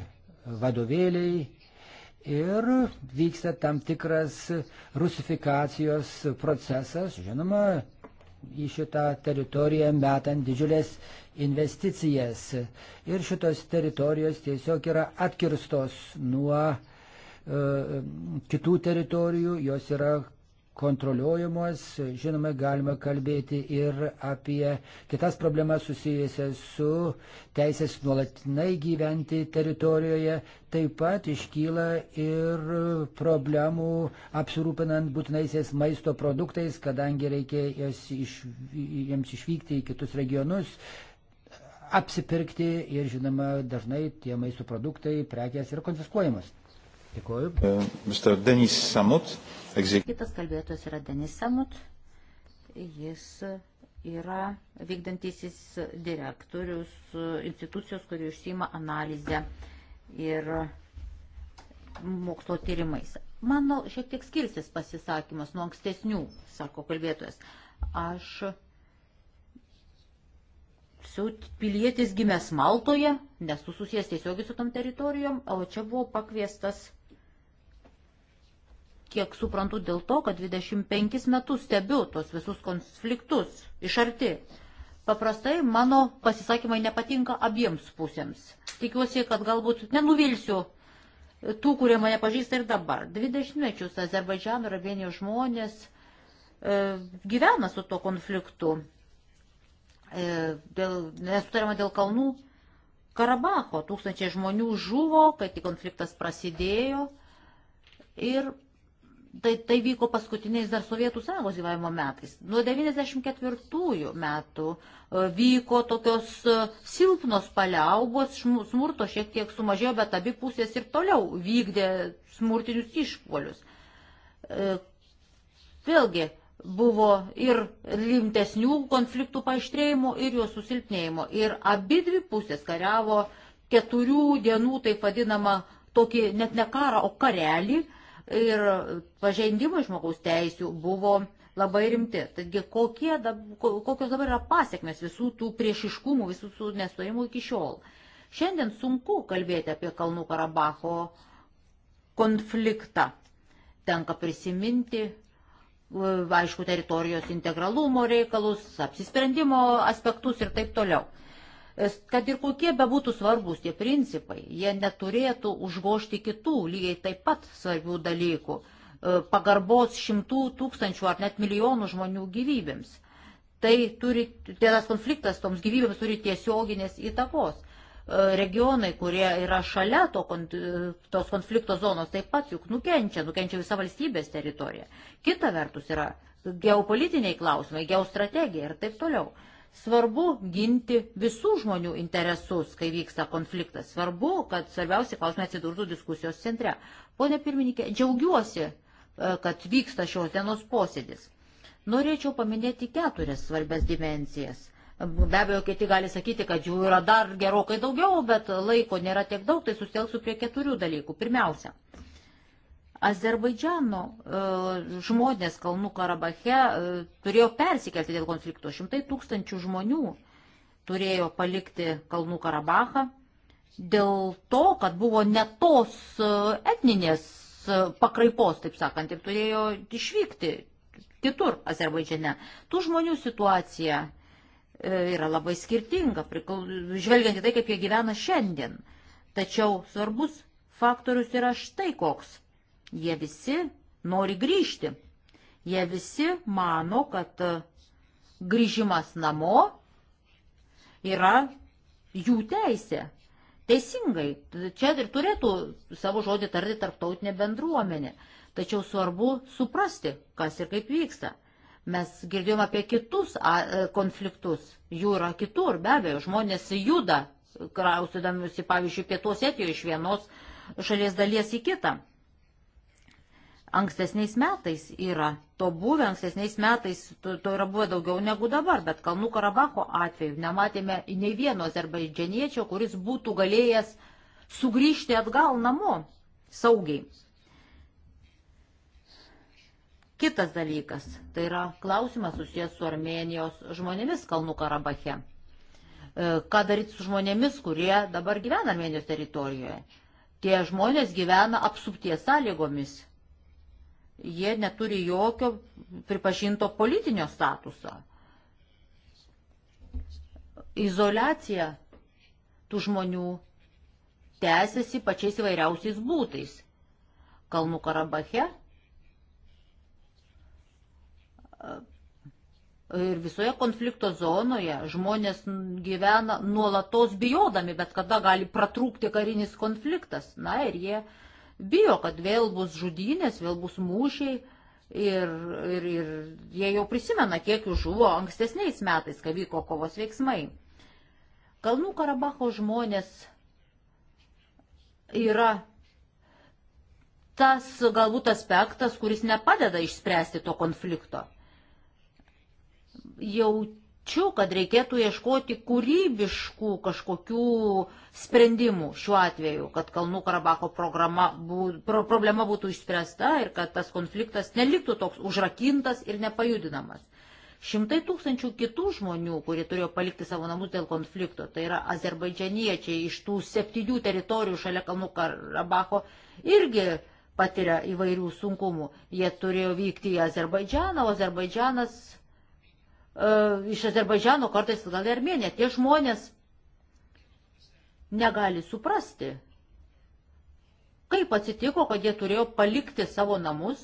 vadovėliai, ir vyksta tam tikras rusifikacijos procesas, žinoma, į šitą teritoriją metant didžiulės investicijas. Ir šitos teritorijos tiesiog yra atkirstos nuo e, kitų teritorijų, jos yra kontroliuojamos. Žinoma, galima kalbėti ir apie kitas problemas susijusias su teisės nuolatinai gyventi teritorijoje. Taip pat iškyla ir problemų apsirūpinant būtinaisiais maisto produktais, kadangi reikia iš, jiems išvykti į kitus regionus apsipirkti ir žinoma dažnai tie maisto produktai, prekės yra konfiskuojamos. Dėkuoju. E, Mr. Denis Samut. Kitas kalbėtojas yra Denis Samut. Jis yra vykdantisis direktorius institucijos, kuri užsima analizę ir mokslo tyrimais. Mano šiek tiek skirsis pasisakymas nuo ankstesnių, sako kalbėtojas. Aš su pilietis gimęs Maltoje, nesu susijęs tiesiogiai su tom teritorijom, o čia buvo pakviestas kiek suprantu, dėl to, kad 25 metus stebiu tos visus konfliktus iš arti. Paprastai mano pasisakymai nepatinka abiems pusėms. Tikiuosi, kad galbūt nenuvilsiu tų, kurie mane pažįsta ir dabar. 20 mečius Azerbaidžiano ir Armenijos žmonės e, gyvena su tuo konfliktu. E, dėl, nesutarima dėl kalnų Karabaho. Tūkstančiai žmonių žuvo, kai tik konfliktas prasidėjo. Ir tai, tai vyko paskutiniais dar Sovietų sąjungos gyvavimo metais. Nuo 94 metų e, vyko tokios e, silpnos paliaubos, smurto šiek tiek sumažėjo, bet abi pusės ir toliau vykdė smurtinius išpolius. E, vėlgi buvo ir limtesnių konfliktų paaištrėjimų ir jo susilpnėjimo. Ir abi dvi pusės kariavo keturių dienų, taip vadinama, tokį net ne karą, o karelį, ir pažeidimai žmogaus teisių buvo labai rimti. Taigi kokie, kokios dabar yra pasiekmes visų tų priešiškumų, visų tų nestojimų iki šiol. Šiandien sunku kalbėti apie Kalnų Karabacho konfliktą. Tenka prisiminti, e, aišku, teritorijos integralumo reikalus, apsisprendimo aspektus ir taip toliau kad ir kokie bebūtų svarbus tie principai, jie neturėtų užgošti kitų lygiai taip pat svarbių dalykų e, - pagarbos šimtų tūkstančių ar net milijonų žmonių gyvybėms. Tai turi, tai tas konfliktas toms gyvybėms turi tiesioginės įtakos. E, regionai, kurie yra šalia to, e, tos konflikto zonos, taip pat juk nukenčia, nukenčia visa valstybės teritorija. Kita vertus yra geopolitiniai klausimai, geostrategija ir taip toliau. Svarbu ginti visų žmonių interesus, kai vyksta konfliktas. Svarbu, kad svarbiausi klausimai atsidurtų diskusijos centre. Pone pirmininkė, džiaugiuosi, e, kad vyksta šios dienos posėdis. Norėčiau paminėti keturias svarbias dimensijas. Be abejo, kiti gali sakyti, kad jų yra dar gerokai daugiau, bet laiko nėra tiek daug, tai sustelksiu prie keturių dalykų. Pirmiausia, Azerbaidžiano e, žmonės Kalnų Karabache e, turėjo persikelti dėl konflikto. Šimtai tūkstančių žmonių turėjo palikti Kalnų Karabachą dėl to, kad buvo netos e, etninės pakraipos, taip sakant, ir turėjo išvykti kitur Azerbaidžiane. Tų žmonių situacija yra labai skirtinga, žvelgiant į tai, kaip jie gyvena šiandien. Tačiau svarbus faktorius yra štai koks. Jie visi nori grįžti. Jie visi mano, kad e, grįžimas namo yra jų teisė. Teisingai, čia ir turėtų savo žodį tarti tarptautinė bendruomenė. Tačiau svarbu suprasti, kas ir kaip vyksta. Mes girdėjom apie kitus e, konfliktus. Jų yra kitur, be abejo, žmonės juda, kraustydamiusi, pavyzdžiui, pietuos etijoje iš vienos šalies dalies į kitą. Ankstesniais metais yra to buvę, ankstesniais metais to, to yra buvę daugiau negu dabar, bet Kalnų Karabacho atveju nematėme nei vieno azerbaidžianiečio, kuris būtų galėjęs sugrįžti atgal namo saugiai. Kitas dalykas - tai yra klausimas susijęs su Armenijos žmonėmis Kalnų Karabache. E, ką daryti su žmonėmis, kurie dabar gyvena Armenijos teritorijoje? Tie žmonės gyvena apsupties sąlygomis. Jie neturi jokio pripažinto politinio statuso. Izolacija tų žmonių tęsiasi pačiais įvairiausiais būtais. Kalnų Karabache e, ir visoje konflikto zonoje žmonės gyvena nuolatos bijodami, bet kada gali pratrūkti karinis konfliktas. Na ir jie uh, bijo, kad vėl bus žudynės, vėl bus mūšiai. Ir, ir, ir jie jau prisimena, kiek jų žuvo ankstesniais metais, kai vyko kovos veiksmai. Kalnų Karabacho žmonės yra tas galbūt aspektas, kuris nepadeda išspręsti to konflikto. Jau tačiau, kad reikėtų ieškoti kūrybiškų kažkokių sprendimų šiuo atveju, kad Kalnų Karabako bū, pro, problema būtų išspręsta ir kad tas konfliktas neliktų toks užrakintas ir nepajudinamas. Šimtai tūkstančių kitų žmonių, kurie turėjo palikti savo namus dėl konflikto, tai yra azerbaidžianiečiai iš tų septynių teritorijų šalia Kalnų Karabako, irgi patiria įvairių sunkumų. Jie turėjo vykti į Azerbaidžaną, o Azerbaidžanas E, iš Azerbaidžiano, kartais gal ir Armenija. Tie žmonės negali suprasti, kaip atsitiko, kad jie turėjo palikti savo namus,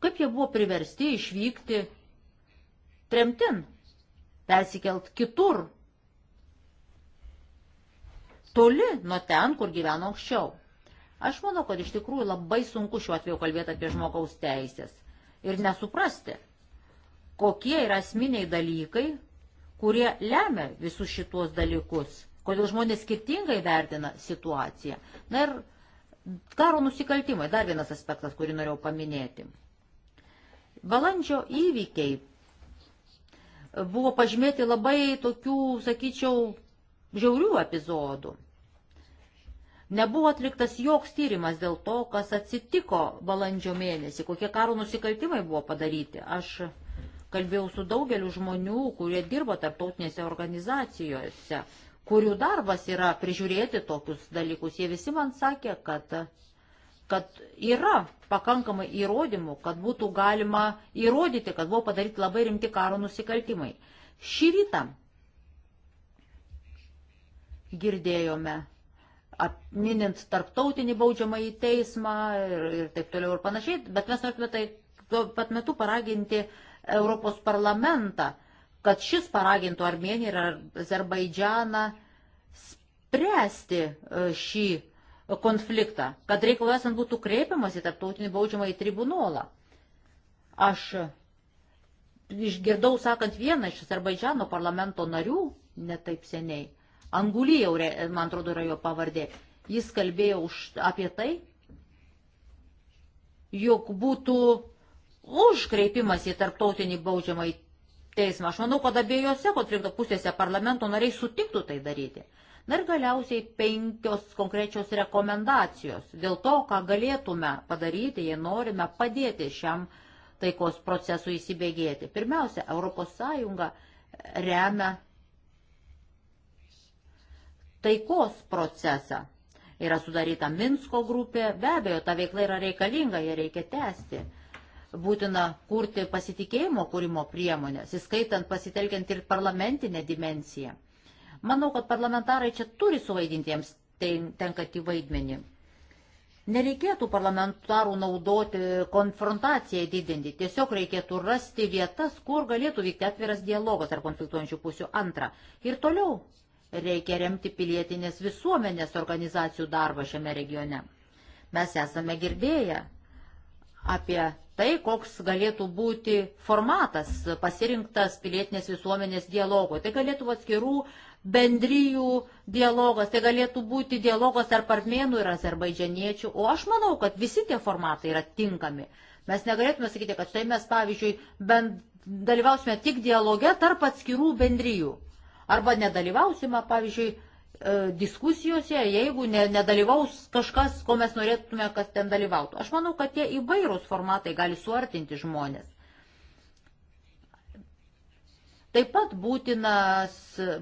kaip jie buvo priversti išvykti tremtin, persikelt kitur, toli nuo ten, kur gyveno anksčiau. Aš manau, kad iš tikrųjų labai sunku šiuo atveju kalbėti apie žmogaus teisės ir nesuprasti, kokie yra asmeniai dalykai, kurie lemia visus šitos dalykus, kodėl žmonės skirtingai vertina situaciją. Na ir karo nusikaltimai, dar vienas aspektas, kurį norėjau paminėti. Balandžio įvykiai buvo pažymėti labai tokių, sakyčiau, žiaurių epizodų. Nebuvo atliktas joks tyrimas dėl to, kas atsitiko balandžio mėnesį, kokie karo nusikaltimai buvo padaryti. Aš kalbėjau su daugeliu žmonių, kurie dirba tarptautinėse organizacijose, kurių darbas yra prižiūrėti tokius dalykus. Jie visi man sakė, kad, kad yra pakankamai įrodymų, kad būtų galima įrodyti, kad buvo padaryti labai rimti karo nusikaltimai. Šį rytą girdėjome minint tarptautinį baudžiamą į teismą ir, ir taip toliau ir panašiai, bet mes norėtume tai tuo pat metu paraginti Europos parlamentą, kad šis paragintų Armeniją ir Azerbaidžianą spręsti e, šį konfliktą, kad reikalų esant būtų kreipiamas į tarptautinį baudžiamą į tribunolą. Aš išgirdau sakant vieną iš Azerbaidžiano parlamento narių netaip seniai, Angulijau, man atrodo, yra jo pavardė. Jis kalbėjo už, apie tai, jog būtų užkreipimas į tarptautinį baudžiamą į teismą. Aš manau, kad abiejose konflikto pusėse parlamento nariai sutiktų tai daryti. Na ir galiausiai penkios konkrečios rekomendacijos dėl to, ką galėtume padaryti, jei norime padėti šiam taikos procesui įsibėgėti. Pirmiausia, ES remia taikos procesą. Yra sudaryta Minsko grupė, be abejo, ta veikla yra reikalinga, ją reikia tęsti. Būtina kurti pasitikėjimo kūrimo priemonės, įskaitant pasitelkiant ir parlamentinę dimenciją. Manau, kad parlamentarai čia turi suvaidinti jiems tai tenkantį vaidmenį. Nereikėtų parlamentarų naudoti konfrontacijai didinti, tiesiog reikėtų rasti vietas, kur galėtų vykti atviras dialogas ar konfliktuojančių pusių antrą. Ir toliau reikia remti pilietinės visuomenės organizacijų darbą šiame regione. Mes esame girdėję apie tai, koks galėtų būti formatas pasirinktas pilietinės visuomenės dialogo. Tai galėtų atskirų bendryjų dialogas, tai galėtų būti dialogas tarp armėnų ir azerbaidžianiečių, o aš manau, kad visi tie formatai yra tinkami. Mes negalėtume sakyti, kad štai mes, pavyzdžiui, bend, dalyvausime tik dialoge tarp atskirų bendryjų. Arba nedalyvausime, pavyzdžiui, e, diskusijose, jeigu ne, nedalyvaus kažkas, ko mes norėtume, kas ten dalyvautų. Aš manau, kad tie įvairūs formatai gali suartinti žmonės. Taip pat būtinas,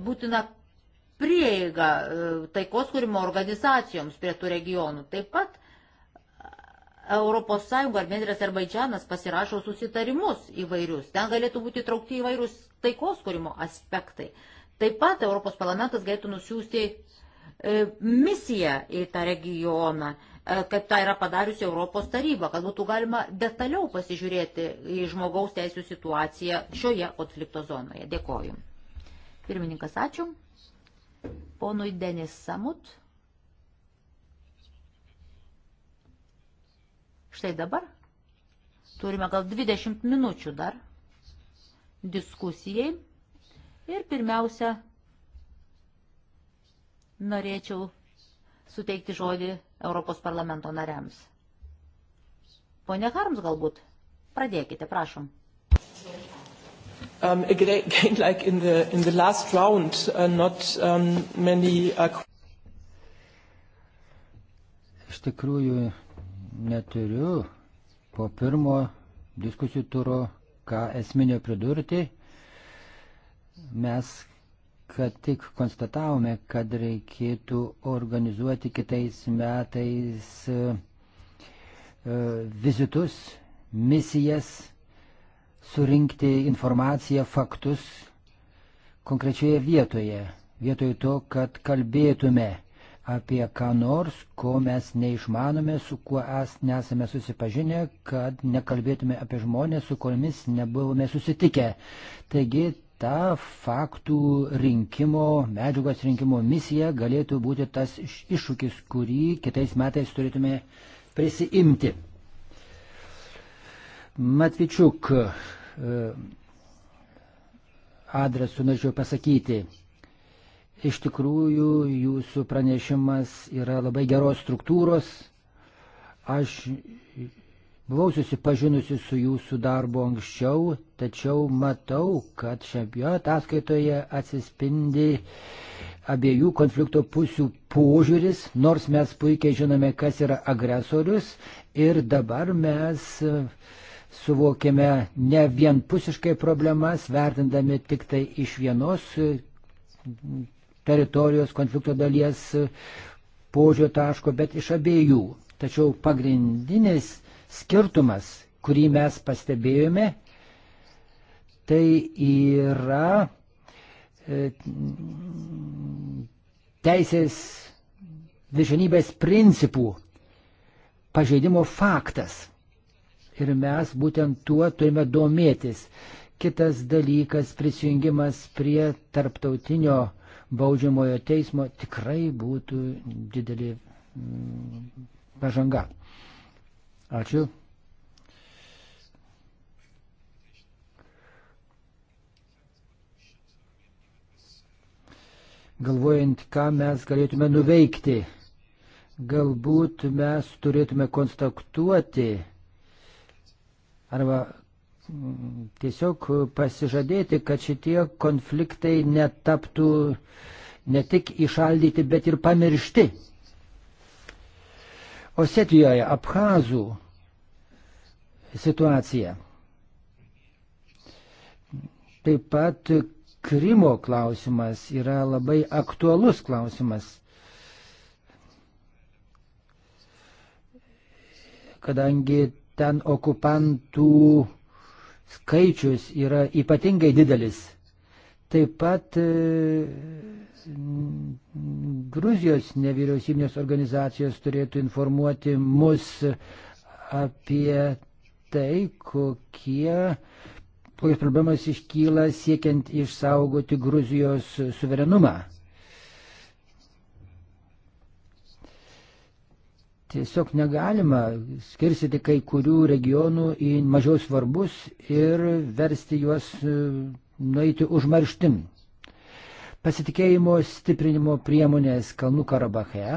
būtina prieiga e, taikos kūrimo organizacijoms prie tų regionų. Taip pat ES ar Bendrės Arbaidžianas pasirašo susitarimus įvairius. Ten galėtų būti traukti įvairūs taikos kūrimo aspektai. Taip pat Europos parlamentas galėtų nusiųsti e, misiją į tą regioną, e, kaip tą yra padariusi Europos taryba, kad būtų galima detaliau pasižiūrėti į žmogaus teisų situaciją šioje konflikto zonoje. Dėkoju. Pirmininkas, ačiū. Ponui Denis Samut. Štai dabar turime gal 20 minučių dar diskusijai. Ir pirmiausia, norėčiau suteikti žodį Europos parlamento nariams. Pone Harms galbūt, pradėkite, prašom. Um, again, *laughs* like in the, in the last round, uh, not um, many... Uh... Iš tikrųjų neturiu po pirmo diskusijų turo ką esminio pridurti. Mes kad tik konstatavome, kad reikėtų organizuoti kitais metais e, e, vizitus, misijas, surinkti informaciją, faktus konkrečioje vietoje. Vietoj to, kad kalbėtume apie ką nors, ko mes neišmanome, su kuo es nesame susipažinę, kad nekalbėtume apie žmonės, su kuriomis nebuvome susitikę. Taigi ta faktų rinkimo, medžiagos rinkimo misija galėtų būti tas iššūkis, kurį kitais metais turėtume prisiimti. Matvičiuk e, adresu norėčiau pasakyti. Iš tikrųjų, jūsų pranešimas yra labai geros struktūros. Aš Buvau susipažinusi su jūsų darbu anksčiau, tačiau matau, kad šiame ataskaitoje atsispindi abiejų konflikto pusių požiūris, nors mes puikiai žinome, kas yra agresorius ir dabar mes suvokėme ne vienpusiškai problemas, vertindami tik tai iš vienos teritorijos konflikto dalies požiūrio taško, bet iš abiejų. Tačiau pagrindinės skirtumas, kurį mes pastebėjome, tai yra e, teisės viršenybės principų pažeidimo faktas. Ir mes būtent tuo turime domėtis. Kitas dalykas - prisijungimas prie tarptautinio baudžiamojo teismo tikrai būtų didelė mm, pažanga. Ačiū. Galvojant, ką mes galėtume nuveikti, galbūt mes turėtume konstatuoti arba mm, tiesiog pasižadėti, kad šitie konfliktai netaptų ne tik įšaldyti, bet ir pamiršti. Osetijoje, Abhazų situaciją. Taip pat Krimo klausimas yra labai aktualus klausimas. Kadangi ten okupantų skaičius yra ypatingai didelis. Taip pat e, Gruzijos nevyriausybinės organizacijos turėtų informuoti mus apie tai, kokie, kokios problemas iškyla siekiant išsaugoti Gruzijos suverenumą. Tiesiog negalima skirsyti kai kurių regionų į mažiau svarbus ir versti juos e, nueiti užmarštim. Pasitikėjimo stiprinimo priemonės Kalnų Karabache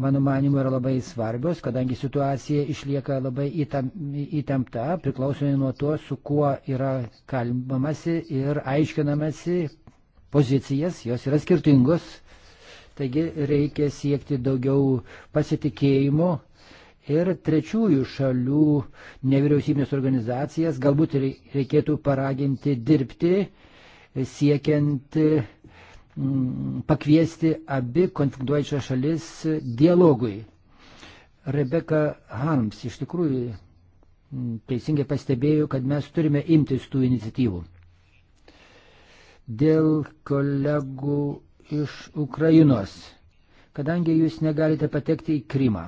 mano manimu, yra labai svarbios, kadangi situacija išlieka labai įtempta, priklausomai nuo to, su kuo yra kalbamasi ir aiškinamasi pozicijas, jos yra skirtingos. Taigi reikia siekti daugiau pasitikėjimo ir trečiųjų šalių nevyriausybinės organizacijas galbūt reikėtų paraginti dirbti siekiant Mm, pakviesti abi konfliktuojančias šalis dialogui. Rebeka Harms iš tikrųjų mm, teisingai pastebėjo, kad mes turime imtis tų iniciatyvų. Dėl kolegų iš Ukrainos, kadangi jūs negalite patekti į Krymą,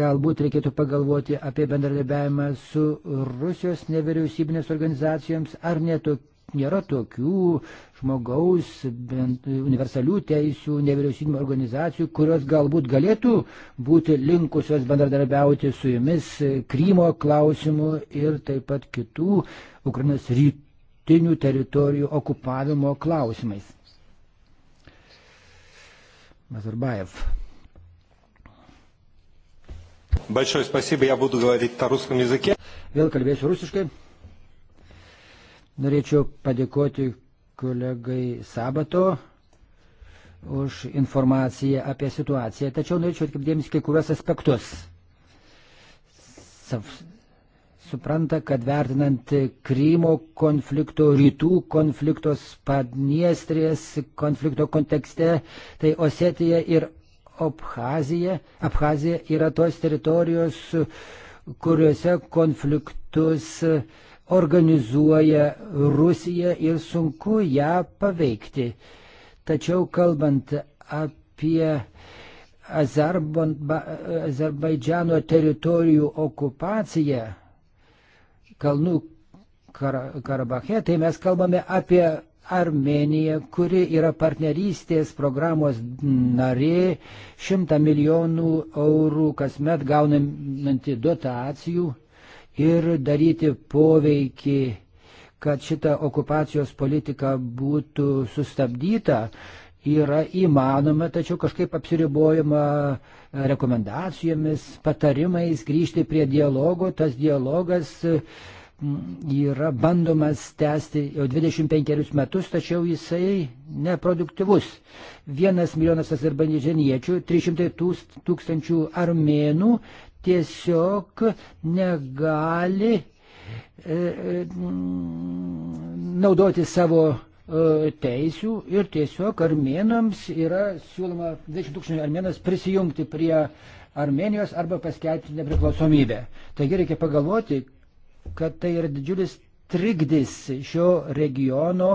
galbūt reikėtų pagalvoti apie bendradarbiavimą su Rusijos nevyriausybinės organizacijoms ar netokiu nėra tokių žmogaus bent universalių teisių nevyriausybinio organizacijų, kurios galbūt galėtų būti linkusios bendradarbiauti su jumis Krymo klausimu ir taip pat kitų Ukrainos rytinių teritorijų okupavimo klausimais. Назарбаев. Большое спасибо, я буду говорить на русском языке. Vėl kalbėsiu rusiškai. Norėčiau padėkoti kolegai Sabato už informaciją apie situaciją, tačiau norėčiau atkreipdėmės kai kurios aspektus. Sav, supranta, kad vertinant Krymo konflikto, rytų konflikto, Spadniestrės konflikto kontekste, tai Osetija ir Abhazija, Abhazija yra tos teritorijos, kuriuose konfliktus uh, organizuoja Rusija ir sunku ją paveikti. Tačiau kalbant apie Azerbaidžiano teritorijų okupaciją Kalnų Karabache, tai mes kalbame apie Armenija, kuri yra partnerystės programos narė, 100 milijonų eurų kasmet gaunanti dotacijų ir daryti poveikį, kad šita okupacijos politika būtų sustabdyta, yra įmanoma, tačiau kažkaip apsiribojama rekomendacijomis, patarimais grįžti prie dialogo. Tas dialogas mm, yra bandomas tęsti jau 25 metus, tačiau jisai neproduktyvus. Vienas milijonas azerbaidžianiečių, 300 tūkstančių armėnų, tiesiog negali e, e, naudoti savo e, teisių ir tiesiog armenams yra siūloma 20 tūkstančių armenas prisijungti prie Armenijos arba paskelbti nepriklausomybę. Taigi reikia pagalvoti, kad tai yra didžiulis trikdis šio regiono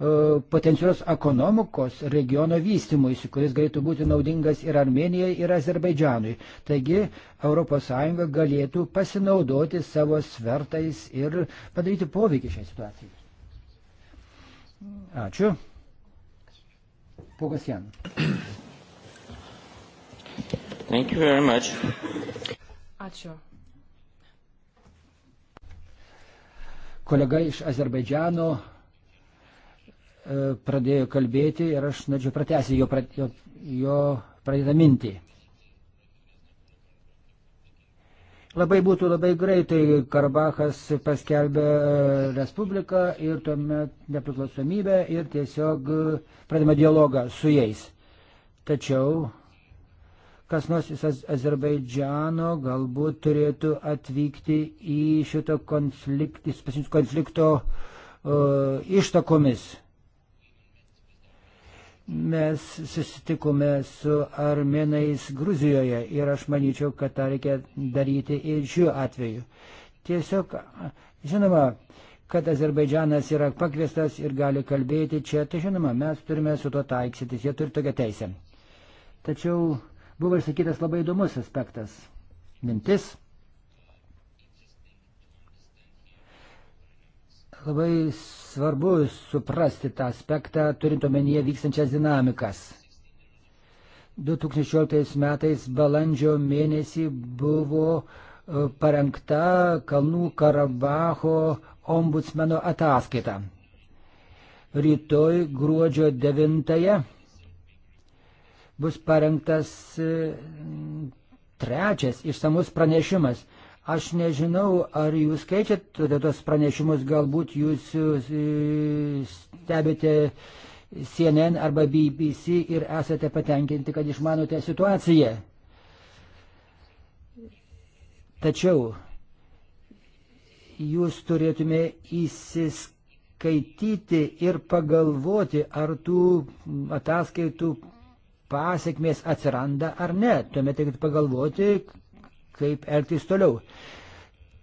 E, potencialios ekonomikos regiono vystimuisi, kuris galėtų būti naudingas ir Armenijai, ir Azerbaidžianui. Taigi ES galėtų pasinaudoti savo svertais ir padaryti poveikį šiai situacijai. Ačiū. Pogas Jan. Thank you very much. Ačiū. Kolega iš Azerbaidžiano E, pradėjo kalbėti ir aš norėčiau pratęsti jo, jo, jo pradėtą mintį. Labai būtų labai greitai Karabachas paskelbė Respubliką ir tuomet nepriklausomybę ir tiesiog pradėmė dialogą su jais. Tačiau kas nors iš Azerbaidžiano galbūt turėtų atvykti į šito konflikt, konflikto uh, ištakomis mes susitikome su armenais Gruzijoje ir aš manyčiau, kad tą reikia daryti ir šiuo atveju. Tiesiog, žinoma, kad Azerbaidžianas yra pakviestas ir gali kalbėti čia, tai žinoma, mes turime su to taiksytis, jie turi tokią teisę. Tačiau buvo išsakytas labai įdomus aspektas, mintis, labai svarbu suprasti tą aspektą, turint omenyje vykstančias dinamikas. 2016 metais balandžio mėnesį buvo e, parengta Kalnų Karabaho ombudsmeno ataskaita. Rytoj gruodžio 9 bus parengtas e, trečias išsamus pranešimas Aš nežinau, ar jūs keičiat tos pranešimus, galbūt jūs, jūs e, stebite CNN arba BBC ir esate patenkinti, kad išmanote situaciją. Tačiau jūs turėtume įsiskaityti ir pagalvoti, ar tų ataskaitų pasiekmės atsiranda ar ne. Tuomet reikėtų pagalvoti, kaip elgtis toliau.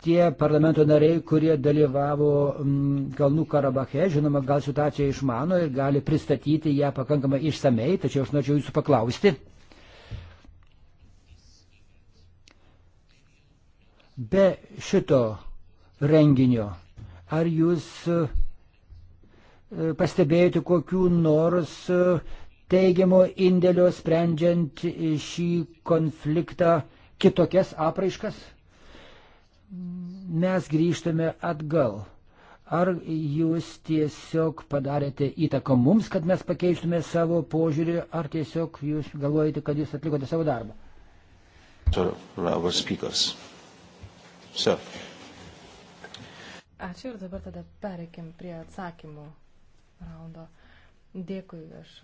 Tie parlamento nariai, kurie dalyvavo mm, Kalnų Karabache, žinoma, gal situaciją išmano ir gali pristatyti ją pakankamai išsamei, tačiau aš norėčiau jūsų paklausti. Be šito renginio, ar jūs e, pastebėjote kokių nors e, teigiamo indėlio sprendžiant šį konfliktą kitokias apraiškas, mes grįžtame atgal. Ar jūs tiesiog padarėte įtaką mums, kad mes pakeistume savo požiūrį, ar tiesiog jūs galvojate, kad jūs atlikote savo darbą? Ačiū ir dabar tada pereikim prie atsakymų raundo. Dėkui, aš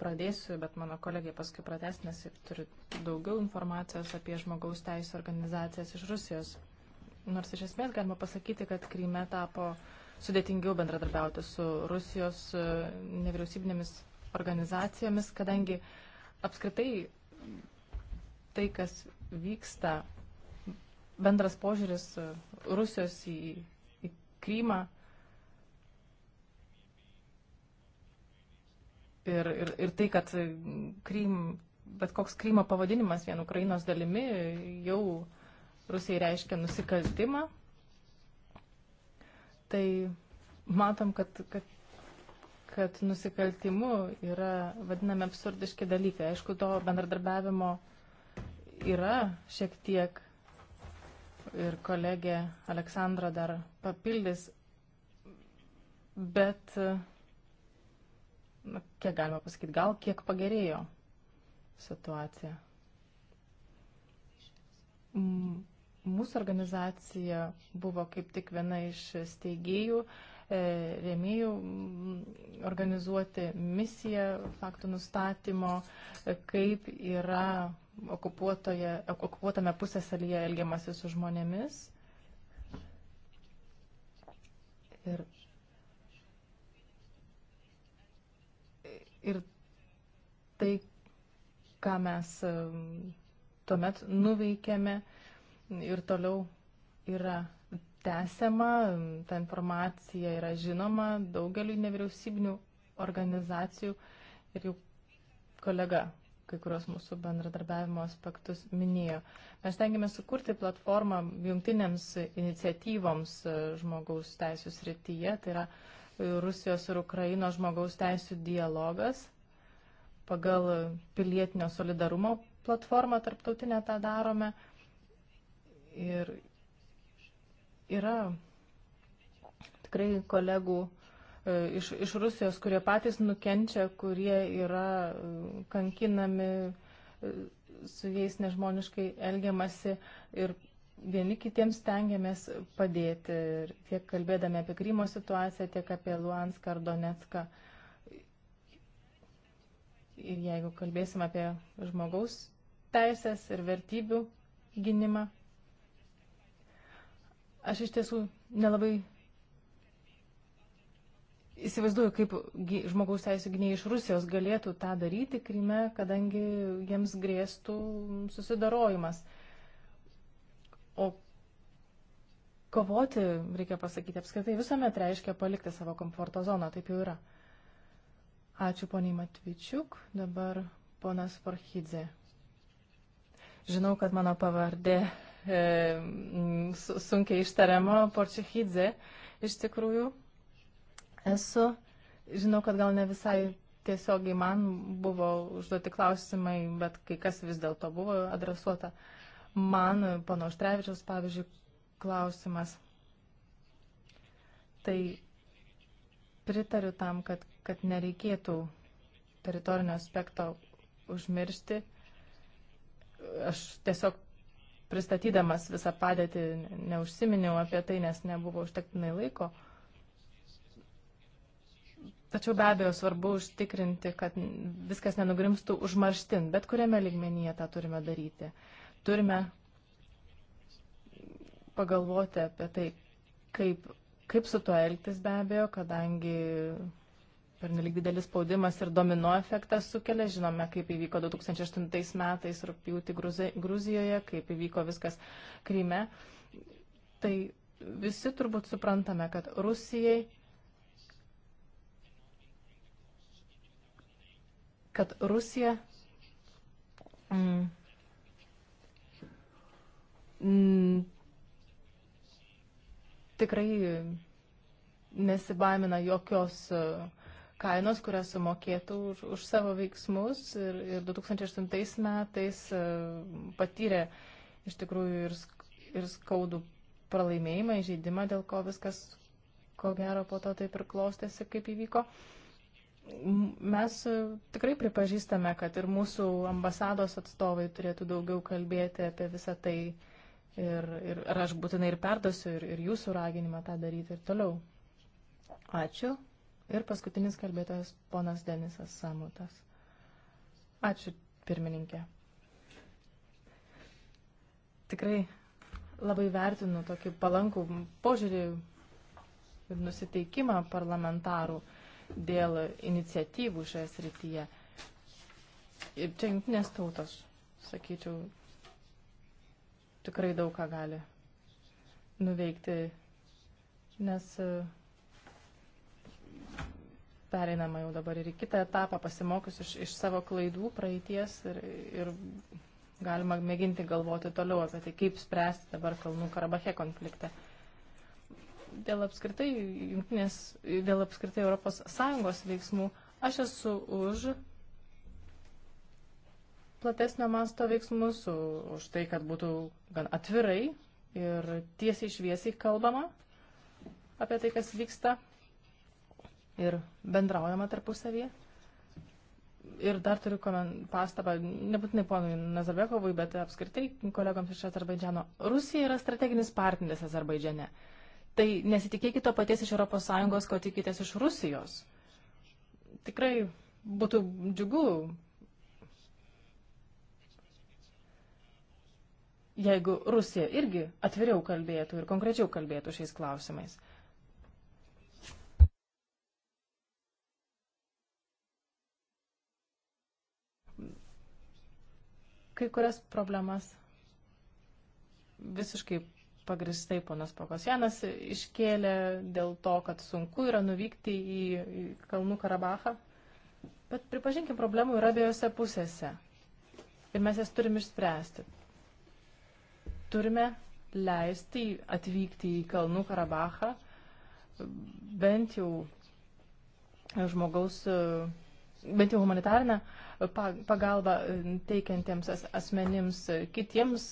pradėsiu, bet mano kolegė paskui prates, nes turi daugiau informacijos apie žmogaus teisų organizacijas iš Rusijos. Nors iš esmės galima pasakyti, kad Kryme tapo sudėtingiau bendradarbiauti su Rusijos e, nevyriausybinėmis organizacijomis, kadangi apskritai tai, kas vyksta, bendras požiūris e, Rusijos į, į Krymą Ir, ir, ir tai, kad Krym, bet koks Krymo pavadinimas vien Ukrainos dalimi jau Rusijai reiškia nusikaltimą, tai matom, kad, kad kad nusikaltimu yra vadinami absurdiški dalykai. Aišku, to bendradarbiavimo yra šiek tiek ir kolegė Aleksandra dar papildys, bet na, kiek galima pasakyti, gal kiek pagerėjo situacija. Mūsų organizacija buvo kaip tik viena iš steigėjų, e, rėmėjų organizuoti misiją faktų nustatymo, e, kaip yra okupuotame pusėsalyje elgiamasi su žmonėmis. Ir Ir tai, ką mes tuomet nuveikėme ir toliau yra tęsiama, ta informacija yra žinoma daugeliu nevyriausybinių organizacijų ir jau kolega kai kurios mūsų bendradarbiavimo aspektus minėjo. Mes tengiamės sukurti platformą jungtinėms iniciatyvoms e, žmogaus teisų srityje, tai yra uh, Rusijos ir Ukrainos žmogaus teisų dialogas pagal pilietinio solidarumo platformą tarptautinę tą darome. Ir yra tikrai kolegų e, iš, iš Rusijos, kurie patys nukenčia, kurie yra e, kankinami, e, su jais nežmoniškai elgiamasi ir vieni kitiems stengiamės padėti, tiek kalbėdami apie Krymo situaciją, tiek apie Luanską ar Donetską. Ir jeigu kalbėsim apie žmogaus teisės ir vertybių gynimą, aš iš tiesų nelabai Įsivaizduoju, kaip žmogaus teisų gyniai iš Rusijos galėtų tą daryti Kryme, kadangi jiems grėstų susidarojimas. Uh, O kovoti, reikia pasakyti, apskritai visuomet reiškia palikti savo komforto zoną, taip jau yra. Ačiū poniai Matvičiuk, dabar ponas Parchidze. Žinau, kad mano pavardė e, sunkiai ištariama, Porčihidze iš tikrųjų esu. Žinau, kad gal ne visai tiesiogiai man buvo užduoti klausimai, bet kai kas vis dėlto buvo adresuota. E, man, pano Štrevičiaus, pavyzdžiui, klausimas. Tai pritariu tam, kad, kad nereikėtų teritorinio aspekto užmiršti. Aš tiesiog pristatydamas visą padėtį neužsiminiau apie tai, nes nebuvo užtektinai laiko. Tačiau be abejo svarbu užtikrinti, kad viskas nenugrimstų užmarštin, bet kuriame ligmenyje tą turime daryti. Turime pagalvoti apie tai, kaip, kaip su tuo elgtis be abejo, kadangi per nelik didelis spaudimas ir domino efektas sukelia. Žinome, kaip įvyko 2008 metais rūpjūti Gruzijoje, kaip įvyko viskas Kryme. Tai visi turbūt suprantame, kad Rusijai kad Rusija mm, m, mm. tikrai nesibaimina jokios uh, kainos, kurią sumokėtų už, už savo veiksmus ir, ir 2008 metais uh, patyrė iš tikrųjų ir, ir skaudų pralaimėjimą, įžeidimą, dėl ko viskas, ko gero, po to taip ir klostėsi, kaip įvyko. Mes uh, tikrai pripažįstame, kad ir mūsų ambasados atstovai turėtų daugiau kalbėti apie visą tai, Ir, ir, ir aš būtinai ir perdosiu ir, ir jūsų raginimą tą daryti ir toliau. Ačiū. Ir paskutinis kalbėtojas ponas Denisas Samutas. Ačiū, pirmininkė. Tikrai labai vertinu tokį palankų požiūrį ir nusiteikimą parlamentarų dėl iniciatyvų šioje srityje. Ir čia jungtinės tautos, sakyčiau, tikrai daug ką gali nuveikti, nes e, pereinama jau dabar ir į kitą etapą, pasimokius iš, iš savo klaidų praeities ir, ir galima mėginti galvoti toliau apie tai, kaip spręsti dabar Kalnų Karabache konfliktą. Dėl apskritai, jungtinės, dėl apskritai Europos Sąjungos veiksmų aš esu už platesnio masto veiksmus, už tai, kad būtų gan atvirai ir tiesiai šviesiai kalbama apie tai, kas vyksta ir bendraujama tarpusavyje. Ir dar turiu pastabą, nebūtinai ponui Nazarbekovui, bet apskritai kolegoms iš Azerbaidžiano. Rusija yra strateginis partneris Azerbaidžiane. Tai nesitikėkite to paties iš ES, ko tikitės iš Rusijos. Tikrai būtų džiugu jeigu Rusija irgi atviriau kalbėtų ir konkrečiau kalbėtų šiais klausimais. Kai kurias problemas visiškai pagristai ponas Pakosienas iškėlė dėl to, kad sunku yra nuvykti į Kalnų Karabachą. Bet pripažinkim, problemų yra abiejose pusėse. Ir mes jas turim išspręsti. Turime leisti atvykti į Kalnų Karabachą bent jau žmogaus, bent jau humanitarinę pagalbą teikiantiems asmenims, kitiems,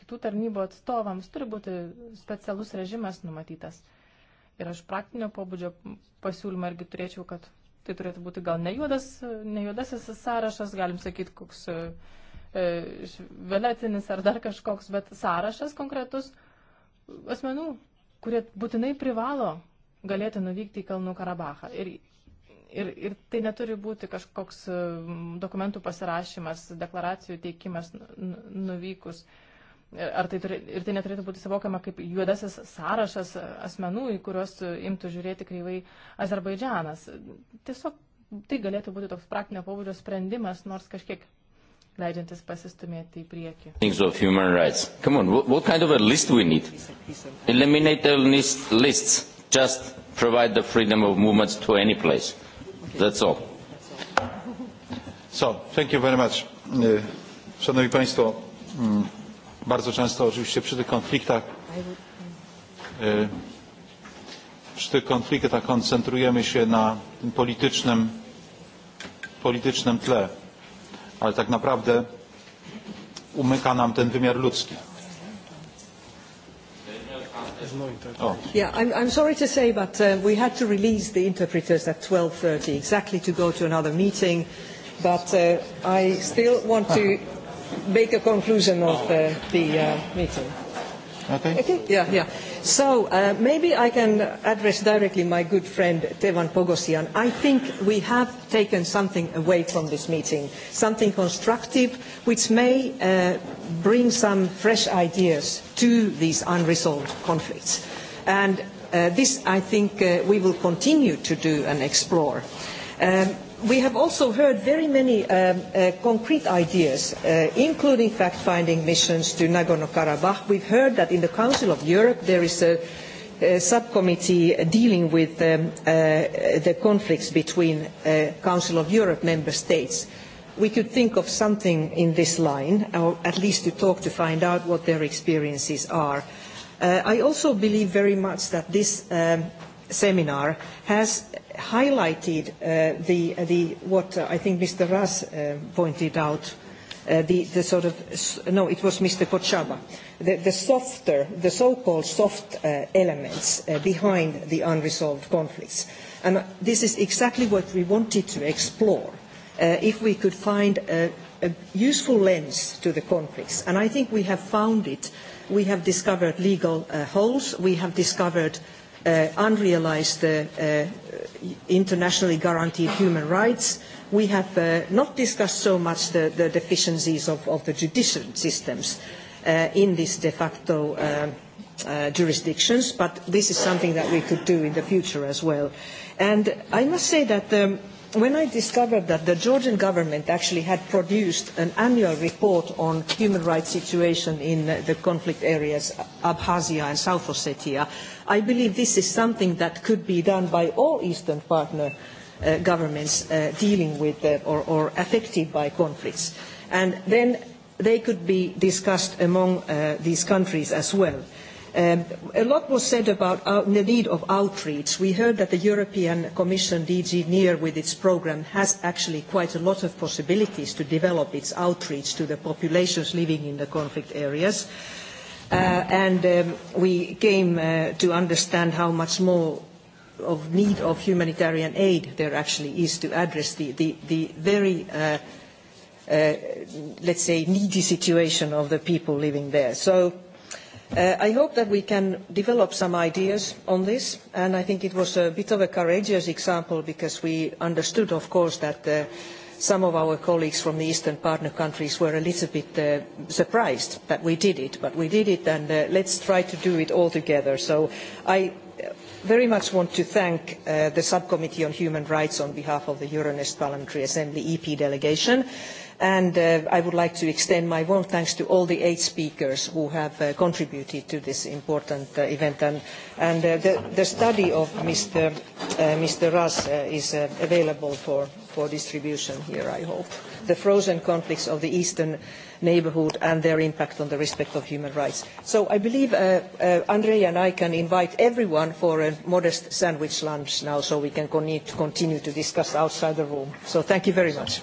kitų tarnybų atstovams turi būti specialus režimas numatytas. Ir aš praktinio pobūdžio pasiūlymą irgi turėčiau, kad tai turėtų būti gal ne, juodas, ne juodasis sąrašas, galim sakyti, koks uh, E, veletinis ar dar kažkoks, bet sąrašas konkretus asmenų, kurie būtinai privalo galėti nuvykti į Kalnų Karabachą. Ir, ir, ir tai neturi būti kažkoks e, dokumentų pasirašymas, deklaracijų teikimas nuvykus. E, ar tai turi, ir tai neturėtų būti savokiama kaip juodasis sąrašas asmenų, į kuriuos imtų žiūrėti kreivai Azerbaidžianas. Tiesiog tai galėtų būti toks praktinio pobūdžio sprendimas, nors kažkiek leidžiantis pasistumėti į priekį. On, what kind of a list we need? Eliminate the list, lists. Just provide the freedom of movements to any place. That's all. So, thank you very much. E, szanowni Państwo, mm, bardzo często oczywiście przy tych konfliktach e, przy tych konfliktach koncentrujemy się na tym politycznym, politycznym tle ale tak naprawdę umyka nam ten wymiar ludzki. Oh. Yeah, I'm, I'm sorry to say, but uh, we had to release the interpreters at 12.30 exactly to go to another meeting, but uh, I still want to make a conclusion of uh, the uh, meeting. Okay. okay. Yeah, yeah. So uh, maybe I can address directly my good friend Tevan Pogosian. I think we have taken something away from this meeting, something constructive, which may uh, bring some fresh ideas to these unresolved conflicts. And uh, this, I think, uh, we will continue to do and explore. Um, We have also heard very many um, uh, concrete ideas, uh, including fact-finding missions to Nagorno-Karabakh. We've heard that in the Council of Europe there is a, a subcommittee dealing with um, uh, the conflicts between uh, Council of Europe member states. We could think of something in this line, or at least to talk to find out what their experiences are. Uh, I also believe very much that this um, seminar has highlighted uh, the, uh, the, what uh, I think Mr. Ras uh, pointed out, uh, the, the sort of, no, it was Mr. Kochaba, the, the softer, the so-called soft uh, elements uh, behind the unresolved conflicts. And this is exactly what we wanted to explore, uh, if we could find a, a useful lens to the conflicts. And I think we have found it. We have discovered legal uh, holes. We have discovered uh, uh, unrealized uh, uh, internationally guaranteed human rights. We have uh, not discussed so much the, the deficiencies of, of the judicial systems uh, in these de facto uh, uh, jurisdictions, but this is something that we could do in the future as well. And I must say that um, uh, when I discovered that the Georgian government actually had produced an annual report on human rights situation in the conflict areas Abkhazia and South Ossetia, I believe this is something that could be done by all Eastern partner uh, governments uh, dealing with uh, or, or affected by conflicts. And then they could be discussed among uh, these countries as well. Uh, Um, a lot was said about our, the need of outreach. We heard that the European Commission DG NEAR with its program has actually quite a lot of possibilities to develop its outreach to the populations living in the conflict areas. Uh, and um, we came uh, to understand how much more of need of humanitarian aid there actually is to address the, the, the very uh, uh, let's say needy situation of the people living there. So Uh, I hope that we can develop some ideas on this, and I think it was a bit of a courageous example because we understood, of course, that uh, some of our colleagues from the Eastern partner countries were a little bit uh, surprised that we did it, but we did it, and uh, let's try to do it all together. So I uh, very much want to thank uh, the Subcommittee on Human Rights on behalf of the Euronest Parliamentary Assembly EP delegation. Uh, And uh, I would like to extend my warm thanks to all the eight speakers who have uh, contributed to this important uh, event. And, and uh, the, the study of Mr. Uh, Mr. Russ uh, is uh, available for, for distribution here, I hope. The frozen conflicts of the eastern neighborhood and their impact on the respect of human rights. So I believe uh, uh, Andrei and I can invite everyone for a modest sandwich lunch now so we can con continue to discuss outside the room. So thank you very much.